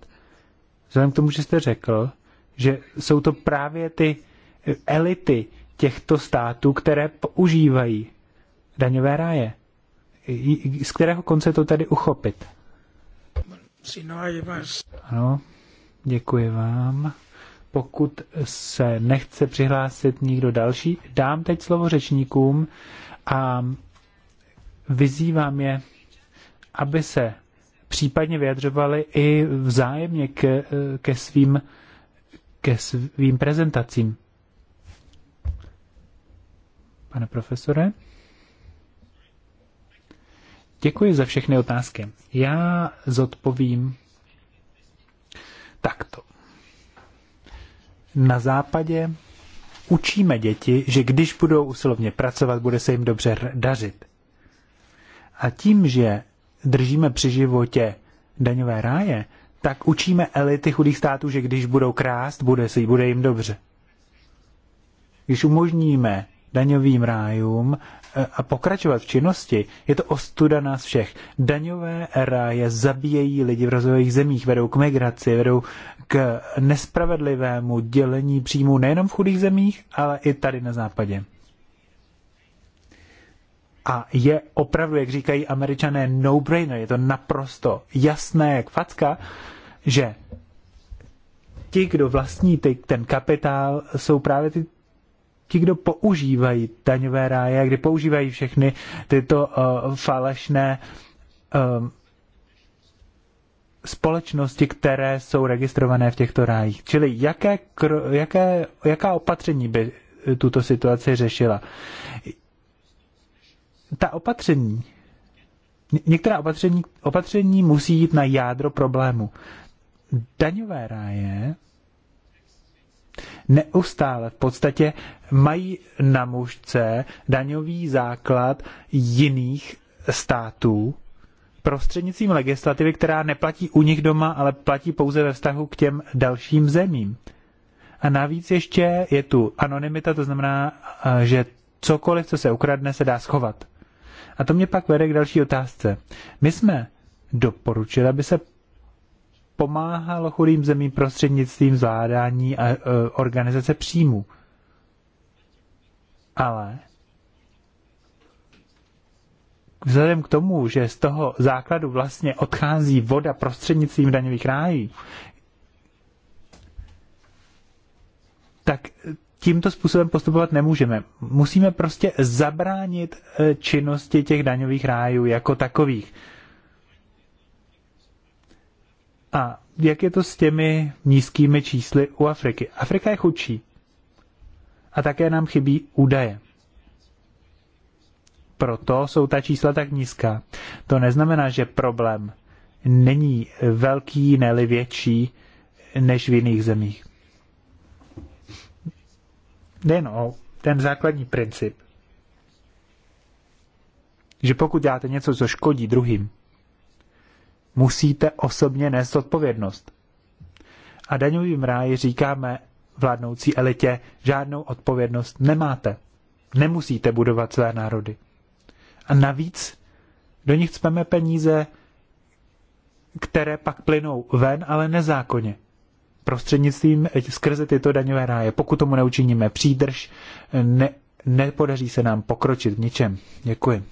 vzhledem k tomu, že jste řekl, že jsou to právě ty elity těchto států, které používají daňové ráje. Z kterého konce to tedy uchopit? Ano, děkuji vám. Pokud se nechce přihlásit nikdo další, dám teď slovo řečníkům a vyzývám je, aby se případně vyjadřovali i vzájemně ke, ke, svým, ke svým prezentacím. Pane profesore? Děkuji za všechny otázky. Já zodpovím takto. Na západě učíme děti, že když budou usilovně pracovat, bude se jim dobře dařit. A tím, že držíme při životě daňové ráje, tak učíme elity chudých států, že když budou krást, bude, se bude jim dobře. Když umožníme daňovým rájům, a pokračovat v činnosti, je to ostuda nás všech. Daňové ráje zabíjejí lidi v rozvojových zemích, vedou k migraci, vedou k nespravedlivému dělení příjmů nejenom v chudých zemích, ale i tady na západě. A je opravdu, jak říkají američané, no-brainer, je to naprosto jasné jak facka, že ti, kdo vlastní ty, ten kapitál, jsou právě ty ti, kdo používají daňové ráje, kdy používají všechny tyto uh, falešné um, společnosti, které jsou registrované v těchto rájích. Čili jaké, jaké, jaká opatření by eh, tuto situaci řešila? Ta opatření, některá opatření, opatření musí jít na jádro problému. Daňové ráje neustále v podstatě mají na mužce daňový základ jiných států prostřednictvím legislativy, která neplatí u nich doma, ale platí pouze ve vztahu k těm dalším zemím. A navíc ještě je tu anonymita, to znamená, že cokoliv, co se ukradne, se dá schovat. A to mě pak vede k další otázce. My jsme doporučili, aby se pomáhal chudým zemím prostřednictvím zvládání a, e, organizace příjmů. Ale vzhledem k tomu, že z toho základu vlastně odchází voda prostřednictvím daňových rájů, tak tímto způsobem postupovat nemůžeme. Musíme prostě zabránit e, činnosti těch daňových rájů jako takových. A jak je to s těmi nízkými čísly u Afriky? Afrika je chudší. A také nám chybí údaje. Proto jsou ta čísla tak nízká. To neznamená, že problém není velký, neli větší než v jiných zemích. Jde o ten základní princip, že pokud děláte něco, co škodí druhým, musíte osobně nést odpovědnost. A daňovým ráji říkáme vládnoucí elitě, žádnou odpovědnost nemáte. Nemusíte budovat své národy. A navíc do nich cpeme peníze, které pak plynou ven, ale nezákonně. Prostřednictvím skrze tyto daňové ráje. Pokud tomu neučiníme přídrž, ne, nepodaří se nám pokročit v ničem. Děkuji.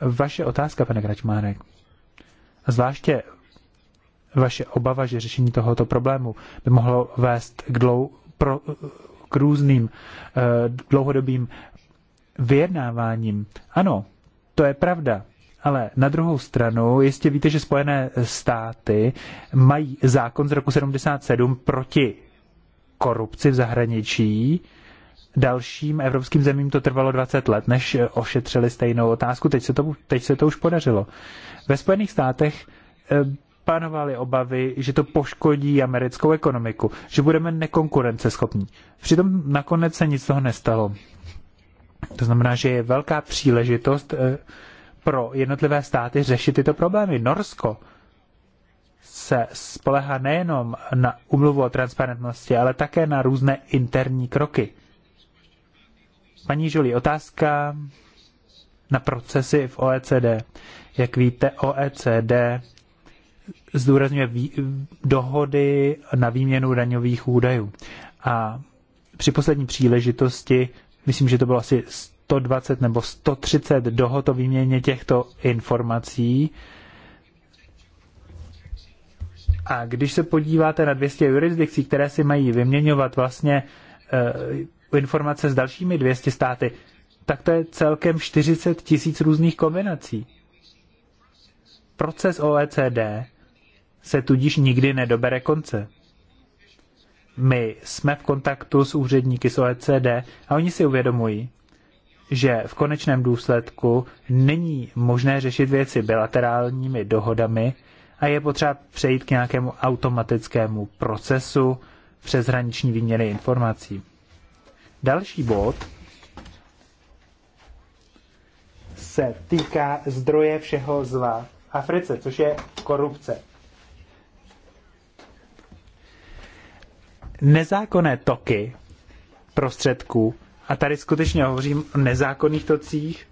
vaše otázka, pane Kračmárek, zvláště vaše obava, že řešení tohoto problému by mohlo vést k, dlou, pro, k různým eh, dlouhodobým vyjednáváním. Ano, to je pravda. Ale na druhou stranu, jistě víte, že Spojené státy mají zákon z roku 77 proti korupci v zahraničí, dalším evropským zemím to trvalo 20 let, než ošetřili stejnou otázku. Teď se to, teď se to už podařilo. Ve Spojených státech eh, panovaly obavy, že to poškodí americkou ekonomiku, že budeme nekonkurenceschopní. Přitom nakonec se nic toho nestalo. To znamená, že je velká příležitost eh, pro jednotlivé státy řešit tyto problémy. Norsko se spolehá nejenom na umluvu o transparentnosti, ale také na různé interní kroky Paní Žolí, otázka na procesy v OECD. Jak víte, OECD zdůrazňuje vý, dohody na výměnu daňových údajů. A při poslední příležitosti, myslím, že to bylo asi 120 nebo 130 dohod o výměně těchto informací. A když se podíváte na 200 jurisdikcí, které si mají vyměňovat vlastně eh, informace s dalšími 200 státy, tak to je celkem 40 tisíc různých kombinací. Proces OECD se tudíž nikdy nedobere konce. My jsme v kontaktu s úředníky z OECD a oni si uvědomují, že v konečném důsledku není možné řešit věci bilaterálními dohodami a je potřeba přejít k nějakému automatickému procesu přeshraniční výměny informací. Další bod se týká zdroje všeho zla v Africe, což je korupce. Nezákonné toky prostředků, a tady skutečně hovořím o nezákonných tocích,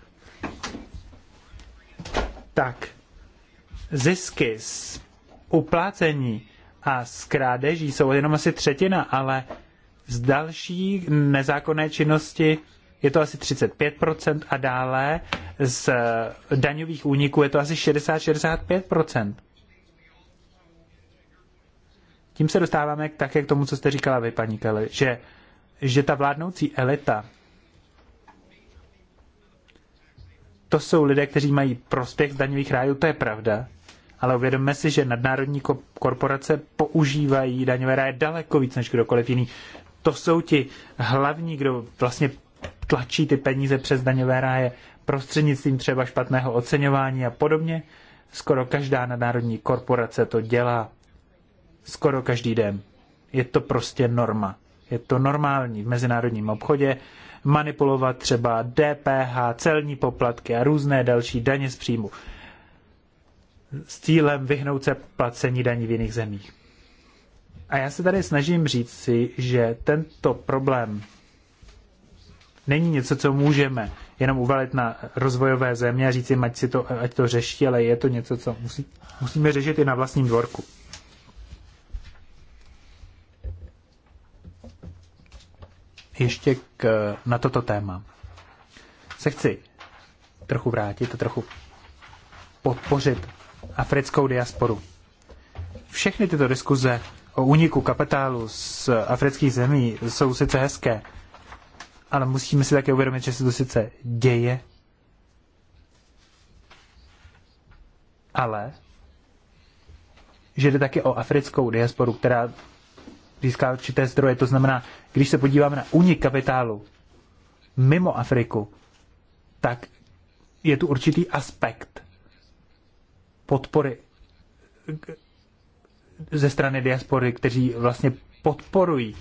tak zisky z uplácení a z krádeží jsou jenom asi třetina, ale z další nezákonné činnosti je to asi 35% a dále z eh, daňových úniků je to asi 60-65%. Tím se dostáváme také k tomu, co jste říkala vy, paní Kelly, že, že ta vládnoucí elita, to jsou lidé, kteří mají prospěch z daňových rájů, to je pravda, ale uvědomme si, že nadnárodní korporace používají daňové ráje daleko víc než kdokoliv jiný to jsou ti hlavní, kdo vlastně tlačí ty peníze přes daňové ráje prostřednictvím třeba špatného oceňování a podobně. Skoro každá nadnárodní korporace to dělá. Skoro každý den. Je to prostě norma. Je to normální v mezinárodním obchodě manipulovat třeba DPH, celní poplatky a různé další daně z příjmu s cílem vyhnout se placení daní v jiných zemích. A já se tady snažím říct si, že tento problém není něco, co můžeme jenom uvalit na rozvojové země a říct jim, ať, si to, ať to řeší, ale je to něco, co musí, musíme řešit i na vlastním dvorku. Ještě k, na toto téma se chci trochu vrátit a trochu podpořit africkou diasporu. Všechny tyto diskuze o úniku kapitálu z afrických zemí jsou sice hezké, ale musíme si také uvědomit, že se to sice děje, ale že jde také o africkou diasporu, která získá určité zdroje. To znamená, když se podíváme na únik kapitálu mimo Afriku, tak je tu určitý aspekt podpory ze strany diaspory, kteří vlastně podporují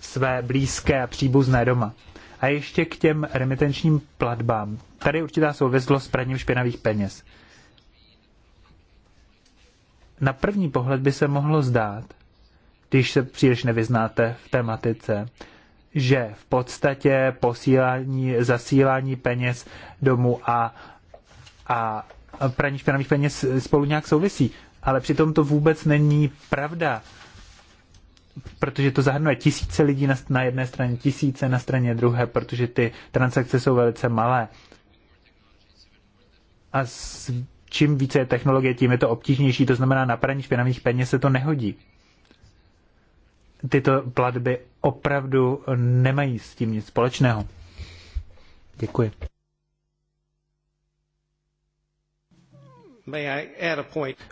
své blízké a příbuzné doma. A ještě k těm remitenčním platbám. Tady je určitá souvislost s praním špinavých peněz. Na první pohled by se mohlo zdát, když se příliš nevyznáte v tematice, že v podstatě posílání, zasílání peněz domů a, a praní špinavých peněz spolu nějak souvisí ale přitom to vůbec není pravda, protože to zahrnuje tisíce lidí na, na jedné straně, tisíce na straně druhé, protože ty transakce jsou velice malé. A s, čím více je technologie, tím je to obtížnější, to znamená na praní špinavých peněz se to nehodí. Tyto platby opravdu nemají s tím nic společného. Děkuji.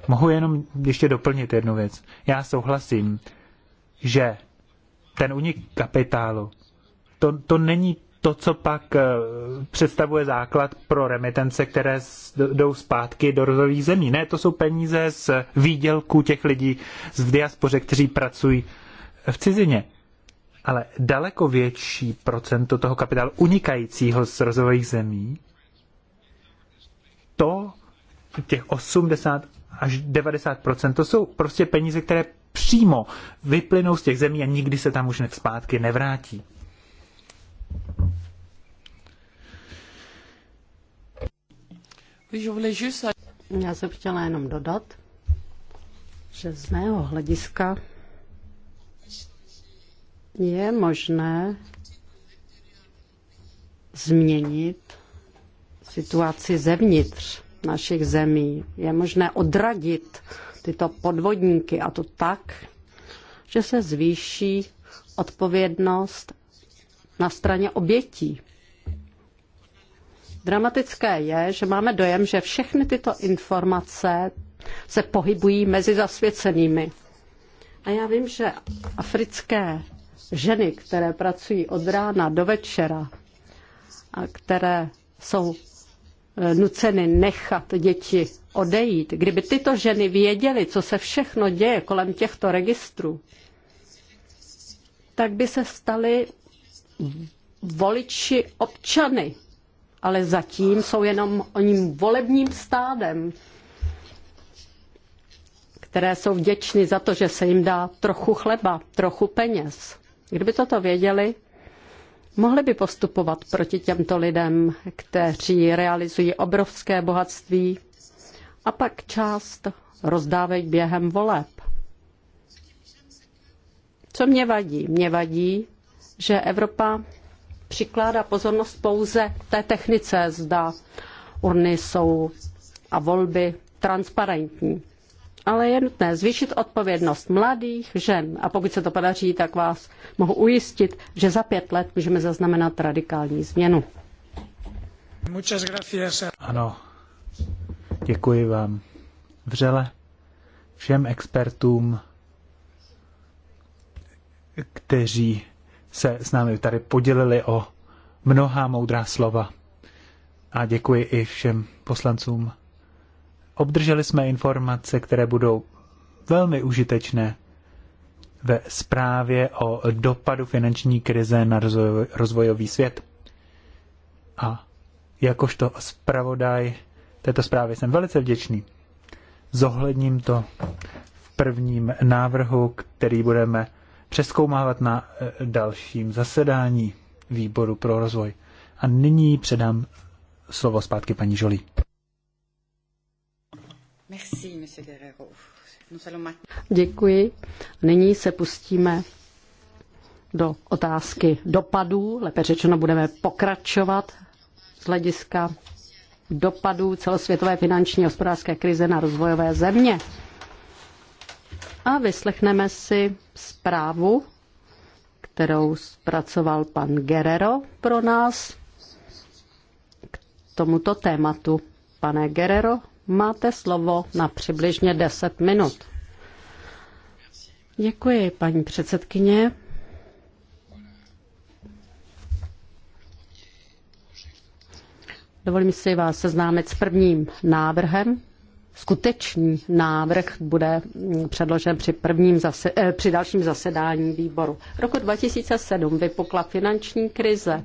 Mohu jenom ještě doplnit jednu věc. Já souhlasím, že ten unik kapitálu, to, to není to, co pak eh, představuje základ pro remitence, které jdou zpátky do rozvojových zemí. Ne, to jsou peníze z výdělků těch lidí z diaspoře, kteří pracují v cizině. Ale daleko větší procento toho kapitálu unikajícího z rozvojových zemí, to těch 80 až 90 to jsou prostě peníze, které přímo vyplynou z těch zemí a nikdy se tam už zpátky nevrátí. Já jsem chtěla jenom dodat, že z mého hlediska je možné změnit situaci zevnitř našich zemí. Je možné odradit tyto podvodníky a to tak, že se zvýší odpovědnost na straně obětí. Dramatické je, že máme dojem, že všechny tyto informace se pohybují mezi zasvěcenými. A já vím, že africké ženy, které pracují od rána do večera a které jsou Eh, nuceny nechat děti odejít, kdyby tyto ženy věděly, co se všechno děje kolem těchto registrů, tak by se staly voliči občany, ale zatím jsou jenom oním volebním stádem, které jsou vděčny za to, že se jim dá trochu chleba, trochu peněz. Kdyby toto věděli, mohli by postupovat proti těmto lidem, kteří realizují obrovské bohatství a pak část rozdávají během voleb. Co mě vadí? Mě vadí, že Evropa přikládá pozornost pouze té technice, zda urny jsou a volby transparentní ale je nutné zvýšit odpovědnost mladých žen. A pokud se to podaří, tak vás mohu ujistit, že za pět let můžeme zaznamenat radikální změnu. Ano, děkuji vám vřele všem expertům, kteří se s námi tady podělili o mnohá moudrá slova. A děkuji i všem poslancům Obdrželi jsme informace, které budou velmi užitečné ve zprávě o dopadu finanční krize na rozvojový svět. A jakožto zpravodaj této zprávy jsem velice vděčný. Zohledním to v prvním návrhu, který budeme přeskoumávat na eh, dalším zasedání výboru pro rozvoj. A nyní předám slovo zpátky paní Žolí. Děkuji. Nyní se pustíme do otázky dopadů. Lépe řečeno budeme pokračovat z hlediska dopadů celosvětové finanční a hospodářské krize na rozvojové země. A vyslechneme si zprávu, kterou zpracoval pan Guerrero pro nás k tomuto tématu. Pane Guerrero, Máte slovo na přibližně 10 minut. Děkuji, paní předsedkyně. Dovolím si vás seznámit s prvním návrhem. Skutečný návrh bude předložen při, prvním zase, eh, při dalším zasedání výboru. V roku 2007 vypukla finanční krize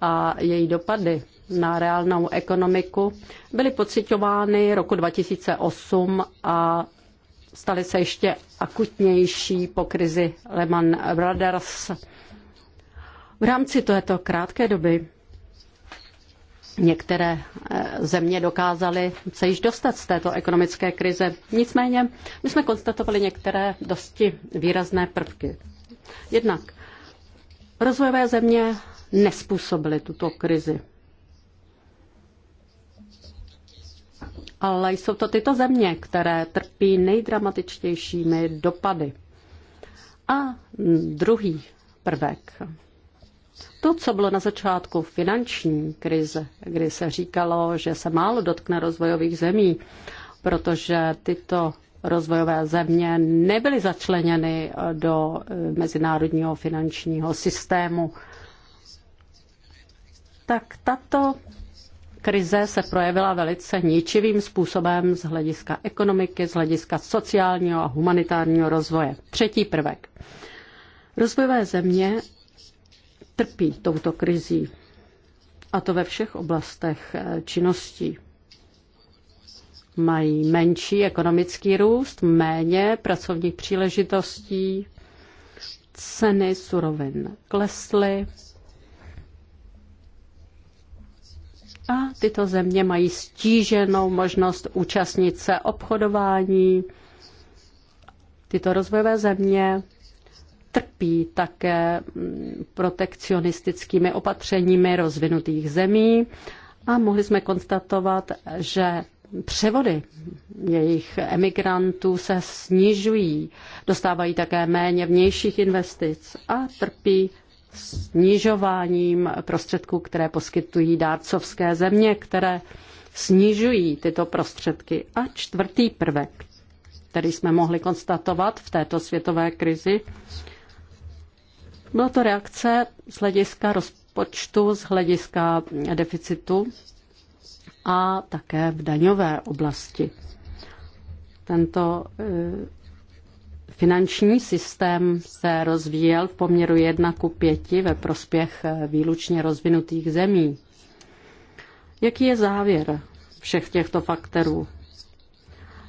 a její dopady na reálnou ekonomiku byly pocitovány roku 2008 a staly se ještě akutnější po krizi Lehman Brothers. V rámci této krátké doby některé eh, země dokázaly se již dostat z této ekonomické krize. Nicméně my jsme konstatovali některé dosti výrazné prvky. Jednak Rozvojové země nespůsobily tuto krizi. Ale jsou to tyto země, které trpí nejdramatičtějšími dopady. A druhý prvek. To, co bylo na začátku finanční krize, kdy se říkalo, že se málo dotkne rozvojových zemí, protože tyto rozvojové země nebyly začleněny eh, do eh, mezinárodního finančního systému, tak tato krize se projevila velice ničivým způsobem z hlediska ekonomiky, z hlediska sociálního a humanitárního rozvoje. Třetí prvek. Rozvojové země trpí touto krizí, a to ve všech oblastech eh, činností mají menší ekonomický růst, méně pracovních příležitostí, ceny surovin klesly a tyto země mají stíženou možnost účastnit se obchodování. Tyto rozvojové země trpí také protekcionistickými opatřeními rozvinutých zemí a mohli jsme konstatovat, že převody jejich emigrantů se snižují, dostávají také méně vnějších investic a trpí snižováním prostředků, které poskytují dárcovské země, které snižují tyto prostředky. A čtvrtý prvek, který jsme mohli konstatovat v této světové krizi, byla to reakce z hlediska rozpočtu, z hlediska deficitu a také v daňové oblasti. Tento e, finanční systém se rozvíjel v poměru 1 ku 5 ve prospěch e, výlučně rozvinutých zemí. Jaký je závěr všech těchto faktorů?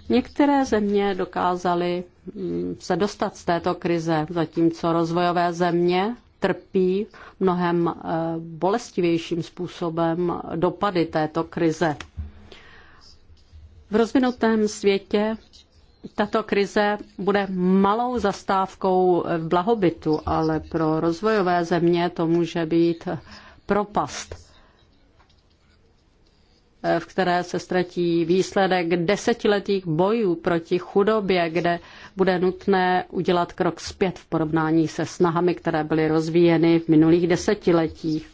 Některé země dokázaly mm, se dostat z této krize, zatímco rozvojové země trpí mnohem eh, bolestivějším způsobem dopady této krize. V rozvinutém světě tato krize bude malou zastávkou v blahobytu, ale pro rozvojové země to může být propast, eh, v které se ztratí výsledek desetiletých bojů proti chudobě, kde bude nutné udělat krok zpět v porovnání se snahami, které byly rozvíjeny v minulých desetiletích.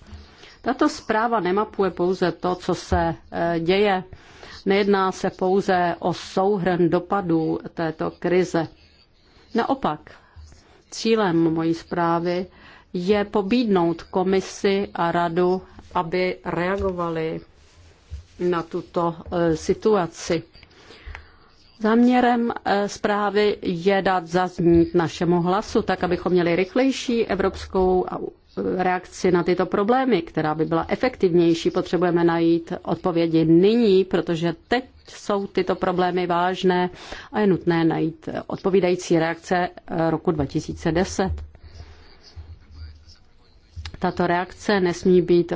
Tato zpráva nemapuje pouze to, co se e, děje. Nejedná se pouze o souhrn dopadů této krize. Naopak, cílem mojí zprávy je pobídnout komisi a radu, aby reagovali na tuto e, situaci. Záměrem eh, zprávy je dát zaznít našemu hlasu, tak abychom měli rychlejší evropskou eh, reakci na tyto problémy, která by byla efektivnější. Potřebujeme najít odpovědi nyní, protože teď jsou tyto problémy vážné a je nutné najít eh, odpovídající reakce roku 2010. Tato reakce nesmí být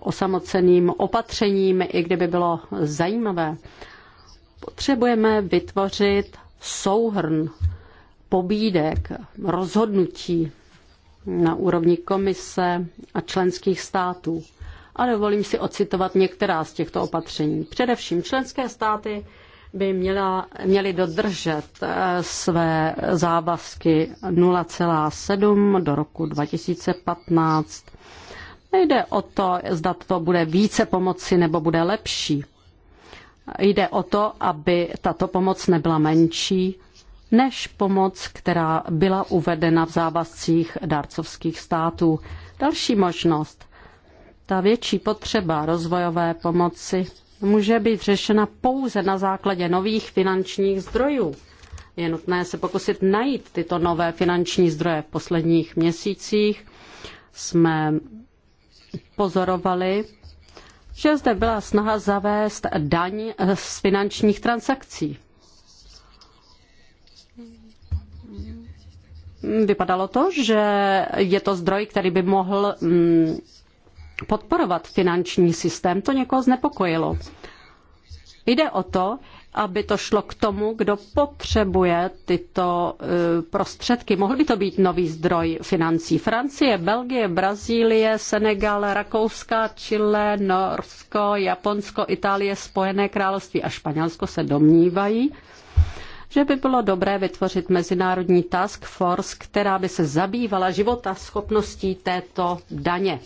osamoceným opatřením, i kdyby bylo zajímavé potřebujeme vytvořit souhrn pobídek, rozhodnutí na úrovni komise a členských států. A dovolím si ocitovat některá z těchto opatření. Především členské státy by měla, měly dodržet eh, své závazky 0,7 do roku 2015. Nejde o to, zda to bude více pomoci nebo bude lepší. Jde o to, aby tato pomoc nebyla menší než pomoc, která byla uvedena v závazcích dárcovských států. Další možnost. Ta větší potřeba rozvojové pomoci může být řešena pouze na základě nových finančních zdrojů. Je nutné se pokusit najít tyto nové finanční zdroje. V posledních měsících jsme pozorovali, že zde byla snaha zavést daň z finančních transakcí. Vypadalo to, že je to zdroj, který by mohl mm, podporovat finanční systém. To někoho znepokojilo. Jde o to, aby to šlo k tomu, kdo potřebuje tyto e, prostředky. Mohl by to být nový zdroj financí. Francie, Belgie, Brazílie, Senegal, Rakouska, Chile, Norsko, Japonsko, Itálie, Spojené království a Španělsko se domnívají, že by bylo dobré vytvořit mezinárodní task force, která by se zabývala života schopností této daně.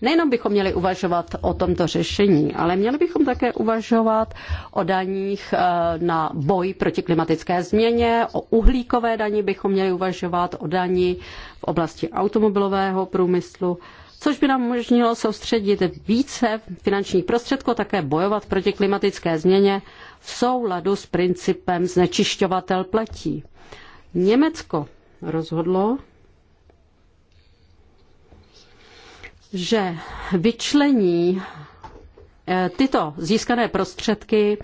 Nejenom bychom měli uvažovat o tomto řešení, ale měli bychom také uvažovat o daních eh, na boj proti klimatické změně, o uhlíkové daní bychom měli uvažovat, o daní v oblasti automobilového průmyslu což by nám umožnilo soustředit více finančních prostředků také bojovat proti klimatické změně v souladu s principem znečišťovatel platí. Německo rozhodlo, že vyčlení eh, tyto získané prostředky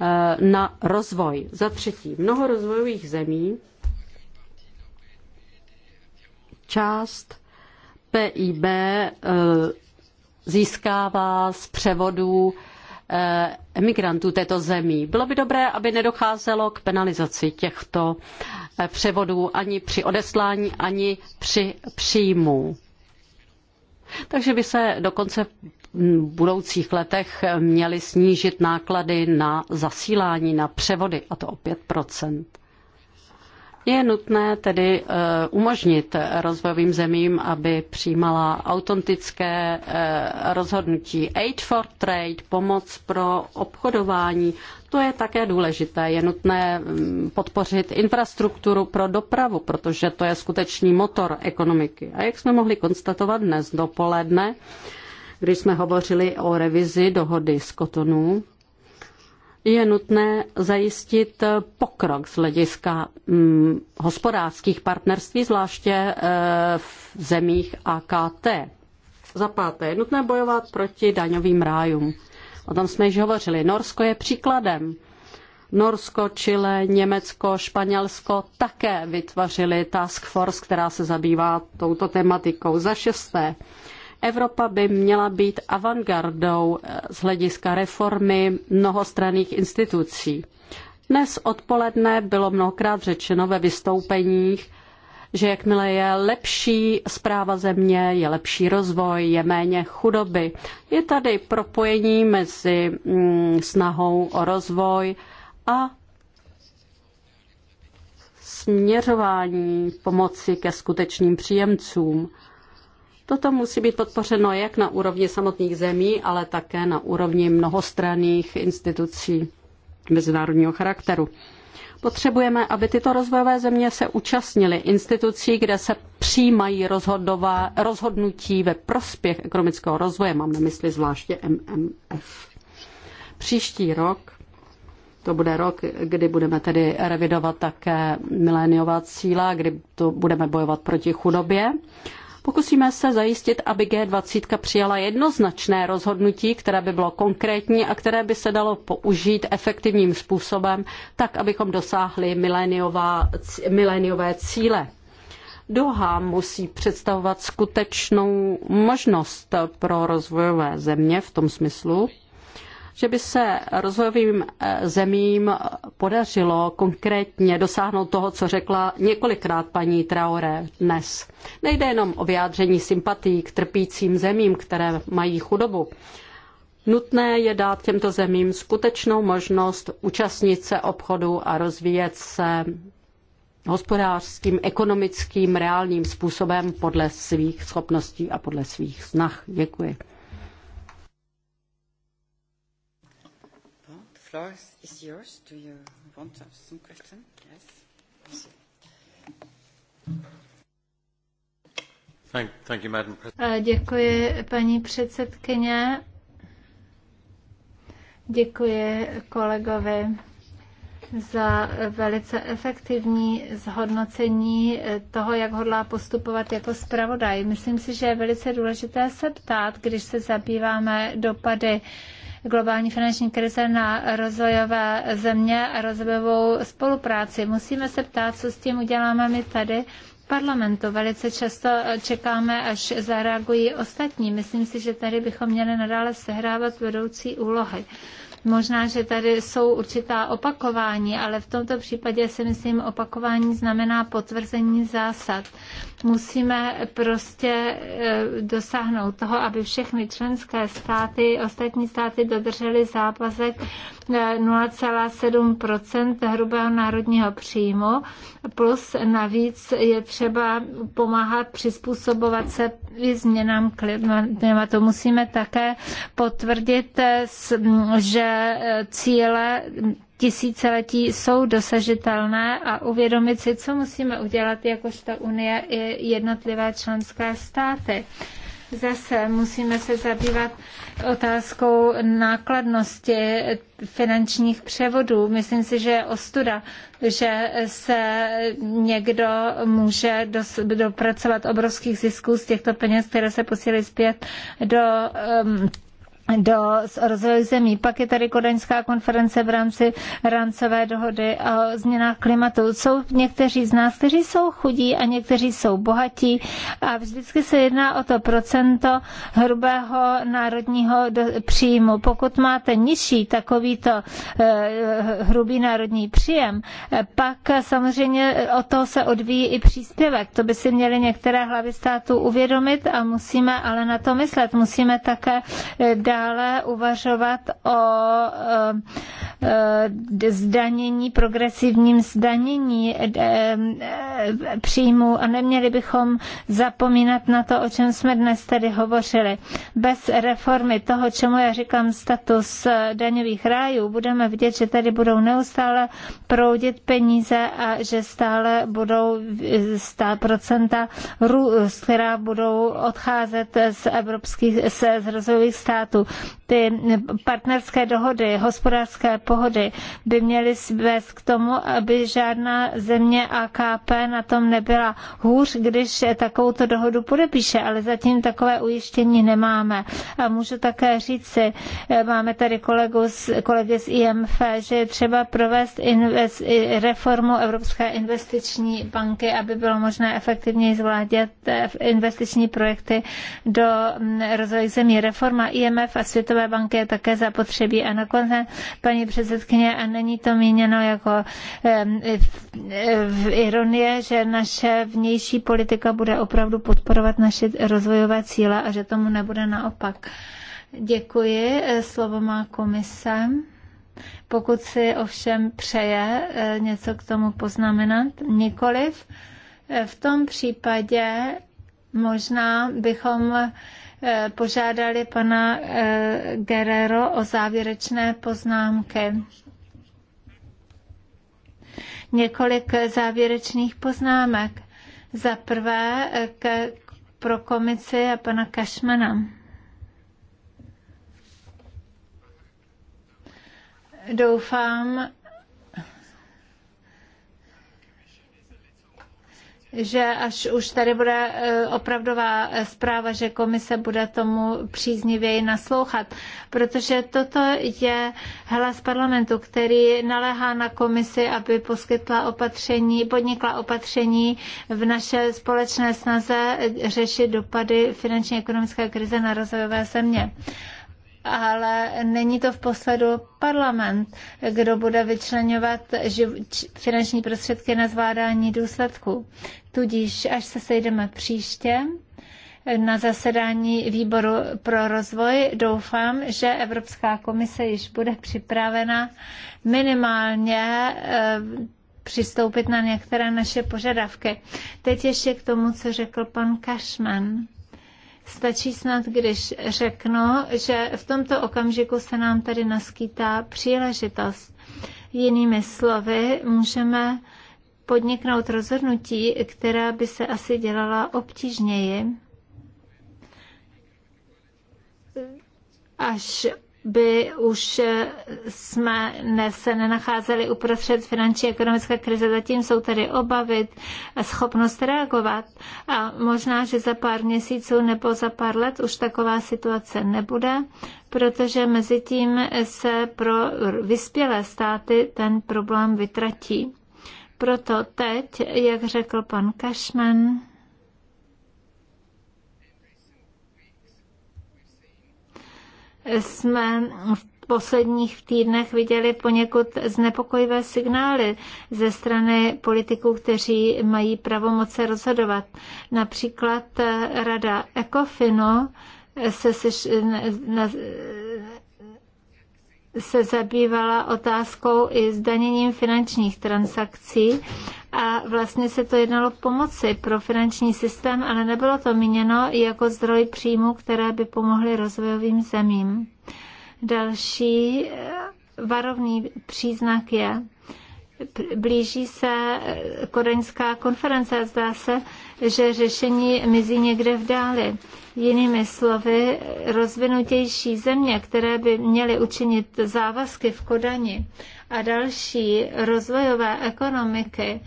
eh, na rozvoj. Za třetí, mnoho rozvojových zemí část PIB eh, získává z převodů emigrantů této zemí. Bylo by dobré, aby nedocházelo k penalizaci těchto převodů ani při odeslání, ani při příjmu takže by se dokonce v budoucích letech měly snížit náklady na zasílání, na převody, a to o 5 je nutné tedy eh, umožnit rozvojovým zemím, aby přijímala autentické eh, rozhodnutí. Aid for Trade, pomoc pro obchodování, proto je také důležité, je nutné mm, podpořit infrastrukturu pro dopravu, protože to je skutečný motor ekonomiky. A jak jsme mohli konstatovat dnes dopoledne, když jsme hovořili o revizi dohody z Kotonu, je nutné zajistit pokrok z hlediska hm, hospodářských partnerství, zvláště eh, v zemích AKT. Za páté, je nutné bojovat proti daňovým rájům. O tom jsme již hovořili. Norsko je příkladem. Norsko, Chile, Německo, Španělsko také vytvořili task force, která se zabývá touto tematikou. Za šesté, Evropa by měla být avantgardou eh, z hlediska reformy mnohostranných institucí. Dnes odpoledne bylo mnohokrát řečeno ve vystoupeních, že jakmile je lepší zpráva země, je lepší rozvoj, je méně chudoby. Je tady propojení mezi mm, snahou o rozvoj a směřování pomoci ke skutečným příjemcům. Toto musí být podpořeno jak na úrovni samotných zemí, ale také na úrovni mnohostranných institucí mezinárodního charakteru. Potřebujeme, aby tyto rozvojové země se účastnily institucí, kde se přijímají rozhodová, rozhodnutí ve prospěch ekonomického rozvoje, mám na mysli zvláště MMF. Příští rok to bude rok, kdy budeme tedy revidovat také miléniová cíla, kdy to budeme bojovat proti chudobě. Pokusíme se zajistit, aby G20 přijala jednoznačné rozhodnutí, které by bylo konkrétní a které by se dalo použít efektivním způsobem, tak abychom dosáhli miléniové cíle. Doha musí představovat skutečnou možnost pro rozvojové země v tom smyslu, že by se rozvojovým eh, zemím podařilo konkrétně dosáhnout toho, co řekla několikrát paní Traoré dnes. Nejde jenom o vyjádření sympatí k trpícím zemím, které mají chudobu. Nutné je dát těmto zemím skutečnou možnost účastnit se obchodu a rozvíjet se hospodářským, ekonomickým, reálným způsobem podle svých schopností a podle svých snah. Děkuji. floor is yours. Do you want to have some question? Yes. Thank, thank you, Madam President. Eh, děkuji, paní předsedkyně. Děkuji kolegovi za velice efektivní zhodnocení eh, toho, jak hodlá postupovat jako zpravodaj. Myslím si, že je velice důležité se ptát, když se zabýváme dopady globální finanční krize na rozvojové země a rozvojovou spolupráci. Musíme se ptát, co s tím uděláme my tady parlamentu. Velice často eh, čekáme, až zareagují ostatní. Myslím si, že tady bychom měli nadále sehrávat vedoucí úlohy. Možná, že tady jsou určitá opakování, ale v tomto případě si myslím, opakování znamená potvrzení zásad. Musíme prostě e, dosáhnout toho, aby všechny členské státy, ostatní státy dodržely zápasek 0,7 hrubého národního příjmu, plus navíc je třeba pomáhat přizpůsobovat se i změnám klimatu. Musíme také potvrdit, že cíle tisíciletí jsou dosažitelné a uvědomit si, co musíme udělat jakožto Unie i jednotlivé členské státy. Zase musíme se zabývat otázkou nákladnosti finančních převodů. Myslím si, že je ostuda, že se někdo může dopracovat obrovských zisků z těchto peněz, které se posílí zpět do um, do rozvojových zemí. Pak je tady Kodaňská konference v rámci rámcové dohody o změnách klimatu. Jsou někteří z nás, kteří jsou chudí a někteří jsou bohatí a vždycky se jedná o to procento hrubého národního příjmu. Pokud máte nižší takovýto eh, hrubý národní příjem, eh, pak samozřejmě o to se odvíjí i příspěvek. To by si měly některé hlavy států uvědomit a musíme ale na to myslet. Musíme také eh, dát dále uvažovat o eh, eh, zdanění, progresivním zdanění eh, příjmů a neměli bychom zapomínat na to, o čem jsme dnes tady hovořili. Bez reformy toho, čemu já říkám status daňových rájů, budeme vidět, že tady budou neustále proudit peníze a že stále budou stát procenta růst, která budou odcházet z evropských, z rozvojových států. Ty partnerské dohody, hospodářské pohody by měly vést k tomu, aby žádná země AKP na tom nebyla hůř, když takovouto dohodu podepíše, ale zatím takové ujištění nemáme. A můžu také říci, eh, máme tady kolegu z, kolegy z IMF, že je třeba provést invest, reformu Evropské investiční banky, aby bylo možné efektivněji zvládět eh, investiční projekty do mm, rozvojových zemí. Reforma IMF a Světové banky je také zapotřebí. A nakonec, paní předsedkyně, a není to míněno jako v ironie, že naše vnější politika bude opravdu podporovat naše rozvojové cíle a že tomu nebude naopak. Děkuji. Slovo má komise. Pokud si ovšem přeje eh, něco k tomu poznamenat, nikoliv. Eh, v tom případě možná bychom Eh, požádali pana eh, Guerrero o závěrečné poznámky. Několik závěrečných poznámek. Za prvé eh, ke, pro komici a pana Kašmana. Doufám, že až už tady bude eh, opravdová eh, zpráva, že komise bude tomu příznivěji naslouchat, protože toto je hlas parlamentu, který naléhá na komisi, aby poskytla opatření, podnikla opatření v naše společné snaze eh, řešit dopady finanční ekonomické krize na rozvojové země ale není to v posledu parlament, kdo bude vyčlenovat finanční prostředky na zvládání důsledků. Tudíž, až se sejdeme příště, na zasedání výboru pro rozvoj. Doufám, že Evropská komise již bude připravena minimálně eh, přistoupit na některé naše požadavky. Teď ještě k tomu, co řekl pan Cashman. Stačí snad, když řeknu, že v tomto okamžiku se nám tady naskýtá příležitost. Jinými slovy, můžeme podniknout rozhodnutí, která by se asi dělala obtížněji, až by už jsme se nenacházeli uprostřed finanční ekonomické krize. Zatím jsou tady obavy a schopnost reagovat. A možná, že za pár měsíců nebo za pár let už taková situace nebude, protože mezi tím se pro vyspělé státy ten problém vytratí. Proto teď, jak řekl pan Cashman, jsme v posledních týdnech viděli poněkud znepokojivé signály ze strany politiků, kteří mají pravomoce rozhodovat. Například Rada Ecofinu se, se na, se zabývala otázkou i zdaněním finančních transakcí a vlastně se to jednalo pomoci pro finanční systém, ale nebylo to míněno jako zdroj příjmu, které by pomohly rozvojovým zemím. Další eh, varovný příznak je, blíží se eh, koreňská konference a zdá se, že řešení mizí někde v dále. Jinými slovy, rozvinutější země, které by měly učinit závazky v Kodani a další rozvojové ekonomiky,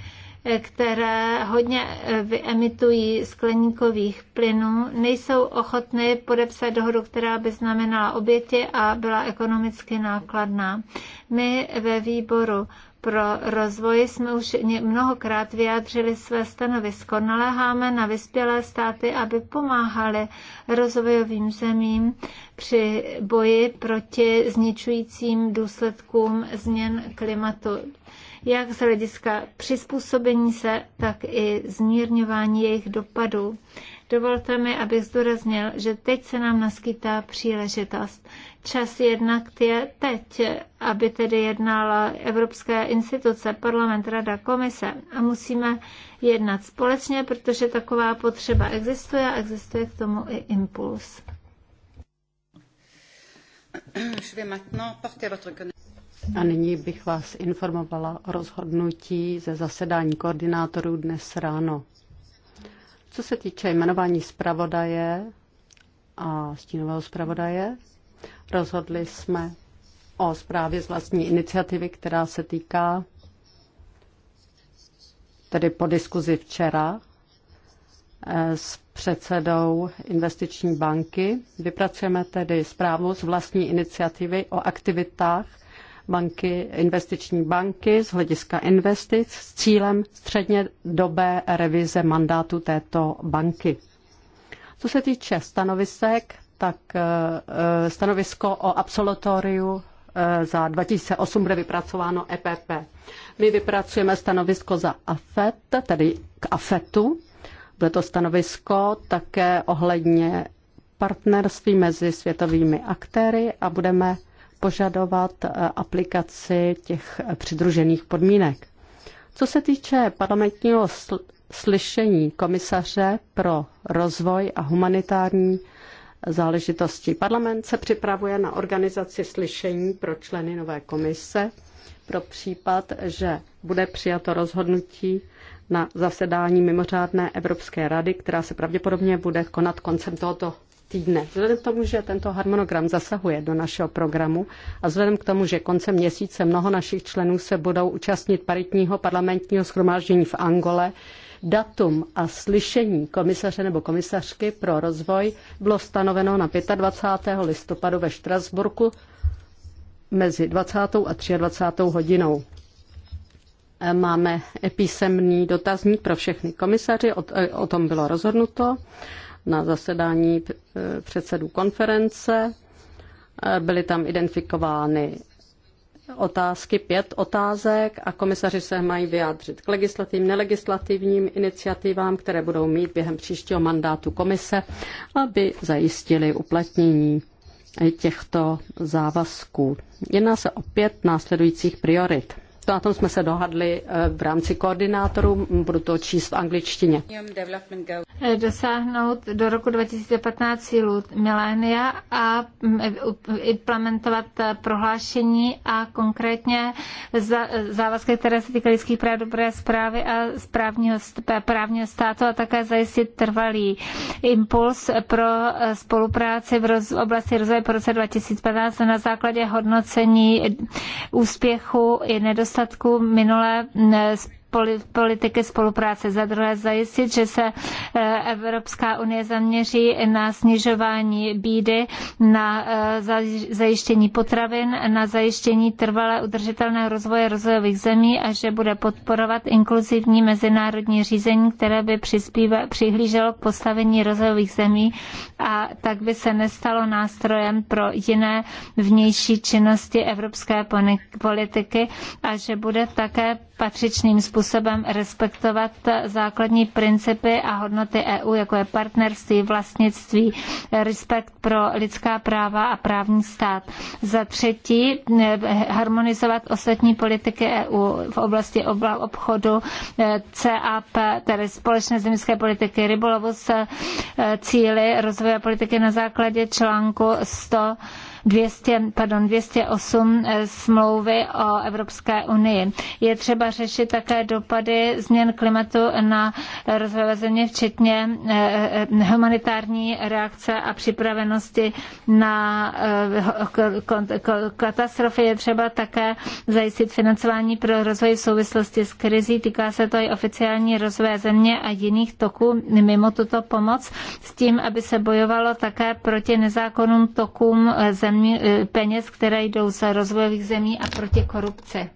které hodně eh, vyemitují skleníkových plynů, nejsou ochotny podepsat dohodu, která by znamenala oběti a byla ekonomicky nákladná. My ve výboru pro rozvoj jsme už mnohokrát vyjádřili své stanovisko. Naléháme na vyspělé státy, aby pomáhali rozvojovým zemím při boji proti zničujícím důsledkům změn klimatu jak z hlediska přizpůsobení se, tak i zmírňování jejich dopadů. Dovolte mi, abych zdůraznil, že teď se nám naskytá příležitost. Čas jednak je teď, aby tedy jednala Evropské instituce, parlament, rada, komise a musíme jednat společně, protože taková potřeba existuje a existuje k tomu i impuls. A nyní bych vás informovala o rozhodnutí ze zasedání koordinátorů dnes ráno. Co se týče jmenování zpravodaje a stínového zpravodaje, rozhodli jsme o zprávě z vlastní iniciativy, která se týká tedy po diskuzi včera eh, s předsedou investiční banky. Vypracujeme tedy zprávu z vlastní iniciativy o aktivitách banky, investiční banky z hlediska investic s cílem středně dobé revize mandátu této banky. Co se týče stanovisek, tak eh, eh, stanovisko o absolutoriu eh, za 2008 bude vypracováno EPP. My vypracujeme stanovisko za AFET, tedy k AFETu. Bude to stanovisko také ohledně partnerství mezi světovými aktéry a budeme požadovat eh, aplikaci těch eh, přidružených podmínek. Co se týče parlamentního slyšení komisaře pro rozvoj a humanitární eh, záležitosti. Parlament se připravuje na organizaci slyšení pro členy nové komise pro případ, že bude přijato rozhodnutí na zasedání mimořádné Evropské rady, která se pravděpodobně bude konat koncem tohoto týdne. Vzhledem k tomu, že tento harmonogram zasahuje do našeho programu a vzhledem k tomu, že koncem měsíce mnoho našich členů se budou účastnit paritního parlamentního schromáždění v Angole, datum a slyšení komisaře nebo komisařky pro rozvoj bylo stanoveno na 25. listopadu ve Štrasburku mezi 20. a 23. hodinou. Máme písemný dotazník pro všechny komisaři, o tom bylo rozhodnuto na zasedání eh, předsedů konference. Eh, byly tam identifikovány otázky, pět otázek a komisaři se mají vyjádřit k legislativním, nelegislativním iniciativám, které budou mít během příštího mandátu komise, aby zajistili uplatnění těchto závazků. Jedná se o pět následujících priorit. Na tom jsme se dohadli eh, v rámci koordinátorů, budu to číst v angličtině. Dosáhnout do roku 2015 cílů milénia a mm, eh, implementovat eh, prohlášení a konkrétně závazky, které se týkají lidských práv, dobré zprávy a správního, právního státu a také zajistit trvalý impuls pro spolupráci v roz, oblasti rozvoje po roce 2015 na základě hodnocení úspěchu i nedostatku výsledků minulé politiky spolupráce. Za druhé zajistit, že se eh, Evropská unie zaměří na snižování bídy, na eh, zajištění potravin, na zajištění trvalé udržitelného rozvoje rozvojových zemí a že bude podporovat inkluzivní mezinárodní řízení, které by přihlíželo k postavení rozvojových zemí a tak by se nestalo nástrojem pro jiné vnější činnosti evropské politiky a že bude také patřičným způsobem způsobem respektovat základní principy a hodnoty EU, jako je partnerství, vlastnictví, respekt pro lidská práva a právní stát. Za třetí, eh, harmonizovat ostatní politiky EU v oblasti obchodu eh, CAP, tedy společné zemské politiky rybolovu s eh, cíly rozvoje politiky na základě článku 100 200, pardon, 208 eh, smlouvy o Evropské unii. Je třeba řešit také dopady změn klimatu na rozvojové země, včetně eh, eh, humanitární reakce a připravenosti na katastrofy. Je třeba také zajistit financování pro rozvoj v souvislosti s krizí. Týká se to i oficiální rozvoje země a jiných toků mimo tuto pomoc s tím, aby se bojovalo také proti nezákonným tokům země Eh, peněz, které jdou z rozvojových zemí a proti korupci.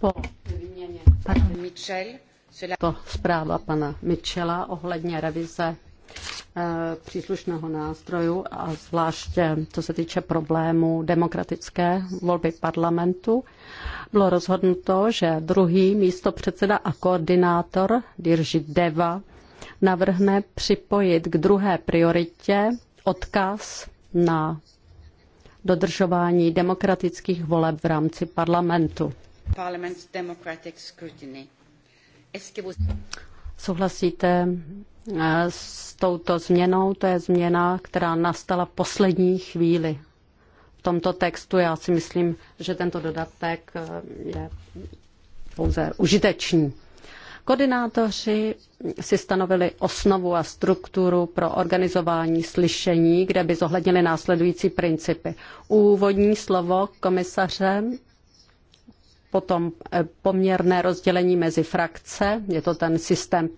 Po to zpráva pana Michela ohledně revize eh, příslušného nástroju a zvláště co se týče problému demokratické volby parlamentu. Bylo rozhodnuto, že druhý místo předseda a koordinátor Dirži Deva navrhne připojit k druhé prioritě odkaz na dodržování demokratických voleb v rámci parlamentu. Souhlasíte eh, s touto změnou? To je změna, která nastala v poslední chvíli. V tomto textu já si myslím, že tento dodatek eh, je pouze užitečný. Koordinátoři si stanovili osnovu a strukturu pro organizování slyšení, kde by zohlednili následující principy. Úvodní slovo komisaře, potom eh, poměrné rozdělení mezi frakce, je to ten systém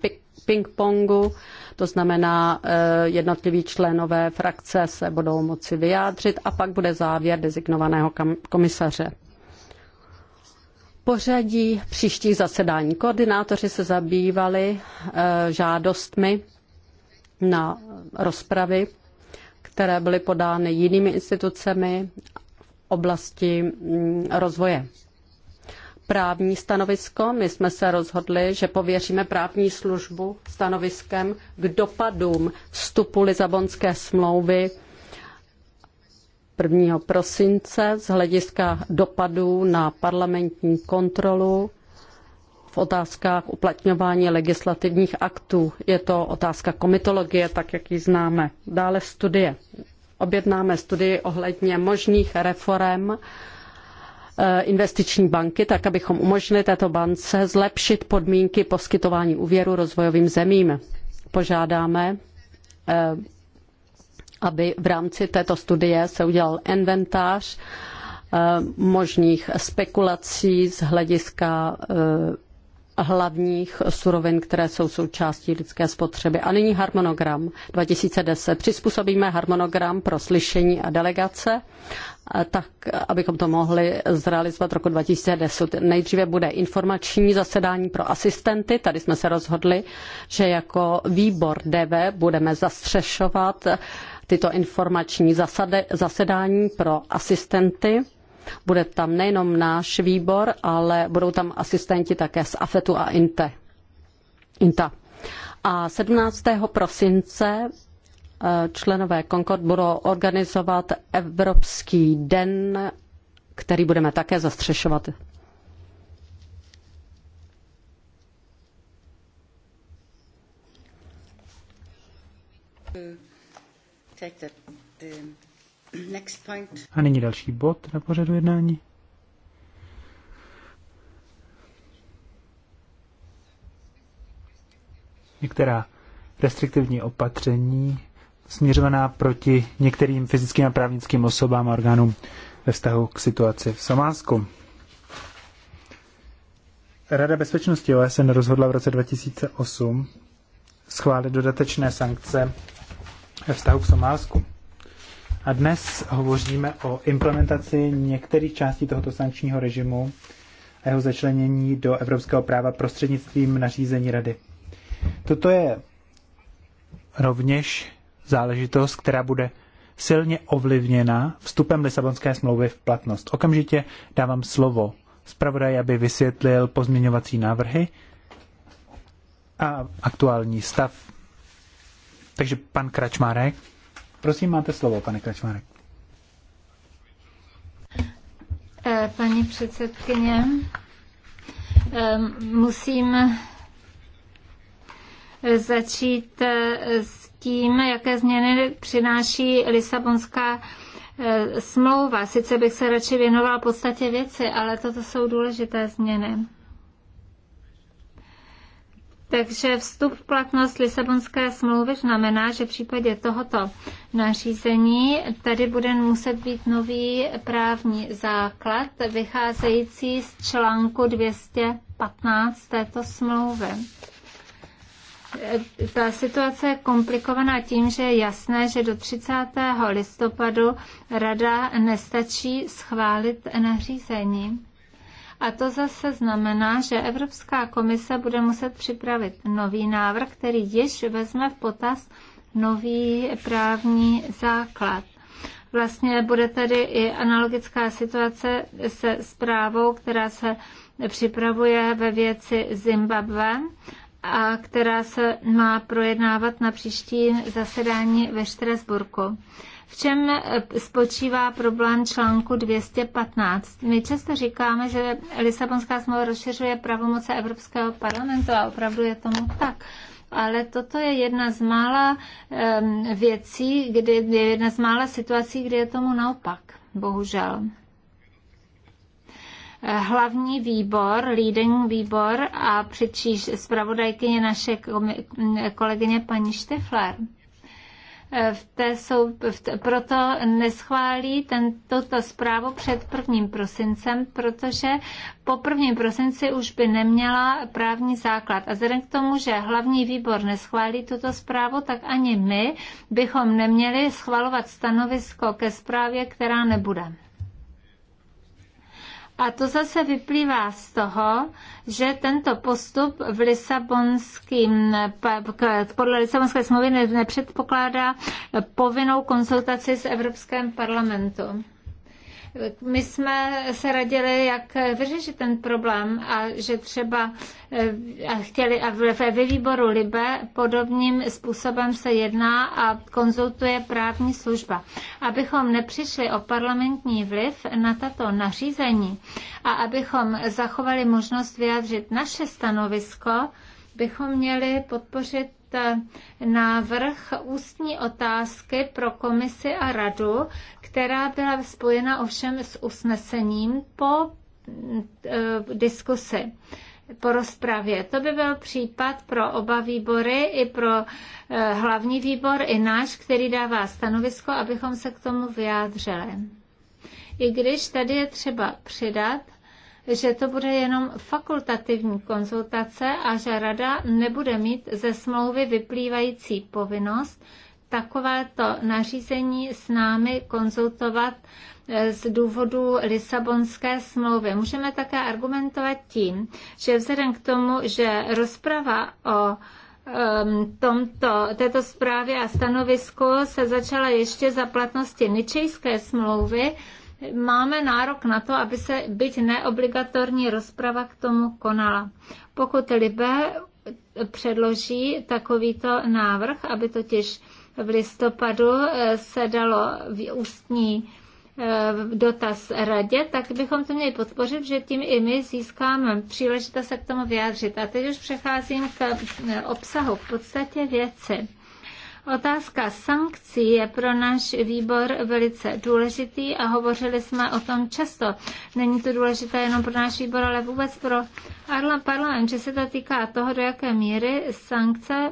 ping-pongu, to znamená, eh, jednotliví členové frakce se budou moci vyjádřit a pak bude závěr designovaného komisaře pořadí příštích zasedání. Koordinátoři se zabývali eh, žádostmi na rozpravy, které byly podány jinými institucemi v oblasti mm, rozvoje. Právní stanovisko. My jsme se rozhodli, že pověříme právní službu stanoviskem k dopadům vstupu Lizabonské smlouvy 1. prosince z hlediska dopadů na parlamentní kontrolu v otázkách uplatňování legislativních aktů. Je to otázka komitologie, tak jak ji známe. Dále studie. Objednáme studii ohledně možných reform eh, investiční banky, tak abychom umožnili této bance zlepšit podmínky poskytování úvěru rozvojovým zemím. Požádáme eh, aby v rámci této studie se udělal inventář eh, možných spekulací z hlediska eh, hlavních surovin, které jsou součástí lidské spotřeby. A nyní harmonogram 2010. Přizpůsobíme harmonogram pro slyšení a delegace, eh, tak abychom to mohli zrealizovat roku 2010. Nejdříve bude informační zasedání pro asistenty. Tady jsme se rozhodli, že jako výbor DV budeme zastřešovat uh, tyto informační zasade, zasedání pro asistenty. Bude tam nejenom náš výbor, ale budou tam asistenti také z AFETu a INTE. INTA. A 17. prosince eh, členové Concord budou organizovat Evropský den, který budeme také zastřešovat Um, a nyní další bod na pořadu jednání. Některá restriktivní opatření směřovaná proti některým fyzickým a právnickým osobám a orgánům ve vztahu k situaci v Somálsku. Rada bezpečnosti OSN rozhodla v roce 2008 schválit dodatečné sankce ve vztahu k Somálsku. A dnes hovoříme o implementaci některých částí tohoto sankčního režimu a jeho začlenění do evropského práva prostřednictvím nařízení rady. Toto je rovněž záležitost, která bude silně ovlivněna vstupem Lisabonské smlouvy v platnost. Okamžitě dávám slovo zpravodaj, aby vysvětlil pozměňovací návrhy a aktuální stav takže pan Kračmárek. Prosím, máte slovo, pane Kračmárek. Eh, paní předsedkyně, eh, musím eh, začít s tím, jaké změny přináší Lisabonská smlouva. Sice bych se radši věnovala podstatě věci, ale toto jsou důležité změny. Takže vstup v platnost Lisabonské smlouvy znamená, že v případě tohoto nařízení tady bude muset být nový právní základ vycházející z článku 215 této smlouvy. Ta situace je komplikovaná tím, že je jasné, že do 30. listopadu Rada nestačí schválit nařízení. A to zase znamená, že Evropská komise bude muset připravit nový návrh, který již vezme v potaz nový právní základ. Vlastně bude tady i analogická situace se zprávou, která se připravuje ve věci Zimbabwe a která se má projednávat na příští zasedání ve Štrasburku čem eh, spočívá problém článku 215? My často říkáme, že Lisabonská smlouva rozšiřuje pravomoce Evropského parlamentu a opravdu je tomu tak ale toto je jedna z mála um, věcí, kdy, je jedna z mála situací, kdy je tomu naopak, bohužel. Hlavní výbor, leading výbor a přičíž zpravodajkyně naše kolegyně paní Štefler. Eh, v té sou, v t, proto neschválí ten, tuto zprávu před 1. prosincem, protože po 1. prosinci už by neměla právní základ. A vzhledem k tomu, že hlavní výbor neschválí tuto zprávu, tak ani my bychom neměli schvalovat stanovisko ke zprávě, která nebude. A to zase vyplývá z toho, že tento postup v Lisabonským, podle Lisabonské smlouvy nepředpokládá povinnou konzultaci s Evropským parlamentem. My jsme se radili, jak vyřešit ten problém a že třeba eh, a chtěli a ve výboru Libe podobným způsobem se jedná a konzultuje právní služba, abychom nepřišli o parlamentní vliv na tato nařízení a abychom zachovali možnost vyjádřit naše stanovisko, bychom měli podpořit eh, návrh ústní otázky pro komisi a radu, která byla spojena ovšem s usnesením po eh, diskusi po rozpravě. To by byl případ pro oba výbory, i pro eh, hlavní výbor, i náš, který dává stanovisko, abychom se k tomu vyjádřili. I když tady je třeba přidat, že to bude jenom fakultativní konzultace a že rada nebude mít ze smlouvy vyplývající povinnost takovéto nařízení s námi konzultovat eh, z důvodu Lisabonské smlouvy. Můžeme také argumentovat tím, že vzhledem k tomu, že rozprava o tomto, této zprávě a stanovisku se začala ještě za platnosti Ničejské smlouvy, máme nárok na to, aby se byť neobligatorní rozprava k tomu konala. Pokud Libe předloží takovýto návrh, aby totiž v listopadu eh, se dalo v ústní eh, dotaz radě, tak bychom to měli podpořit, že tím i my získáme příležitost se k tomu vyjádřit. A teď už přecházím k eh, obsahu, v podstatě věci. Otázka sankcí je pro náš výbor velice důležitý a hovořili jsme o tom často. Není to důležité jenom pro náš výbor, ale vůbec pro parlament, že se to týká toho, do jaké míry sankce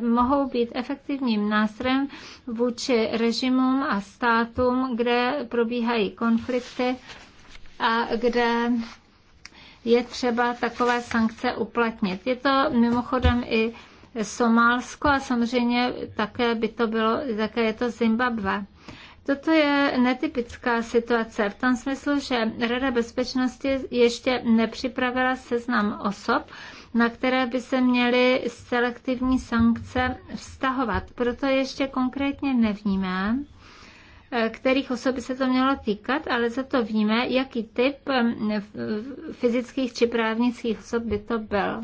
mohou být efektivním nástrojem vůči režimům a státům, kde probíhají konflikty a kde je třeba takové sankce uplatnit. Je to mimochodem i Somálsko a samozřejmě také by to bylo, také je to Zimbabwe. Toto je netypická situace v tom smyslu, že Rada bezpečnosti ještě nepřipravila seznam osob, na které by se měly selektivní sankce vztahovat. Proto ještě konkrétně nevníme, kterých osob by se to mělo týkat, ale za to víme, jaký typ eh, fyzických či právnických osob by to byl.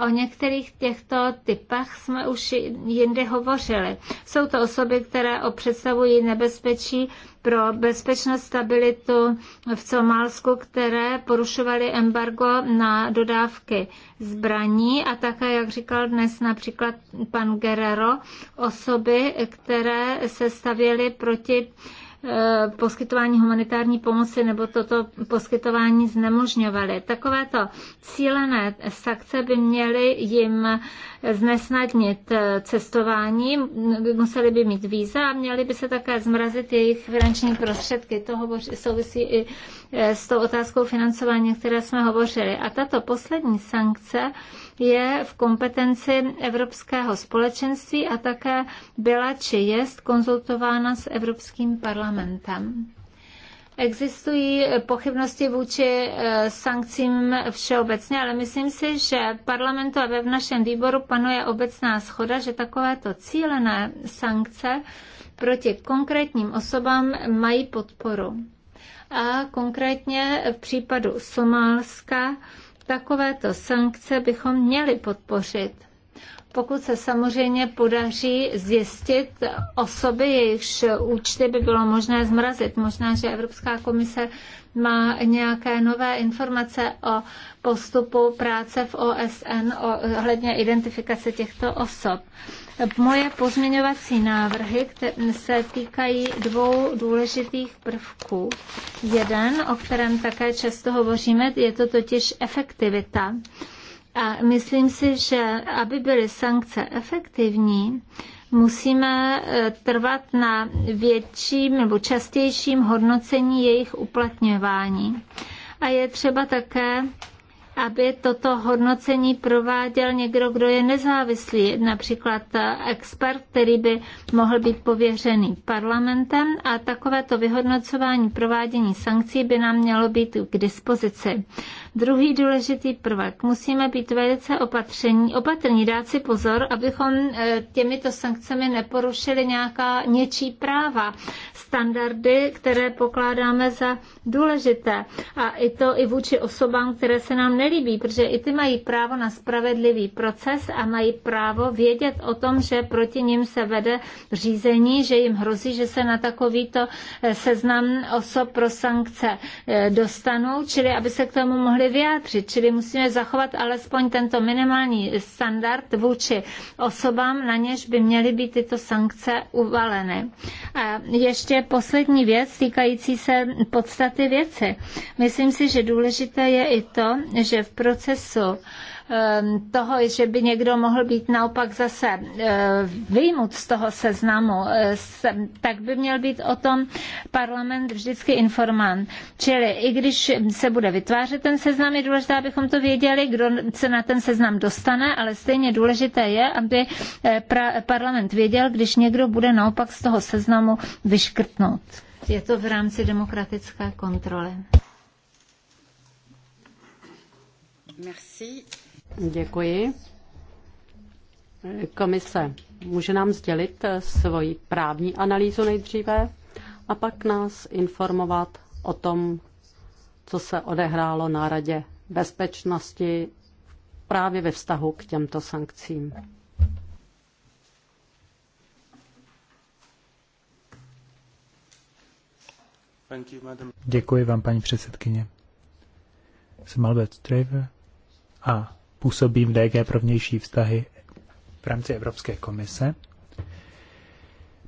O některých těchto typech jsme už jinde hovořili. Jsou to osoby, které představují nebezpečí pro bezpečnost stabilitu v Somálsku, které porušovaly embargo na dodávky zbraní a také, jak říkal dnes například pan Guerrero, osoby, které se stavěly proti Eh, poskytování humanitární pomoci nebo toto poskytování znemožňovaly. Takovéto cílené sankce by měly jim znesnadnit eh, cestování, museli by mít víza a měly by se také zmrazit jejich finanční prostředky. To hovoří, souvisí i eh, s tou otázkou financování, které jsme hovořili. A tato poslední sankce je v kompetenci Evropského společenství a také byla či jest konzultována s Evropským parlamentem. Existují pochybnosti vůči eh, sankcím všeobecně, ale myslím si, že v parlamentu a ve v našem výboru panuje obecná schoda, že takovéto cílené sankce proti konkrétním osobám mají podporu. A konkrétně v případu Somálska takovéto sankce bychom měli podpořit pokud se samozřejmě podaří zjistit osoby, jejichž účty by bylo možné zmrazit. Možná, že Evropská komise má nějaké nové informace o postupu práce v OSN ohledně identifikace těchto osob. Moje pozměňovací návrhy se týkají dvou důležitých prvků. Jeden, o kterém také často hovoříme, je to totiž efektivita a myslím si, že aby byly sankce efektivní, musíme eh, trvat na větším nebo častějším hodnocení jejich uplatňování. A je třeba také, aby toto hodnocení prováděl někdo, kdo je nezávislý, například eh, expert, který by mohl být pověřený parlamentem a takovéto vyhodnocování provádění sankcí by nám mělo být k dispozici. Druhý důležitý prvek. Musíme být velice opatření, opatrní, dát si pozor, abychom eh, těmito sankcemi neporušili nějaká něčí práva, standardy, které pokládáme za důležité. A i to i vůči osobám, které se nám nelíbí, protože i ty mají právo na spravedlivý proces a mají právo vědět o tom, že proti ním se vede řízení, že jim hrozí, že se na takovýto eh, seznam osob pro sankce eh, dostanou, čili aby se k tomu mohli mohli vyjádřit, čili musíme zachovat alespoň tento minimální standard vůči osobám, na něž by měly být tyto sankce uvaleny. A ještě poslední věc týkající se podstaty věci. Myslím si, že důležité je i to, že v procesu Ehm, toho, že by někdo mohl být naopak zase eh, vyjmut z toho seznamu, eh, tak by měl být o tom parlament vždycky informán. Čili i když se bude vytvářet ten seznam, je důležité, abychom to věděli, kdo se na ten seznam dostane, ale stejně důležité je, aby eh, parlament věděl, když někdo bude naopak z toho seznamu vyškrtnout. Je to v rámci demokratické kontroly. Merci. Děkuji. Komise může nám sdělit eh, svoji právní analýzu nejdříve a pak nás informovat o tom, co se odehrálo na Radě bezpečnosti právě ve vztahu k těmto sankcím. Děkuji vám, paní předsedkyně. Jsem Albert Traver a působím v DG pro vnější vztahy v rámci Evropské komise.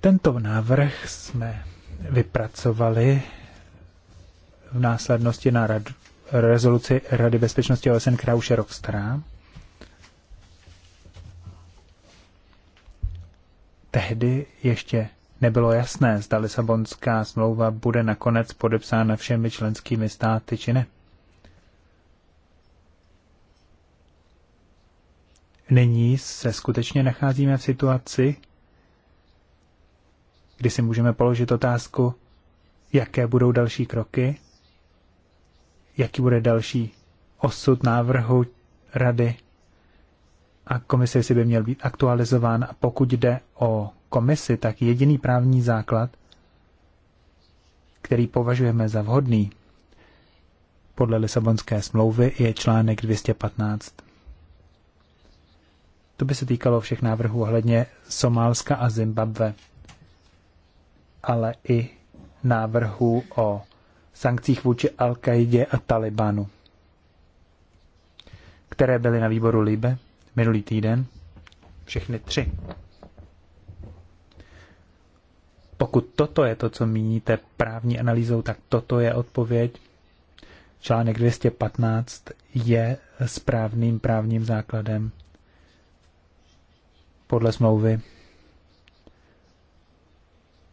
Tento návrh jsme vypracovali v následnosti na rad, rezoluci Rady bezpečnosti OSN rok stará. Tehdy ještě nebylo jasné, zda Lisabonská smlouva bude nakonec podepsána všemi členskými státy či ne. nyní se skutečně nacházíme v situaci, kdy si můžeme položit otázku, jaké budou další kroky, jaký bude další osud návrhu rady a komise, si by měl být aktualizován. A pokud jde o komisi, tak jediný právní základ, který považujeme za vhodný podle Lisabonské smlouvy, je článek 215 to by se týkalo všech návrhů ohledně Somálska a Zimbabve, ale i návrhů o sankcích vůči al qaidě a Talibanu, které byly na výboru Libe minulý týden, všechny tři. Pokud toto je to, co míníte právní analýzou, tak toto je odpověď. Článek 215 je správným právním základem podle smlouvy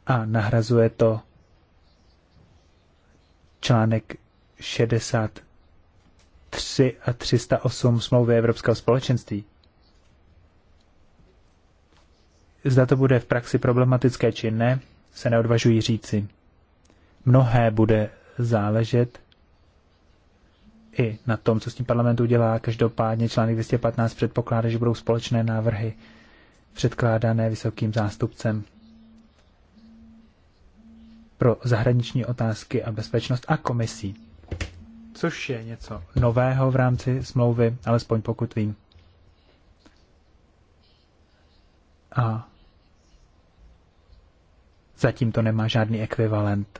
a nahrazuje to článek 63 a 308 smlouvy Evropského společenství. Zda to bude v praxi problematické či ne, se neodvažují říci. Mnohé bude záležet i na tom, co s tím parlament udělá. Každopádně článek 215 předpokládá, že budou společné návrhy předkládané vysokým zástupcem pro zahraniční otázky a bezpečnost a komisí. Což je něco nového v rámci smlouvy, alespoň pokud vím. A zatím to nemá žádný ekvivalent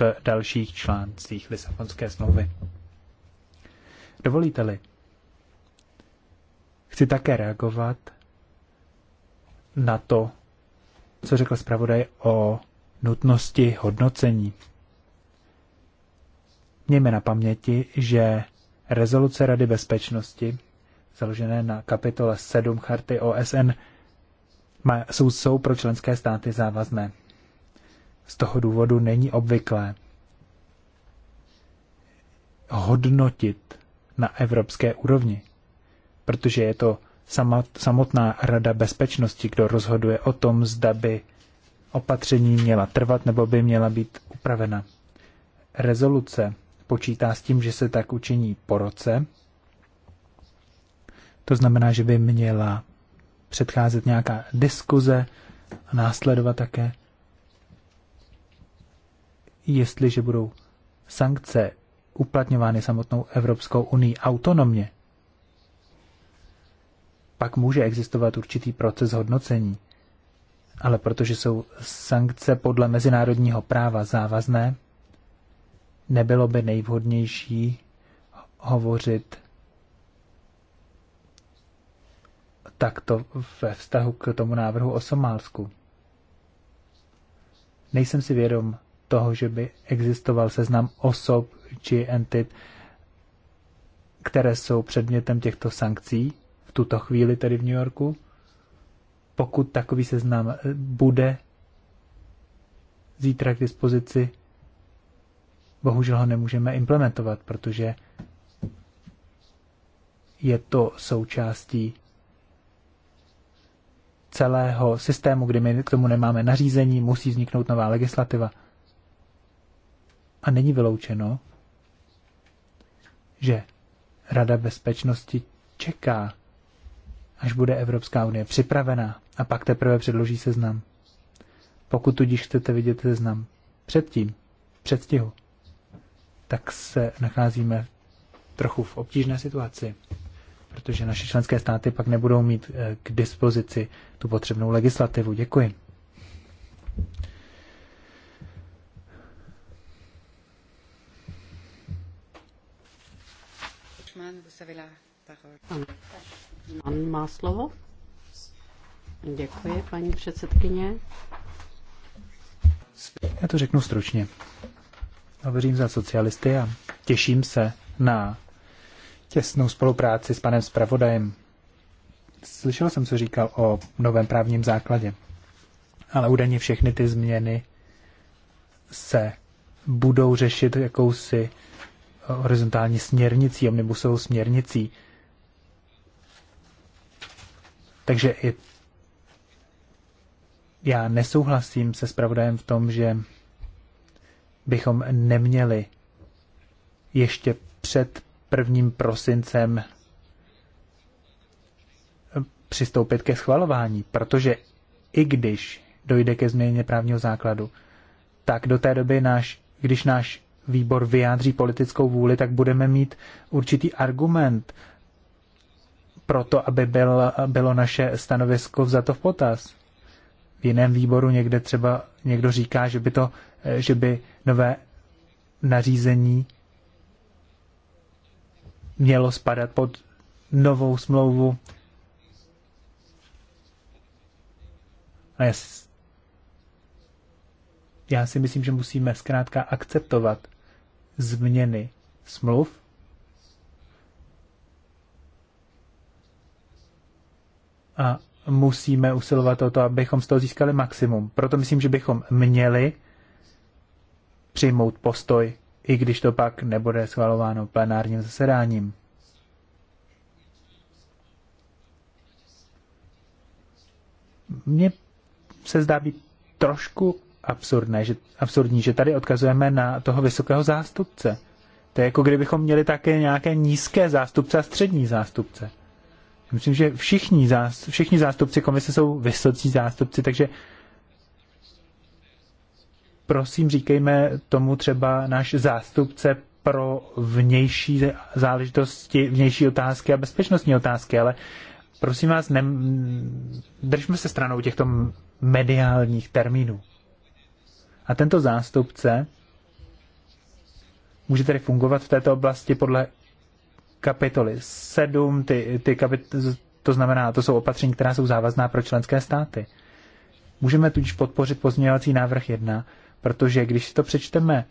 v dalších článcích Lisabonské smlouvy. Dovolíte-li, chci také reagovat na to, co řekl zpravodaj o nutnosti hodnocení. Mějme na paměti, že rezoluce Rady bezpečnosti, založené na kapitole 7 Charty OSN, jsou, jsou pro členské státy závazné. Z toho důvodu není obvyklé hodnotit na evropské úrovni, protože je to samotná Rada bezpečnosti, kdo rozhoduje o tom, zda by opatření měla trvat nebo by měla být upravena. Rezoluce počítá s tím, že se tak učiní po roce. To znamená, že by měla předcházet nějaká diskuze a následovat také, jestliže budou sankce uplatňovány samotnou Evropskou unii autonomně, pak může existovat určitý proces hodnocení. Ale protože jsou sankce podle mezinárodního práva závazné, nebylo by nejvhodnější hovořit takto ve vztahu k tomu návrhu o Somálsku. Nejsem si vědom toho, že by existoval seznam osob či entit, které jsou předmětem těchto sankcí, tuto chvíli tady v New Yorku. Pokud takový seznam eh, bude zítra k dispozici, bohužel ho nemůžeme implementovat, protože je to součástí celého systému, kdy my k tomu nemáme nařízení, musí vzniknout nová legislativa. A není vyloučeno, že Rada bezpečnosti čeká až bude Evropská unie připravená, a pak teprve předloží seznam. Pokud tudíž chcete vidět seznam předtím, předstihu, tak se nacházíme trochu v obtížné situaci, protože naše členské státy pak nebudou mít eh, k dispozici tu potřebnou legislativu. Děkuji. Ano má slovo. Děkuji, paní předsedkyně. Já to řeknu stručně. Hovořím za socialisty a těším se na těsnou spolupráci s panem zpravodajem. Slyšel jsem, co říkal o novém právním základě, ale údajně všechny ty změny se budou řešit jakousi horizontální směrnicí, omnibusovou směrnicí. Takže i já nesouhlasím se spravodajem v tom, že bychom neměli ještě před prvním prosincem přistoupit ke schvalování, protože i když dojde ke změně právního základu, tak do té doby náš, když náš výbor vyjádří politickou vůli, tak budeme mít určitý argument proto, aby byl, bylo naše stanovisko vzato v potaz. V jiném výboru někde třeba někdo říká, že by, to, že by nové nařízení mělo spadat pod novou smlouvu. A já, já si myslím, že musíme zkrátka akceptovat změny smluv a musíme usilovat o to, abychom z toho získali maximum. Proto myslím, že bychom měli přijmout postoj, i když to pak nebude schvalováno plenárním zasedáním. Mně se zdá být trošku absurdné, že, absurdní, že tady odkazujeme na toho vysokého zástupce. To je jako kdybychom měli také nějaké nízké zástupce a střední zástupce. Myslím, že všichni, zás, všichni zástupci komise jsou vysocí zástupci, takže prosím říkejme tomu třeba náš zástupce pro vnější záležitosti, vnější otázky a bezpečnostní otázky, ale prosím vás, ne, držme se stranou těchto mediálních termínů. A tento zástupce může tedy fungovat v této oblasti podle kapitoly 7, ty, ty kapit, to znamená, to jsou opatření, která jsou závazná pro členské státy. Můžeme tudíž podpořit pozměňovací návrh 1, protože když si to přečteme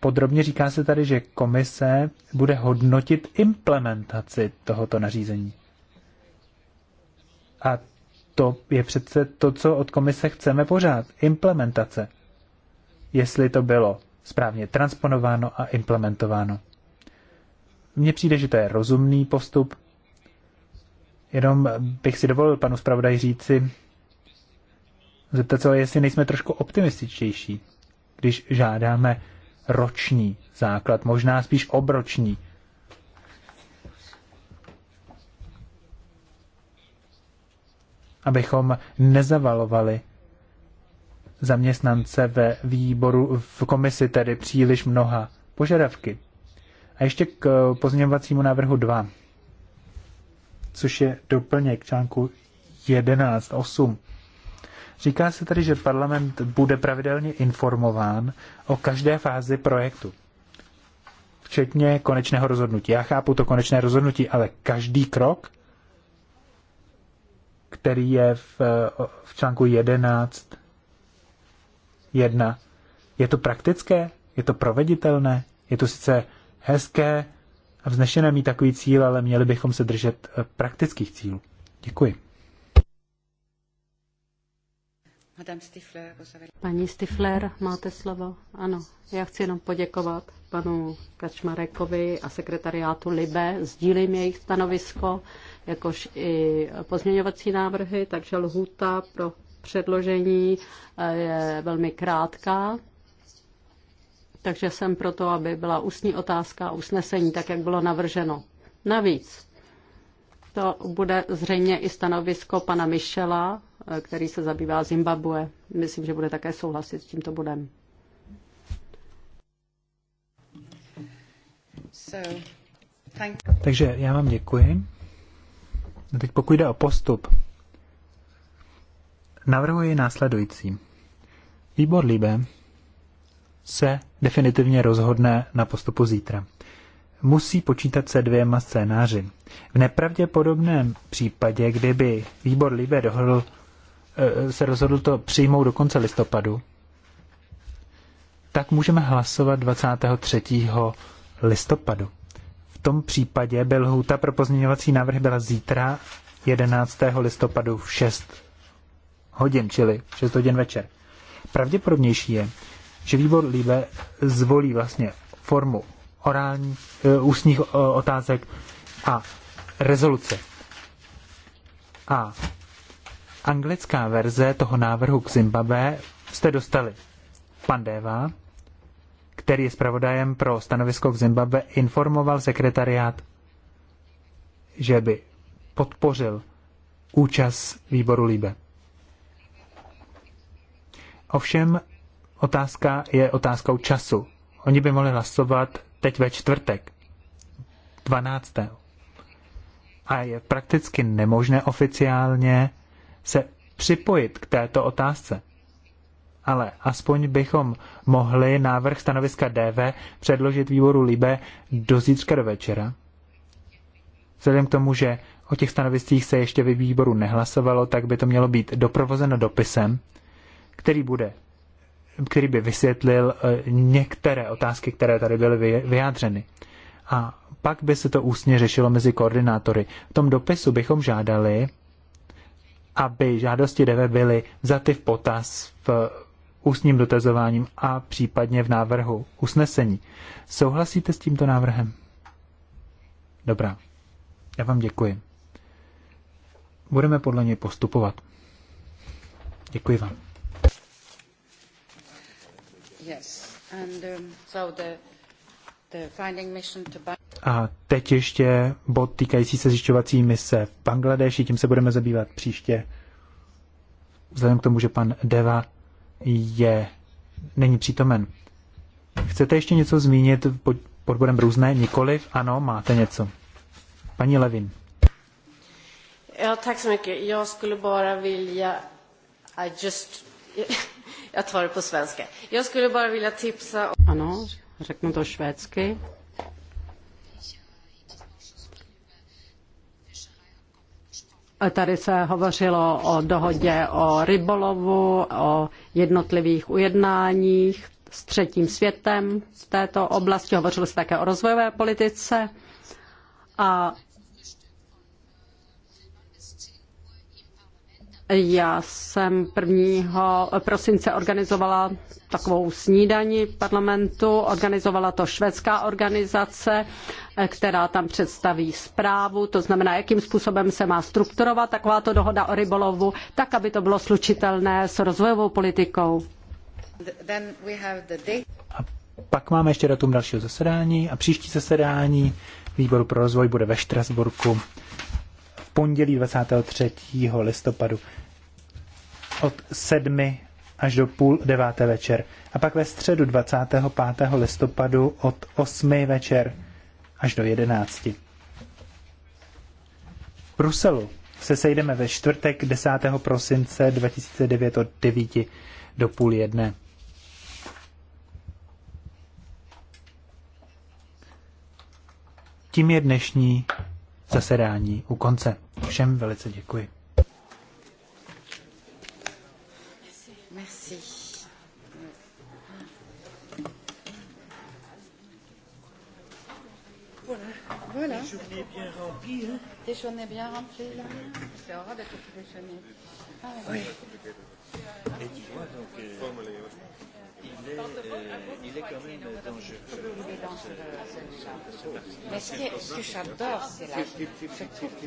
podrobně, říká se tady, že komise bude hodnotit implementaci tohoto nařízení. A to je přece to, co od komise chceme pořád. Implementace. Jestli to bylo správně transponováno a implementováno. Mně přijde, že to je rozumný postup. Jenom bych si dovolil panu zpravodaj říci, zeptat se, jestli nejsme trošku optimističtější, když žádáme roční základ, možná spíš obroční. Abychom nezavalovali zaměstnance ve výboru, v komisi tedy příliš mnoha požadavky. A ještě k eh, pozměňovacímu návrhu 2, což je doplněk článku 11.8. Říká se tady, že parlament bude pravidelně informován o každé fázi projektu, včetně konečného rozhodnutí. Já chápu to konečné rozhodnutí, ale každý krok, který je v, eh, v článku 11, 1, je to praktické? Je to proveditelné? Je to sice hezké a vznešené mít takový cíl, ale měli bychom se držet eh, praktických cílů. Děkuji. Jako Paní Stifler, máte slovo? Ano, já chci jenom poděkovat panu Kačmarekovi a sekretariátu Libe. Sdílím jejich stanovisko, jakož i pozměňovací návrhy, takže lhůta pro předložení eh, je velmi krátká, takže jsem proto, aby byla ústní otázka a usnesení, tak jak bylo navrženo. Navíc to bude zřejmě i stanovisko pana Michela, eh, který se zabývá Zimbabwe. Myslím, že bude také souhlasit s tímto bodem. Takže já vám děkuji. A no teď pokud jde o postup, navrhuji následující. Výbor Libe se definitivně rozhodne na postupu zítra. Musí počítat se dvěma scénáři. V nepravděpodobném případě, kdyby výbor Libe dohodl, eh, se rozhodl to přijmout do konce listopadu, tak můžeme hlasovat 23. listopadu. V tom případě by lhůta pro pozměňovací návrh byla zítra 11. listopadu v 6 hodin, čili 6 hodin večer. Pravděpodobnější je, že výbor Líbe zvolí vlastně formu orální, eh, ústních eh, otázek a rezoluce. A anglická verze toho návrhu k Zimbabwe jste dostali. Pan Deva, který je zpravodajem pro stanovisko k Zimbabwe, informoval sekretariát, že by podpořil účast výboru Líbe. Ovšem otázka je otázkou času. Oni by mohli hlasovat teď ve čtvrtek, 12. A je prakticky nemožné oficiálně se připojit k této otázce. Ale aspoň bychom mohli návrh stanoviska DV předložit výboru Libe do zítřka do večera. Vzhledem k tomu, že o těch stanoviscích se ještě ve výboru nehlasovalo, tak by to mělo být doprovozeno dopisem, který bude který by vysvětlil eh, některé otázky, které tady byly vyjádřeny. A pak by se to ústně řešilo mezi koordinátory. V tom dopisu bychom žádali, aby žádosti DV byly vzaty v potaz v ústním dotazováním a případně v návrhu usnesení. Souhlasíte s tímto návrhem? Dobrá. Já vám děkuji. Budeme podle něj postupovat. Děkuji vám. A teď ještě bod týkající se zjišťovací mise v Bangladeši, tím se budeme zabývat příště. Vzhledem k tomu, že pan Deva je, není přítomen. Chcete ještě něco zmínit pod, pod bodem různé? Nikoliv? Ano, máte něco. Paní Levin. Já, tak se Já skulle bara vilja... I just... Jag tar det på svenska. Jag skulle bara vilja tipsa om... Ano, řeknu to švédsky. Tady se hovořilo o dohodě o rybolovu, o jednotlivých ujednáních s třetím světem v této oblasti. Hovořilo se také o rozvojové politice. A Já jsem 1. prosince organizovala takovou snídani parlamentu, organizovala to švédská organizace, eh, která tam představí zprávu, to znamená, jakým způsobem se má strukturovat takováto dohoda o rybolovu, tak, aby to bylo slučitelné s rozvojovou politikou. A pak máme ještě datum dalšího zasedání a příští zasedání výboru pro rozvoj bude ve Štrasburku pondělí 23. listopadu od 7 až do půl deváté večer. A pak ve středu 25. listopadu od 8 večer až do 11. V Bruselu se sejdeme ve čtvrtek 10. prosince 2009 od 9 do půl jedné. Tím je dnešní zasedání u konce. Všem velice děkuji. Voilà. Des journées bien remplies. Hein. Des journées bien remplies. Là. C'est Ah, oui. Et tu vois, donc. Euh il est, euh, il est quand même dangereux. Mais ce que j'adore, c'est la...